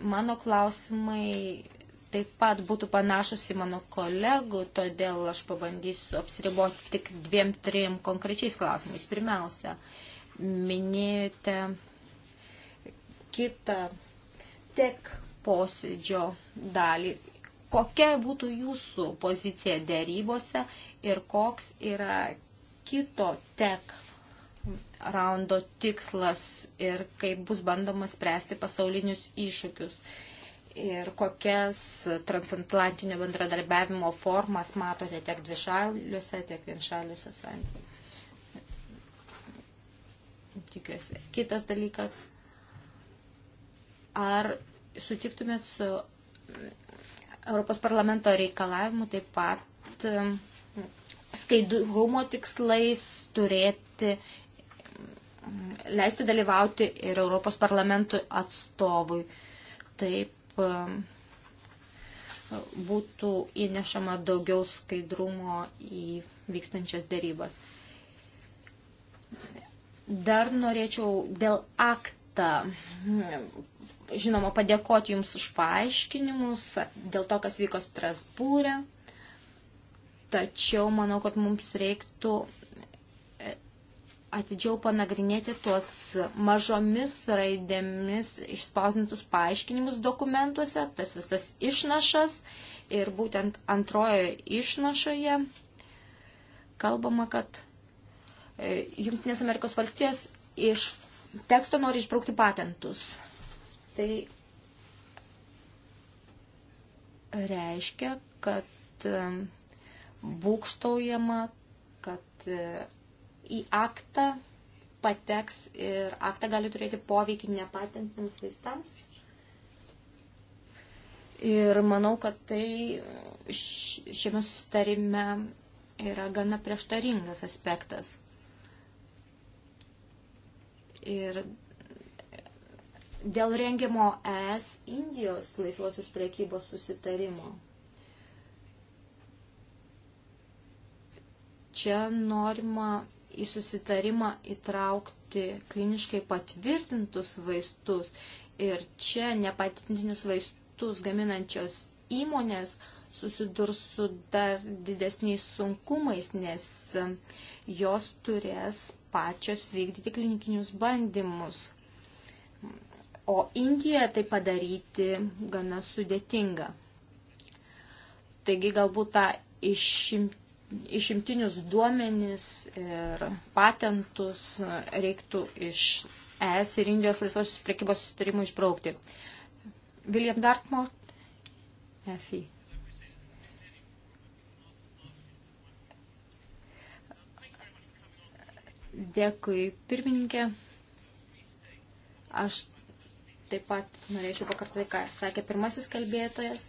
Mano klausimai taip pat būtų panašus į mano kolegų, todėl aš pabandysiu apsiriboti tik dviem, trim konkrečiais klausimais. Pirmiausia, minėjote kitą tek posėdžio dalį. Kokia būtų jūsų pozicija dėrybose ir koks yra kito tek raundo tikslas ir kaip bus bandoma spręsti pasaulinius iššūkius ir kokias transatlantinio bendradarbiavimo formas matote tiek dvišaliuose, tiek vienšaliuose santykiuose. Tikiuosi. Kitas dalykas. Ar sutiktumėt su Europos parlamento reikalavimu taip pat um, skaidrumo tikslais turėti leisti dalyvauti ir Europos parlamentų atstovui. Taip um, būtų įnešama daugiau skaidrumo į vykstančias dėrybas. Dar norėčiau dėl aktą, žinoma, padėkoti Jums už paaiškinimus dėl to, kas vyko Strasbūrė. Tačiau manau, kad mums reiktų atidžiau panagrinėti tuos mažomis raidėmis išspausintus paaiškinimus dokumentuose, tas visas išnašas ir būtent antrojoje išnašoje kalbama, kad e, Junktinės Amerikos valstijos iš teksto nori išbraukti patentus. Tai reiškia, kad e, būkštaujama, kad e, į aktą pateks ir aktą gali turėti poveikį nepatentiniams vaistams. Ir manau, kad tai šiame sustarime yra gana prieštaringas aspektas. Ir dėl rengimo ES Indijos laisvosios priekybos susitarimo. Čia norima į susitarimą įtraukti kliniškai patvirtintus vaistus ir čia nepatentinius vaistus gaminančios įmonės susidurs su dar didesniais sunkumais, nes jos turės pačios vykdyti klinikinius bandymus. O Indijoje tai padaryti gana sudėtinga. Taigi galbūt tą išimti išimtinius duomenis ir patentus reiktų iš ES ir Indijos laisvosios prekybos sustarimų išbraukti. William Dartmouth, FI. Dėkui, pirmininkė. Aš taip pat norėčiau pakartoti, ką sakė pirmasis kalbėtojas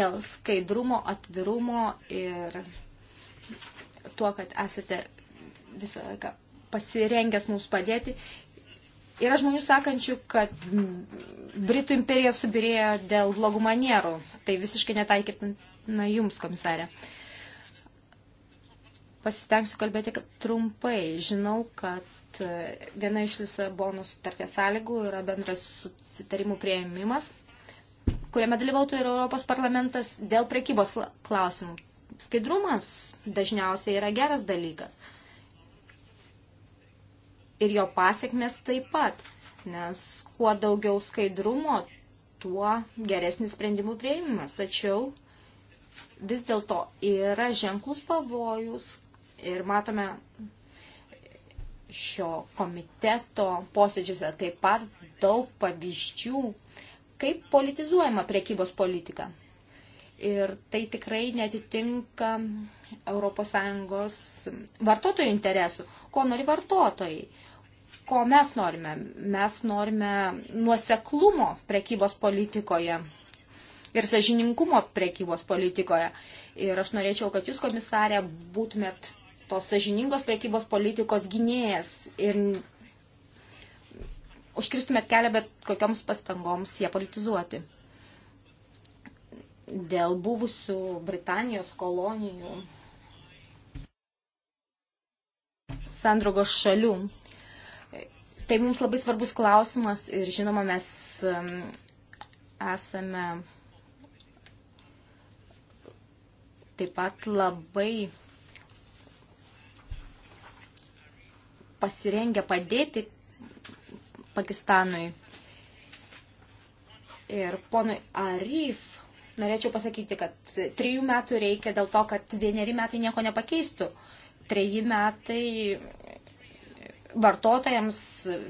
dėl skaidrumo, atvirumo ir tuo, kad esate visą laiką pasirengęs mums padėti. Yra žmonių sakančių, kad Britų imperija subirėjo dėl blogų manierų. Tai visiškai netaikytina jums, komisarė. Pasistengsiu kalbėti trumpai. Žinau, kad e, viena iš Lisabono sutarties sąlygų yra bendras susitarimų prieimimas, kuriame dalyvautų ir Europos parlamentas dėl prekybos klausimų skaidrumas dažniausiai yra geras dalykas. Ir jo pasiekmes taip pat, nes kuo daugiau skaidrumo, tuo geresnis sprendimų prieimimas. Tačiau vis dėlto yra ženklus pavojus ir matome šio komiteto posėdžiuose taip pat daug pavyzdžių, kaip politizuojama priekybos politika ir tai tikrai netitinka ES vartotojų interesų. Ko nori vartotojai? Ko mes norime? Mes norime nuoseklumo prekybos politikoje ir sažininkumo prekybos politikoje. Ir aš norėčiau, kad jūs, komisarė, būtumėt tos sažiningos prekybos politikos gynėjas ir užkirstumėt kelią bet kokioms pastangoms ją politizuoti dėl buvusių Britanijos kolonijų sandrogos šalių. Tai mums labai svarbus klausimas ir žinoma mes um, esame taip pat labai pasirengę padėti Pakistanui. Ir ponui Arif norėčiau pasakyti, kad trijų metų reikia dėl to, kad vieneri metai nieko nepakeistų. Treji metai vartotojams,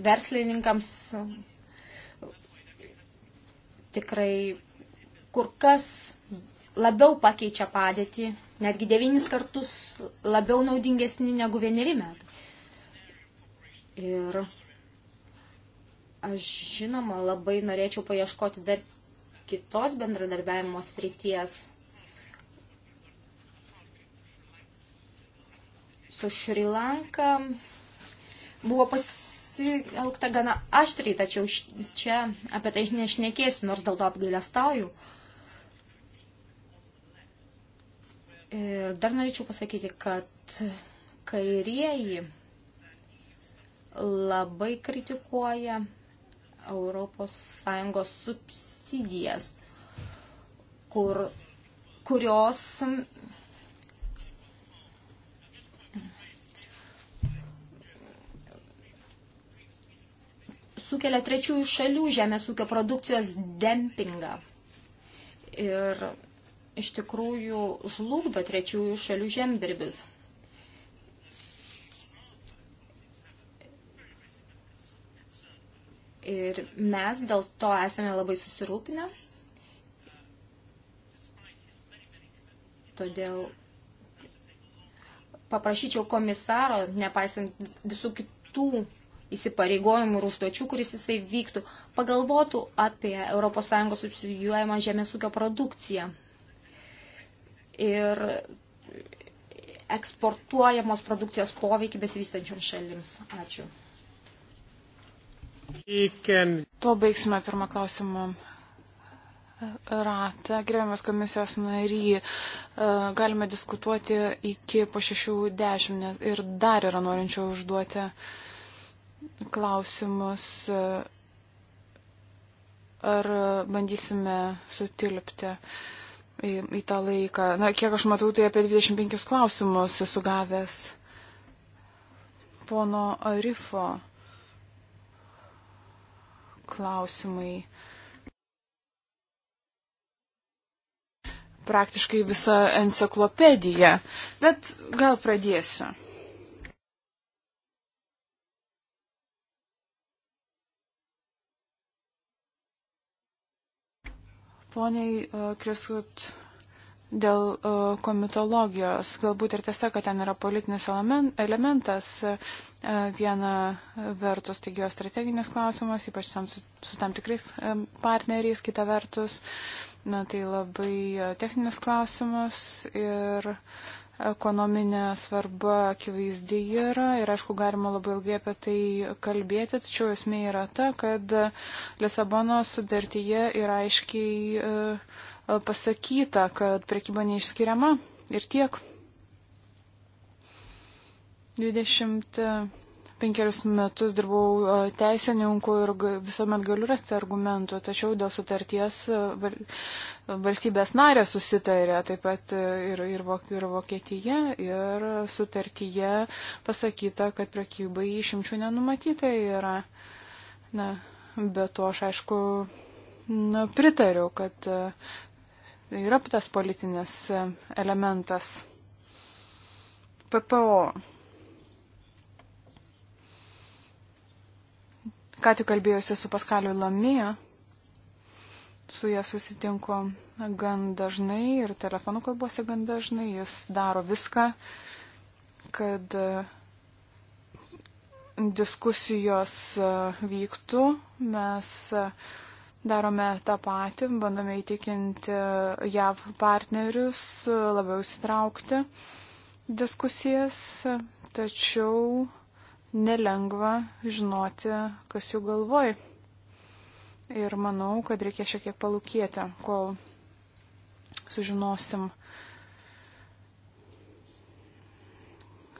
verslininkams tikrai kur kas labiau pakeičia padėtį, netgi devynis kartus labiau naudingesni negu vieneri metai. Ir aš žinoma labai norėčiau paieškoti dar kitos bendradarbiavimo srities su Šri Lanka buvo pasielgta gana aštriai, tačiau čia apie tai nešnekėsiu, nors dėl to apgailestauju. Ir dar norėčiau pasakyti, kad kairieji labai kritikuoja ES subsidijas, kur, kurios sukelia trečiųjų šalių žemės ūkio produkcijos dempingą. Ir iš tikrųjų žlugdo trečiųjų šalių žemdirbius. Ir mes dėl to esame labai susirūpinę. Todėl paprašyčiau komisaro, nepaisant visų kitų įsipareigojimų ir užduočių, kuris jisai vyktų, pagalvotų apie ES subsidijuojamą žemės ūkio produkciją ir eksportuojamos produkcijos poveikį besivystančioms šalims. Ačiū. Can... Tuo baigsime pirmą klausimą e, ratą. Gerbiamas komisijos nary, e, galime diskutuoti iki po 6.10 ir dar yra norinčių užduoti klausimus. E, ar bandysime sutilpti? į, į tą laiką. Na, kiek aš matau, tai apie 25 klausimus esu gavęs. Pono Arifo klausimai. Praktiškai visa enciklopedija, bet gal pradėsiu. Poniai uh, Kreskut dėl e, komitologijos. Galbūt ir tiesa, kad ten yra politinis elementas e, viena vertus, taigi jo strateginis klausimas, ypač su, su tam tikrais e, partneriais, kita vertus, na, tai labai techninis klausimas ir ekonominė svarba akivaizdi yra ir aišku galima labai ilgai apie tai kalbėti, tačiau esmė yra ta, kad Lisabono sudartyje yra aiškiai uh, E, pasakyta, kad prekyba neišskiriama ir tiek. 25 metus dirbau e, teisininku ir visuomet galiu rasti argumentų, tačiau dėl sutarties e, valstybės narė susitarė, taip pat ir, ir, ir Vokietija, ir sutartyje pasakyta, kad prekybai išimčių nenumatyta yra. Na, be to aš aišku na, pritariu, kad yra tas politinis e, elementas. PPO. Ką tik kalbėjusi su Paskaliu Lamija, su ja susitinku gan dažnai ir telefonu kalbuosi gan dažnai, jis daro viską, kad e, diskusijos e, vyktų, mes Darome tą patį, bandome įtikinti JAV partnerius labiau įsitraukti diskusijas, tačiau nelengva žinoti, kas jų galvoj. Ir manau, kad reikia šiek tiek palūkėti, kol sužinosim,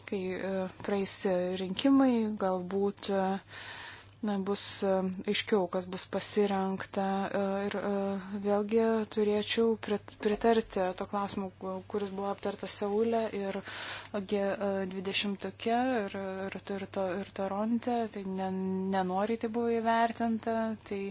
kai e, praeis rinkimai, galbūt uh, na, bus e, aiškiau, kas bus pasirenkta. E, ir e, vėlgi turėčiau pritarti to klausimu, kuris buvo aptartas Seulė ir G20 tokia ir, ir, ir, to, ir Toronte. Tai nenori tai buvo įvertinta. Tai,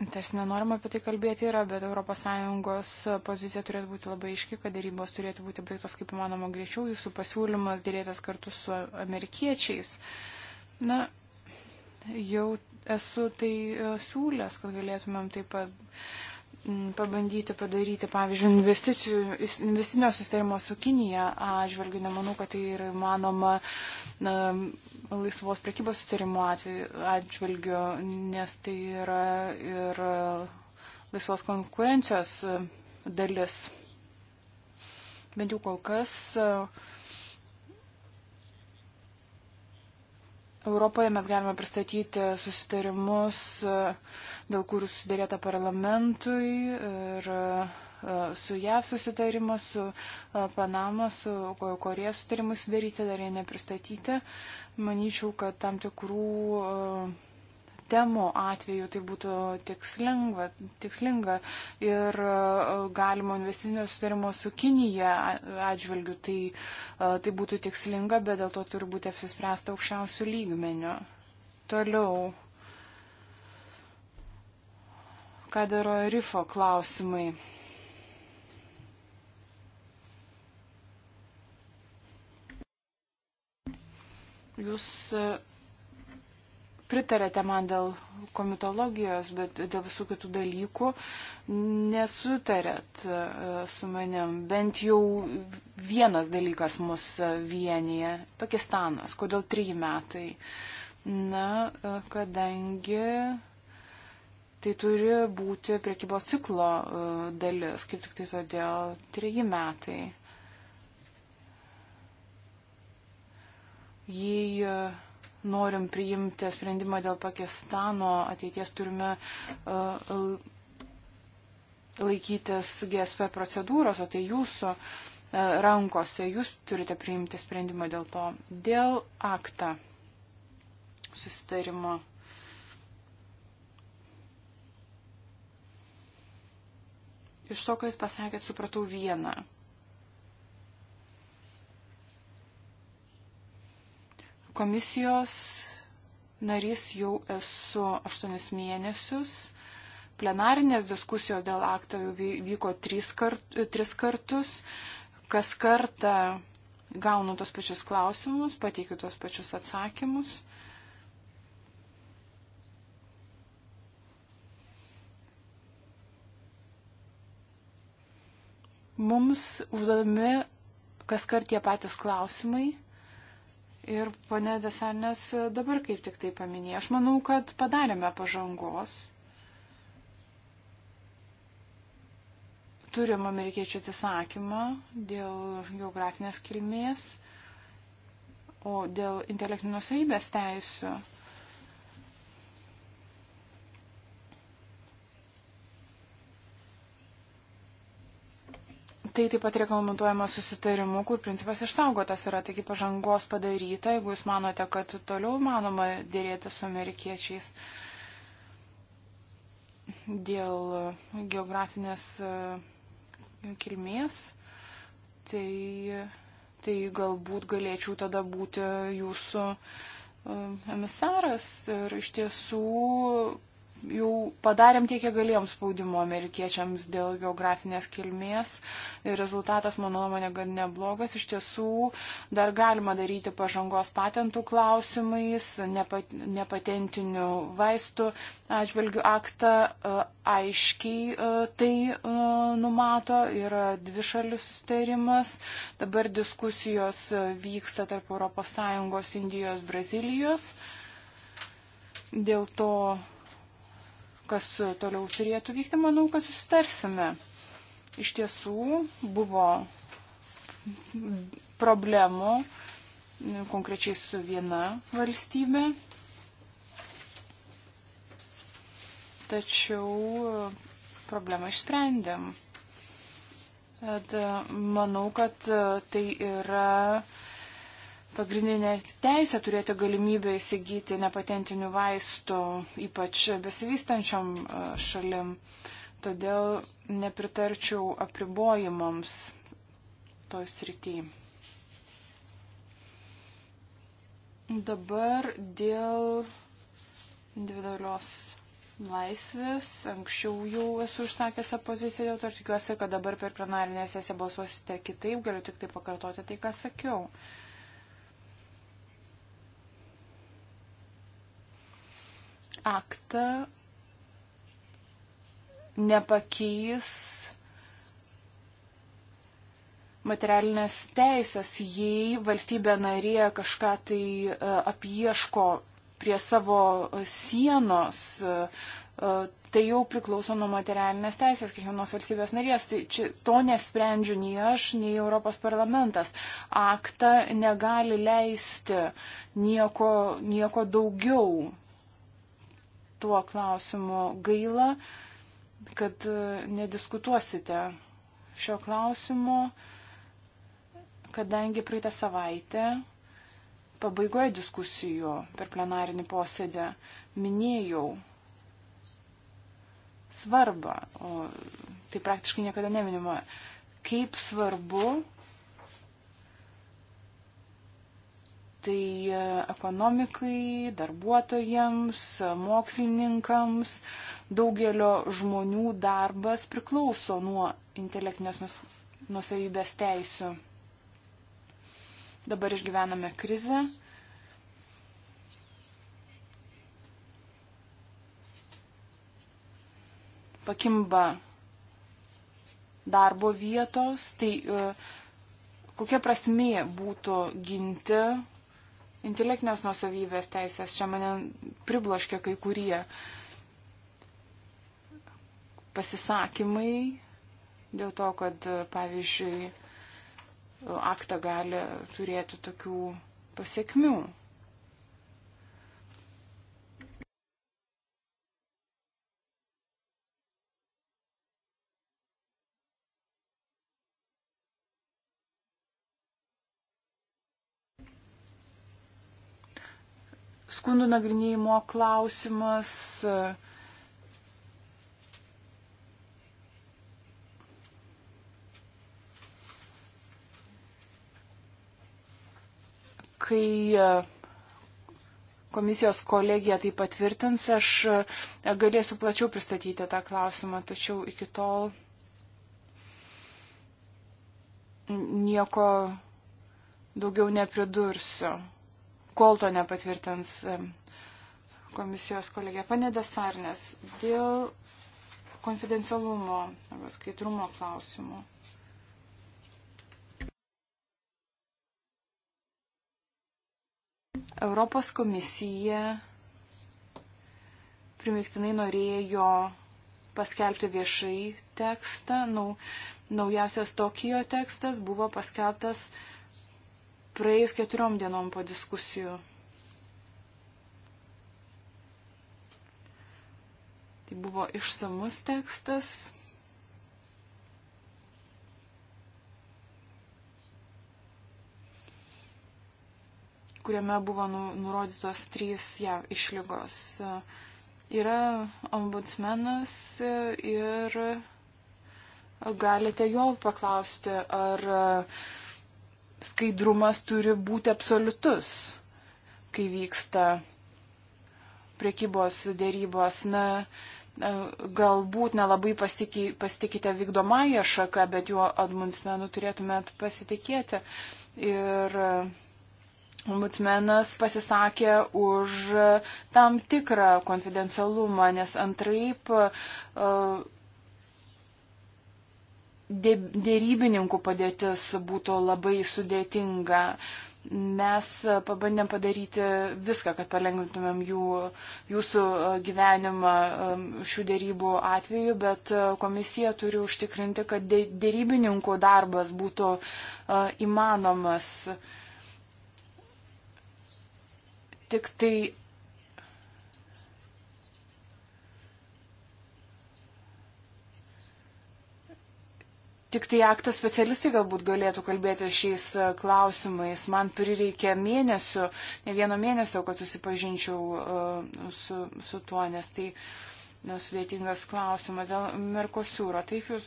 Tarsi nenorima apie tai kalbėti yra, bet ES pozicija turėtų būti labai iški, kad dėrybos turėtų būti baigtos kaip įmanoma greičiau. Jūsų pasiūlymas dėrėtas kartu su amerikiečiais. Uh, Na, jau esu tai e, siūlęs, kad galėtumėm taip pat pabandyti padaryti, pavyzdžiui, investicinio sustarimo su Kinija atžvelgiu, nemanau, kad tai yra įmanoma na, laisvos prekybos sustarimo atžvelgiu, nes tai yra ir e, laisvos konkurencijos e, dalis. Bent jau kol kas. Uh, Europoje mes galime pristatyti susitarimus, e, dėl kurių susidėrėta parlamentui ir e, su JAV susitarimas, su e, Panama, su Korėja sutarimai sudaryti, dar jie nepristatyti. Manyčiau, kad tam tikrų temų atveju tai būtų tikslinga, tikslinga ir e, galimo investicinio sutarimo su Kinija atžvilgiu tai, e, tai būtų tikslinga, bet dėl to turi būti apsispręsta aukščiausių lygmenių. Toliau. Ką daro RIFO klausimai? Jūs e, pritarėte man dėl komitologijos, bet dėl visų kitų dalykų nesutarėt e, su manim. Bent jau vienas dalykas mus vienyje - Pakistanas. Kodėl trijai metai? Na, e, kadangi tai turi būti priekybos ciklo e, dalis, kaip tik tai todėl treji metai. Jei norim priimti sprendimą dėl Pakistano ateities, turime e, laikytis GSP procedūros, o tai jūsų e, rankose, jūs turite priimti sprendimą dėl to. Dėl aktą susitarimo. Iš to, ką jūs pasakėt, supratau vieną. Komisijos narys jau esu 8 mėnesius. Plenarinės diskusijos dėl akto vyko 3, kart, 3 kartus. Kas kartą gaunu tos pačius klausimus, pateikiu tos pačius atsakymus. Mums uždavami kas kart tie patys klausimai Ir ponė Desarnės dabar kaip tik tai paminėjo. Aš manau, kad padarėme pažangos. Turim amerikiečių atsisakymą dėl geografinės kilmės, o dėl intelektinės savybės teisų tai taip pat reglamentuojama susitarimu, kur principas išsaugotas yra, taigi pažangos padaryta, jeigu jūs manote, kad toliau manoma dėrėti su amerikiečiais dėl geografinės e, kilmės, tai, tai galbūt galėčiau tada būti jūsų e, emisaras ir iš tiesų jau padarėm tiek, kiek galėjom spaudimo amerikiečiams dėl geografinės kilmės. Ir rezultatas, mano nuomonė, gan neblogas. Iš tiesų, dar galima daryti pažangos patentų klausimais, nepat, nepatentinių vaistų atžvilgių aktą e, aiškiai e, tai e, numato. Yra dvišalis sustarimas. Dabar diskusijos vyksta tarp ES, Indijos, Brazilijos. Dėl to kas toliau turėtų vykti, manau, kad susitarsime. Iš tiesų buvo problemų konkrečiai su viena valstybė. Tačiau problemą išsprendėm. Bet manau, kad tai yra uh, pagrindinę teisę turėti galimybę įsigyti nepatentinių vaistų, ypač besivystančiom e, šalim. Todėl nepritarčiau apribojimams toj srityje. Dabar dėl individualios laisvės. Anksčiau jau esu išsakęs opoziciją, dėl to tikiuosi, kad dabar per plenarinę sesiją balsuosite kitaip. Galiu tik tai pakartoti tai, ką sakiau. Uh, aktą nepakeis materialinės teisės, jei valstybė narė kažką tai e, apieško prie savo sienos, e, tai jau priklauso nuo materialinės teisės kiekvienos valstybės narės. Tai čia, to nesprendžiu nei aš, nei Europos parlamentas. Akta negali leisti nieko, nieko daugiau tuo klausimu gaila, kad e, nediskutuosite šio klausimu, kadangi praeitą savaitę pabaigoje diskusijų per plenarinį posėdę minėjau svarbą, o tai praktiškai niekada neminima, kaip svarbu Tai e, ekonomikai, darbuotojams, mokslininkams, daugelio žmonių darbas priklauso nuo intelektinės nusavybės teisių. Dabar išgyvename krizę. Pakimba darbo vietos, tai e, kokia prasmė būtų ginti intelektinės nusavybės teisės. Čia mane pribloškė kai kurie pasisakymai dėl to, kad, pavyzdžiui, aktą gali turėti tokių pasiekmių. skundų nagrinėjimo klausimas. Kai e, komisijos kolegija tai patvirtins, aš e, galėsiu plačiau pristatyti tą klausimą, tačiau iki tol nieko daugiau nepridursiu kol to nepatvirtins komisijos kolegė Panėdas Arnės dėl konfidencialumo arba skaidrumo klausimų. Europos komisija primiktinai norėjo paskelbti viešai tekstą. Nau, naujausias Tokijo tekstas buvo paskelbtas uh, praėjus keturiom dienom po diskusijų. Tai buvo išsamus tekstas. kuriame buvo nu, nurodytos trys jav išlygos. Yra ombudsmenas ir galite jo paklausti, ar uh, skaidrumas turi būti absoliutus, kai vyksta priekybos dėrybos. Na, e, galbūt nelabai pasitikite vykdomąją šaką, bet juo admundsmenu turėtumėt pasitikėti. Ir e, ombudsmenas pasisakė už tam tikrą konfidencialumą, nes antraip uh, dėrybininkų padėtis būtų labai sudėtinga. Mes pabandėm padaryti viską, kad palengvintumėm jų, jūsų e, gyvenimą e, šių dėrybų atveju, bet e, komisija turi užtikrinti, kad dėrybininkų darbas būtų įmanomas. Tik tai Tik tai aktas specialistai galbūt galėtų kalbėti šiais e, klausimais. Man prireikė mėnesių, ne vieno mėnesio, kad susipažinčiau e, su, su tuo, nes tai nesudėtingas klausimas. Dėl Merkosiūro, taip jūs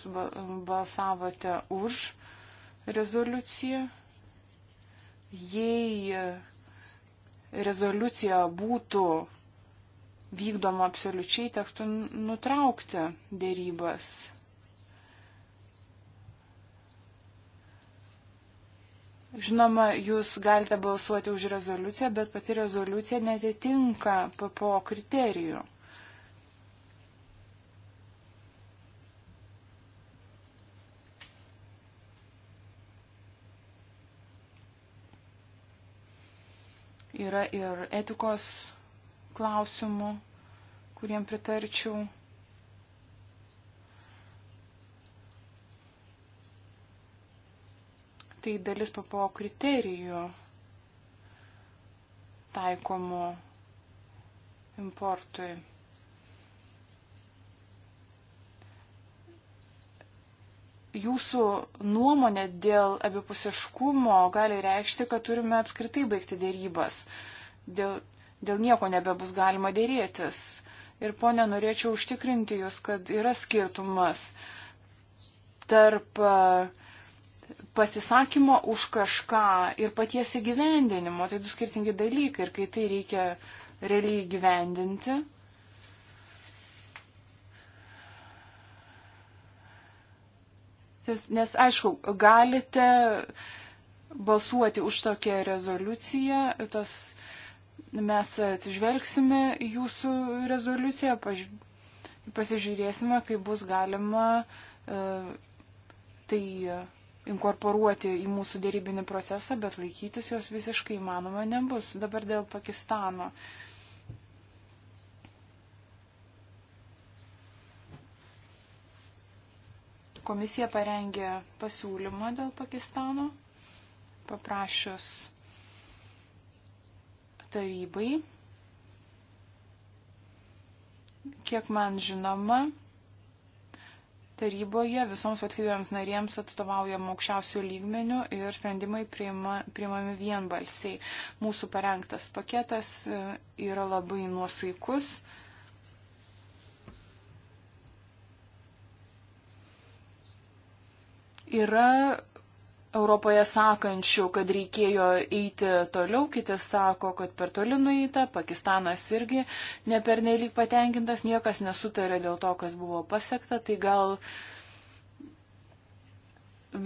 balsavote už rezoliuciją. Jei e, rezoliucija būtų vykdoma absoliučiai, tektų nutraukti dėrybas Žinoma, jūs galite balsuoti už rezoliuciją, bet pati rezoliucija netitinka PPO kriterijų. Yra ir etikos klausimų, kuriem pritarčiau. tai dalis PPO kriterijų taikomų importui. Jūsų nuomonė dėl abipusiškumo gali reikšti, kad turime apskritai baigti dėrybas. Dėl, dėl nieko nebebus galima dėrėtis. Ir ponė, norėčiau užtikrinti jūs, kad yra skirtumas tarp uh, pasisakymo už kažką ir paties įgyvendinimo, tai du skirtingi dalykai ir kai tai reikia realiai įgyvendinti. Nes, aišku, galite balsuoti už tokią rezoliuciją, tos mes atsižvelgsime į jūsų rezoliuciją, paž... pasižiūrėsime, kaip bus galima uh, tai. Uh, inkorporuoti į mūsų dėrybinį procesą, bet laikytis jos visiškai įmanoma nebus. Dabar dėl Pakistano. Komisija parengė pasiūlymą dėl Pakistano, paprašius tarybai. Kiek man žinoma, taryboje visoms valstybėms narėms atstovaujam aukščiausių lygmenių ir sprendimai priima, priimami vienbalsiai. Mūsų parengtas paketas e, yra labai nuosaikus. Yra Europoje sakančių, kad reikėjo eiti toliau, kiti sako, kad per toli nueita, Pakistanas irgi nepernelyg patenkintas, niekas nesutarė dėl to, kas buvo pasiekta, tai gal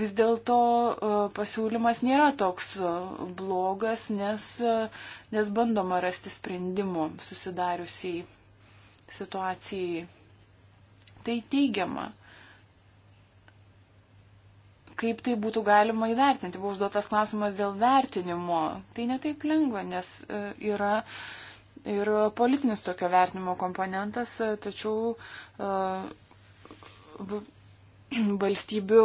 vis dėlto e, pasiūlymas nėra toks e, blogas, nes, e, nes bandoma rasti sprendimų susidariusiai situacijai. Tai teigiama kaip tai būtų galima įvertinti. Buvo užduotas klausimas dėl vertinimo. Tai netaip lengva, nes e, yra ir politinis tokio vertinimo komponentas, e, tačiau e, <clears throat> valstybių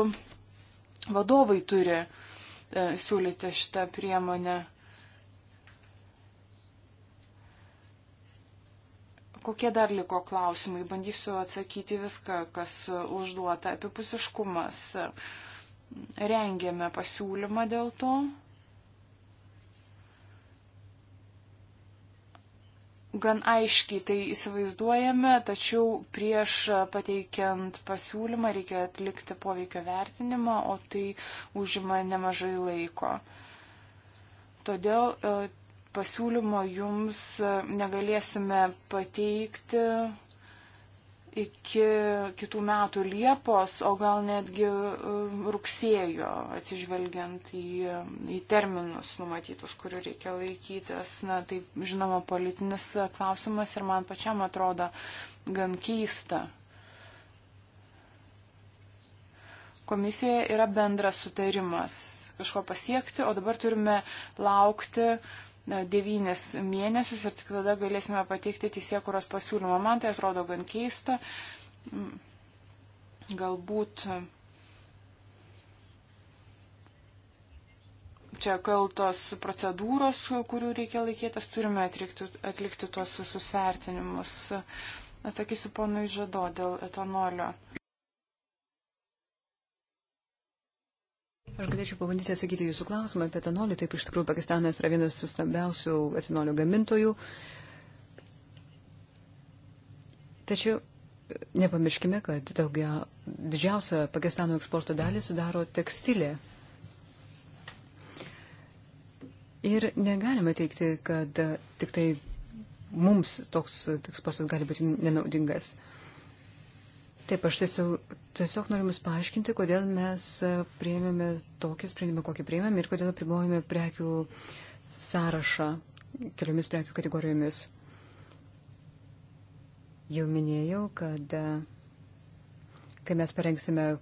vadovai turi siūlyti šitą priemonę. Kokie dar liko klausimai? Bandysiu atsakyti viską, kas užduota. Apipusiškumas. Uh, rengėme pasiūlymą dėl to. Gan aiškiai tai įsivaizduojame, tačiau prieš pateikiant pasiūlymą reikia atlikti poveikio vertinimą, o tai užima nemažai laiko. Todėl e, pasiūlymo jums negalėsime pateikti iki kitų metų Liepos, o gal netgi e, rugsėjo, atsižvelgiant į, į terminus numatytus, kurių reikia laikytis. Na, tai žinoma, politinis klausimas ir man pačiam atrodo gan keista. Komisijoje yra bendras sutarimas kažko pasiekti, o dabar turime laukti uh, devynis mėnesius ir tik tada galėsime pateikti teisėkuros pasiūlymą. Man tai atrodo gan keista. Mm. Galbūt čia kaltos procedūros, kurių reikia laikytas, turime atlikti, atlikti tuos susvertinimus. Atsakysiu ponui Žado dėl etanolio. Uh, Aš galėčiau pabandyti atsakyti jūsų klausimą apie etanolį. Taip, iš tikrųjų, Pakistanas yra vienas stambiausių etanolio gamintojų. Tačiau nepamirškime, kad daugia, didžiausia Pakistano eksporto dalį sudaro tekstilė. Ir negalime teikti, kad tik tai mums toks eksportas gali būti nenaudingas. Uh, Taip, aš tiesiog, tiesiog noriu Jums paaiškinti, kodėl mes e, prieimėme tokį sprendimą, kokį prieimėme ir kodėl apribojame prekių sąrašą keliomis prekių kategorijomis. Jau minėjau, kad e, kai mes parengsime e,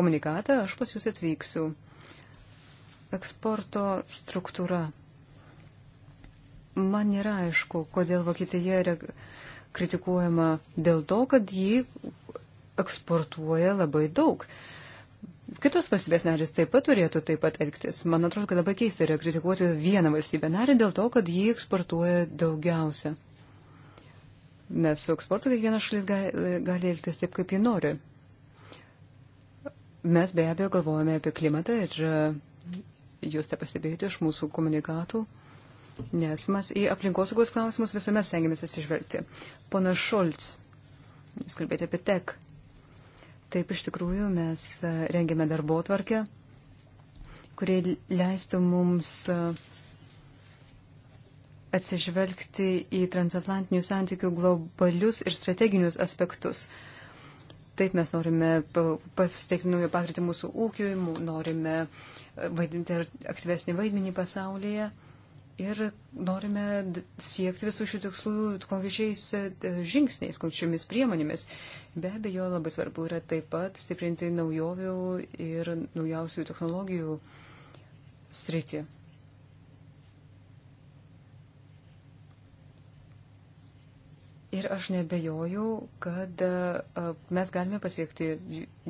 komunikatą, aš pas Jūs atvyksiu. Eksporto struktūra. Man nėra aišku, kodėl Vokietija reaguoja kritikuojama dėl to, kad jį eksportuoja labai daug. Kitos valstybės narės taip pat turėtų taip pat elgtis. Man atrodo, kad labai keista yra kritikuoti vieną valstybę narį dėl to, kad jį eksportuoja daugiausia. Nes su eksportu kiekviena šalis gali, gali elgtis taip, kaip ji nori. Mes be abejo galvojame apie klimatą ir e, jūs tą pastebėjote iš mūsų komunikatų. Uh, nes mes į aplinkosaugos klausimus visuomet stengiamės atsižvelgti. Pana Šolts, jūs kalbėjote apie tek. Taip, iš tikrųjų, mes e, rengiame darbo tvarkę, kurie leistų mums e, atsižvelgti į transatlantinių santykių globalius ir strateginius aspektus. Taip mes norime e, pasiteikti naują pagreitį mūsų ūkiui, norime vaidinti aktyvesnį vaidmenį pasaulyje. Ir norime siekti visų šių tikslų konkrečiais e, žingsniais, konkrečiomis priemonėmis. Be abejo, labai svarbu yra taip pat stiprinti naujovių ir naujausių technologijų sritį. Ir aš nebejoju, kad e, e, mes galime pasiekti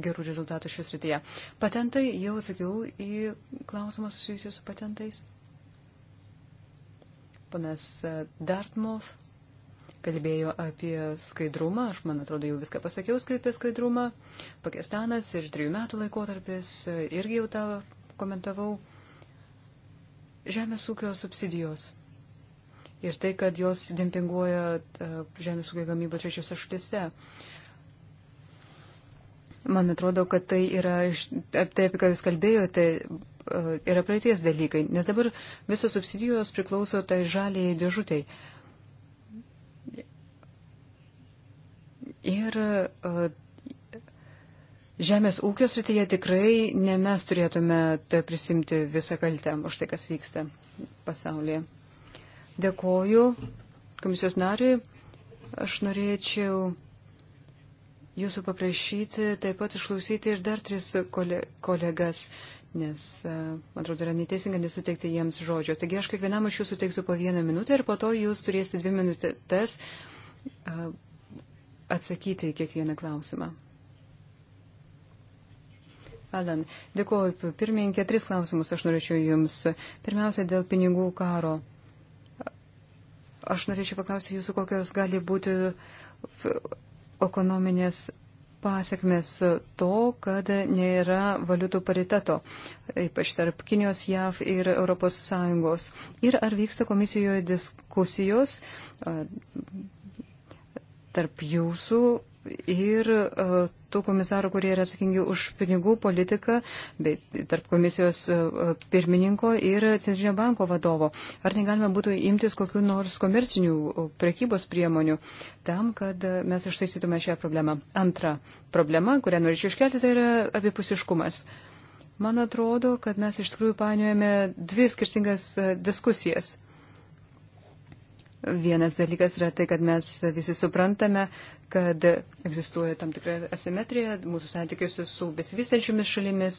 gerų rezultatų šioje srityje. Patentai, jau sakiau, į klausimą susijusiu su patentais. Panas Dartmouth kalbėjo apie skaidrumą, aš man atrodo jau viską pasakiau apie skaidrumą. Pakistanas ir trijų metų laikotarpis, e, irgi jau tą komentavau. Žemės ūkio subsidijos. Ir tai, kad jos dempinguoja e, žemės ūkio gamybą trečiose šalise. Man atrodo, kad tai yra, taip, apie ką jūs kalbėjote, tai E, yra praeities dalykai, nes dabar visos subsidijos priklauso tai žaliai dėžutai. Ir e, žemės ūkio srityje tikrai ne mes turėtume tai prisimti visą kaltę už tai, kas vyksta pasaulyje. Dėkoju komisijos nariui. Aš norėčiau jūsų paprašyti taip pat išklausyti ir dar tris kolegas, nes, e, man atrodo, yra neteisinga nesuteikti jiems žodžio. Taigi aš kiekvienam iš jų suteiksiu po vieną minutę ir po to jūs turėsite dvi minutės e, atsakyti į kiekvieną klausimą. Alan, dėkuoju, pirmininkė, tris klausimus aš norėčiau jums. Pirmiausia, dėl pinigų karo. Aš norėčiau paklausti jūsų, kokios gali būti ekonominės pasiekmes to, kad nėra valiutų pariteto, ypač tarp Kinijos, JAV ir ES. Ir ar vyksta komisijoje diskusijos tarp jūsų ir e, tų komisarų, kurie yra atsakingi už pinigų politiką, bei tarp komisijos e, pirmininko ir Centrinio banko vadovo. Ar negalima būtų imtis kokiu nors komercinių e, prekybos priemonių tam, kad mes ištaisytume šią problemą? Antra problema, kurią norėčiau iškelti, tai yra abipusiškumas. Man atrodo, kad mes iš tikrųjų painiojame dvi skirtingas diskusijas. Vienas dalykas yra tai, kad mes visi suprantame, kad egzistuoja tam tikra asimetrija mūsų santykiuose su besivystančiomis šalimis.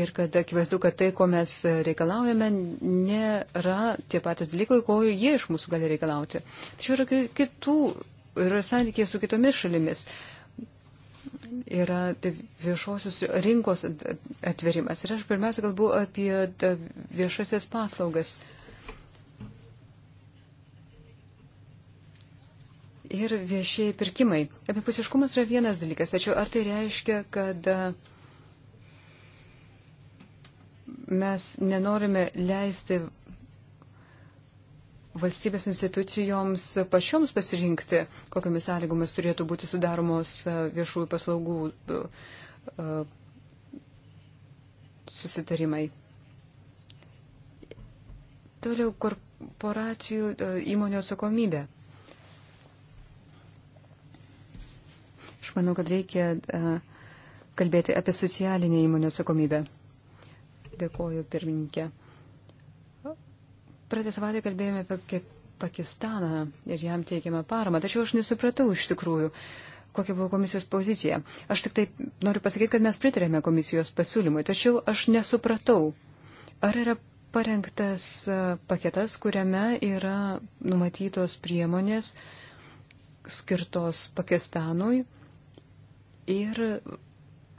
Ir kad akivaizdu, kad tai, ko mes reikalaujame, nėra tie patys dalykai, ko jie iš mūsų gali reikalauti. Tačiau yra kitų, yra santykiai su kitomis šalimis. Uh, yra tai viešosios rinkos atverimas. Ir aš pirmiausia kalbu apie viešasias paslaugas. Ir viešieji pirkimai. Apipusiškumas yra vienas dalykas, tačiau ar tai reiškia, kad e, mes nenorime leisti valstybės institucijoms pačioms pasirinkti, kokiamis sąlygomis turėtų būti sudaromos e, viešųjų paslaugų e, e, susitarimai. Toliau korporacijų įmonių atsakomybė. Aš manau, kad reikia kalbėti apie socialinę įmonių atsakomybę. Dėkoju, pirmininkė. Praeitą savaitę kalbėjome apie Pakistaną ir jam teikiamą paramą, tačiau aš nesupratau iš tikrųjų, kokia buvo komisijos pozicija. Aš tik tai noriu pasakyti, kad mes pritarėme komisijos pasiūlymui, tačiau aš nesupratau, ar yra parengtas e, paketas, kuriame yra numatytos priemonės skirtos Pakistanui ir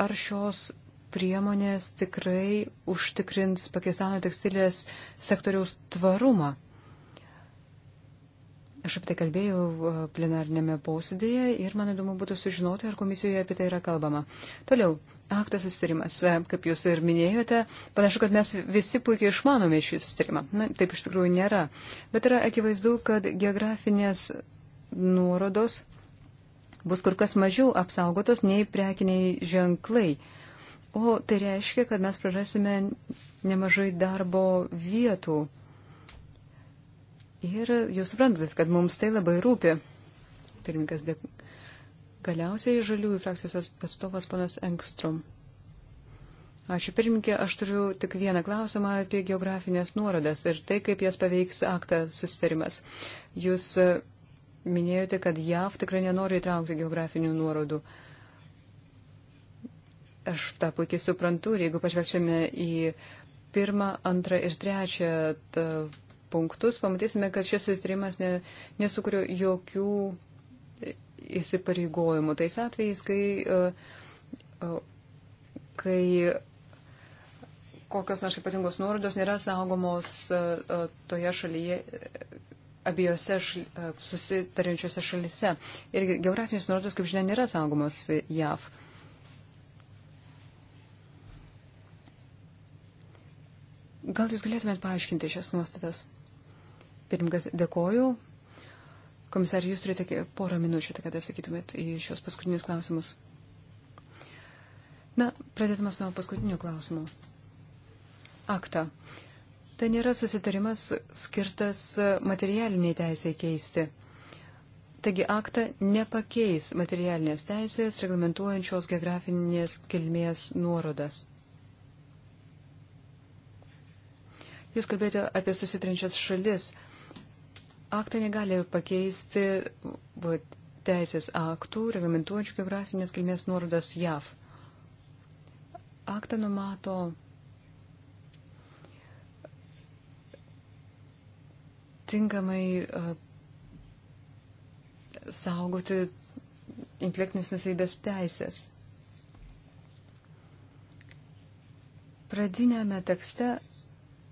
ar šios priemonės tikrai užtikrins Pakistano tekstilės sektoriaus tvarumą. Aš apie tai kalbėjau uh, plenarnėme posėdėje ir man įdomu būtų sužinoti, ar komisijoje apie tai yra kalbama. Toliau, aktas susitarimas. Uh, kaip jūs ir minėjote, panašu, kad mes visi puikiai išmanome šį susitarimą. Na, taip iš tikrųjų nėra. Bet yra akivaizdu, kad geografinės nuorodos bus kur kas mažiau apsaugotos nei prekiniai ženklai. Uh, O tai reiškia, kad mes prarasime nemažai darbo vietų. Ir jūs suprantate, kad mums tai labai rūpi. Pirmininkas, dėk... galiausiai žaliųjų frakcijos atstovas panas Engstrom. Ačiū pirmininkė, aš turiu tik vieną klausimą apie geografinės nuorodas ir tai, kaip jas paveiks aktą susitarimas. Jūs e, minėjote, kad JAV tikrai nenori įtraukti geografinių nuorodų. Uh, Aš tą puikiai suprantu ir jeigu pažvelgsime į pirmą, antrą ir trečią punktus, pamatysime, kad šis susitarimas ne, nesukuria jokių įsipareigojimų. Tais atvejais, kai, e, e, kai kokios nors ypatingos nuorodos nėra saugomos e, toje šalyje, abiejose šal, susitarinčiose šalise. Ir geografinės nuorodos, kaip žinia, nėra saugomos JAV. Gal Jūs galėtumėt paaiškinti šias nuostatas? Pirmingas, dėkoju. Komisar, Jūs turite porą minučių, kad atsakytumėt į šios paskutinius klausimus. Na, pradėtumas nuo paskutinio klausimo. Akta. Tai nėra susitarimas skirtas materialiniai teisėjai keisti. Taigi aktą nepakeis materialinės teisės reglamentuojančios geografinės kilmės nuorodas. Jūs kalbėjote apie susitrinčias šalis. Aktai negali pakeisti teisės aktų, reglamentuojančių geografinės kilmės nuorodas JAV. Aktą numato tinkamai uh, saugoti intelektinės nusavybės teisės. Pradinėme tekste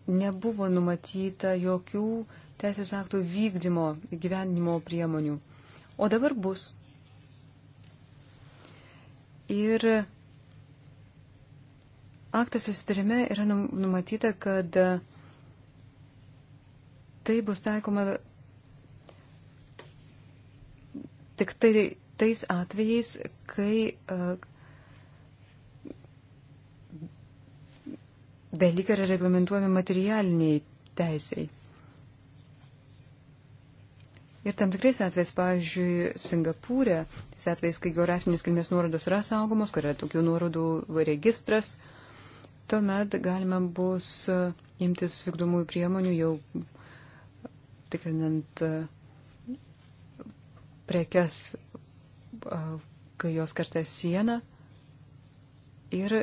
nebuvo numatyta jokių teisės aktų vykdymo, gyvenimo priemonių. O dabar bus. Ir aktas susitarime yra numatyta, kad e, tai bus taikoma tik tai tais atvejais, kai uh, dalykai yra reglamentuojami materialiniai teisai. Ir tam tikrais atvejais, pavyzdžiui, Singapūrė, tais atvejais, kai geografinės kilmės nuorodos yra saugomos, kur yra tokių nuorodų registras, tuomet galima bus e, imtis vykdomųjų priemonių jau tikrinant e, prekes, e, kai jos kartą sieną ir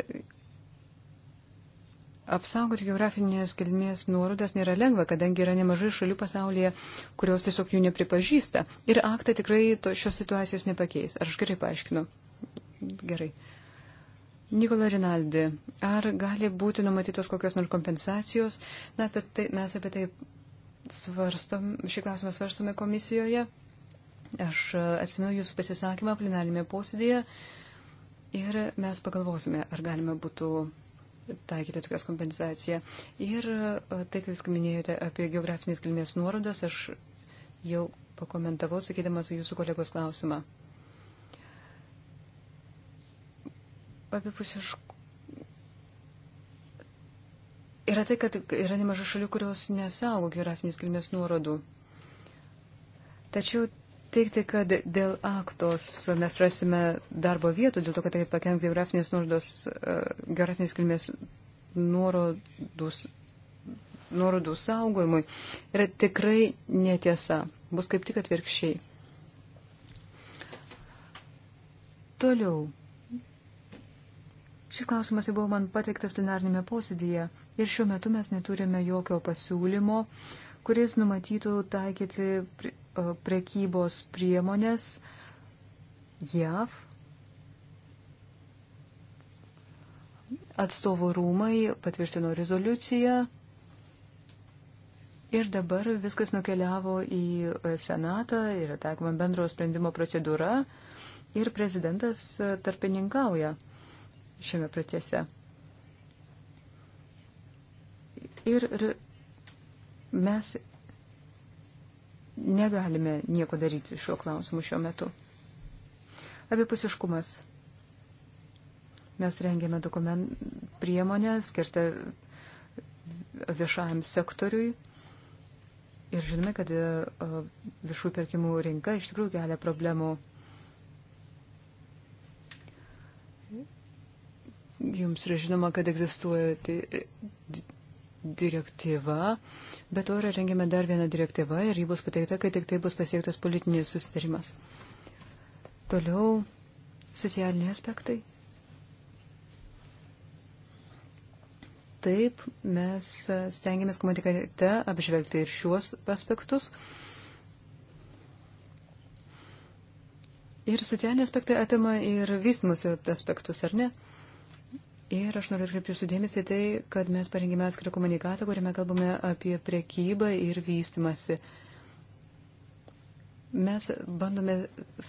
Apsaugoti geografinės kilmės nuorodas nėra lengva, kadangi yra nemažai šalių pasaulyje, kurios tiesiog jų nepripažįsta. Ir aktą tikrai to, šios situacijos nepakeis. Ar aš gerai paaiškinu? Gerai. Nikola Rinaldi, ar gali būti numatytos kokios nors kompensacijos? Na, apie tai, mes apie tai svarstom, šį klausimą svarstome komisijoje. Aš e, atsimenu jūsų pasisakymą plenarinėme posėdėje ir mes pagalvosime, ar galima būtų taikyti tokias kompensaciją. Ir e, tai, ką Jūs minėjote apie geografinės kilmės nuorodas, aš jau pakomentavau, sakydamas Jūsų kolegos klausimą. Abipusiškų. Yra tai, kad yra nemažai šalių, kurios nesaugo geografinės kilmės nuorodų. Tačiau teikti, kad dėl aktos mes prasime darbo vietų, dėl to, kad tai pakenks geografinės nuorodos, e, geografinės kilmės nuorodus, nuorodų saugojimui, yra tikrai netiesa. Bus kaip tik atvirkščiai. Toliau. Šis klausimas jau buvo man pateiktas plenarnėme posėdėje ir šiuo metu mes neturime jokio pasiūlymo uh, kuris numatytų taikyti prekybos priemonės JAV atstovų rūmai patvirtino rezoliuciją ir dabar viskas nukeliavo į Senatą, yra taikoma bendro sprendimo procedūra ir prezidentas tarpininkauja šiame procese. Ir Mes negalime nieko daryti šiuo klausimu šiuo metu. Abipusiškumas. Mes rengėme dokument priemonę skirtą viešajam sektoriui. Ir žinome, kad e, viešų pirkimų rinka iš tikrųjų kelia problemų. Jums yra žinoma, kad egzistuoja tai direktyva, bet to yra rengiame dar vieną direktyvą ir ji bus pateikta, kai tik tai bus pasiektas politinis susitarimas. Toliau socialiniai aspektai. Taip, mes stengiamės komunikate apžvelgti ir šiuos aspektus. Ir socialiniai aspektai apima ir vystimusių aspektus, ar ne? Ir aš noriu atkreipti jūsų dėmesį tai, kad mes parengėme atskirą komunikatą, kuriame kalbame apie priekybą ir vystimasi. Mes bandome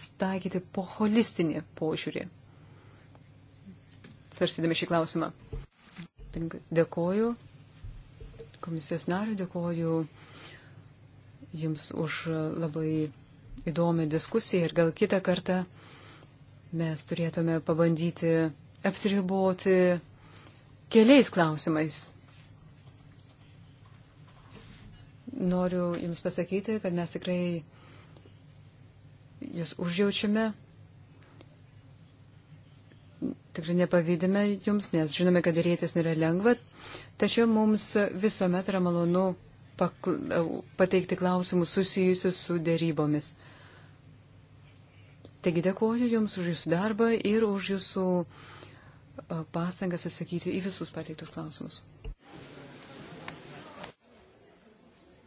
staikyti po holistinį požiūrį, svarstydami šį klausimą. Dėkoju komisijos nariu, dėkoju Jums už labai įdomią diskusiją ir gal kitą kartą mes turėtume pabandyti apsiriboti keliais klausimais. Noriu Jums pasakyti, kad mes tikrai Jūs užjaučiame, tikrai nepavydime Jums, nes žinome, kad dėrėtis nėra lengva, tačiau mums visuomet yra malonu pateikti klausimus susijusius su dėrybomis. Taigi dėkuoju Jums už Jūsų darbą ir už Jūsų uh, pastangas atsakyti į visus pateiktus klausimus.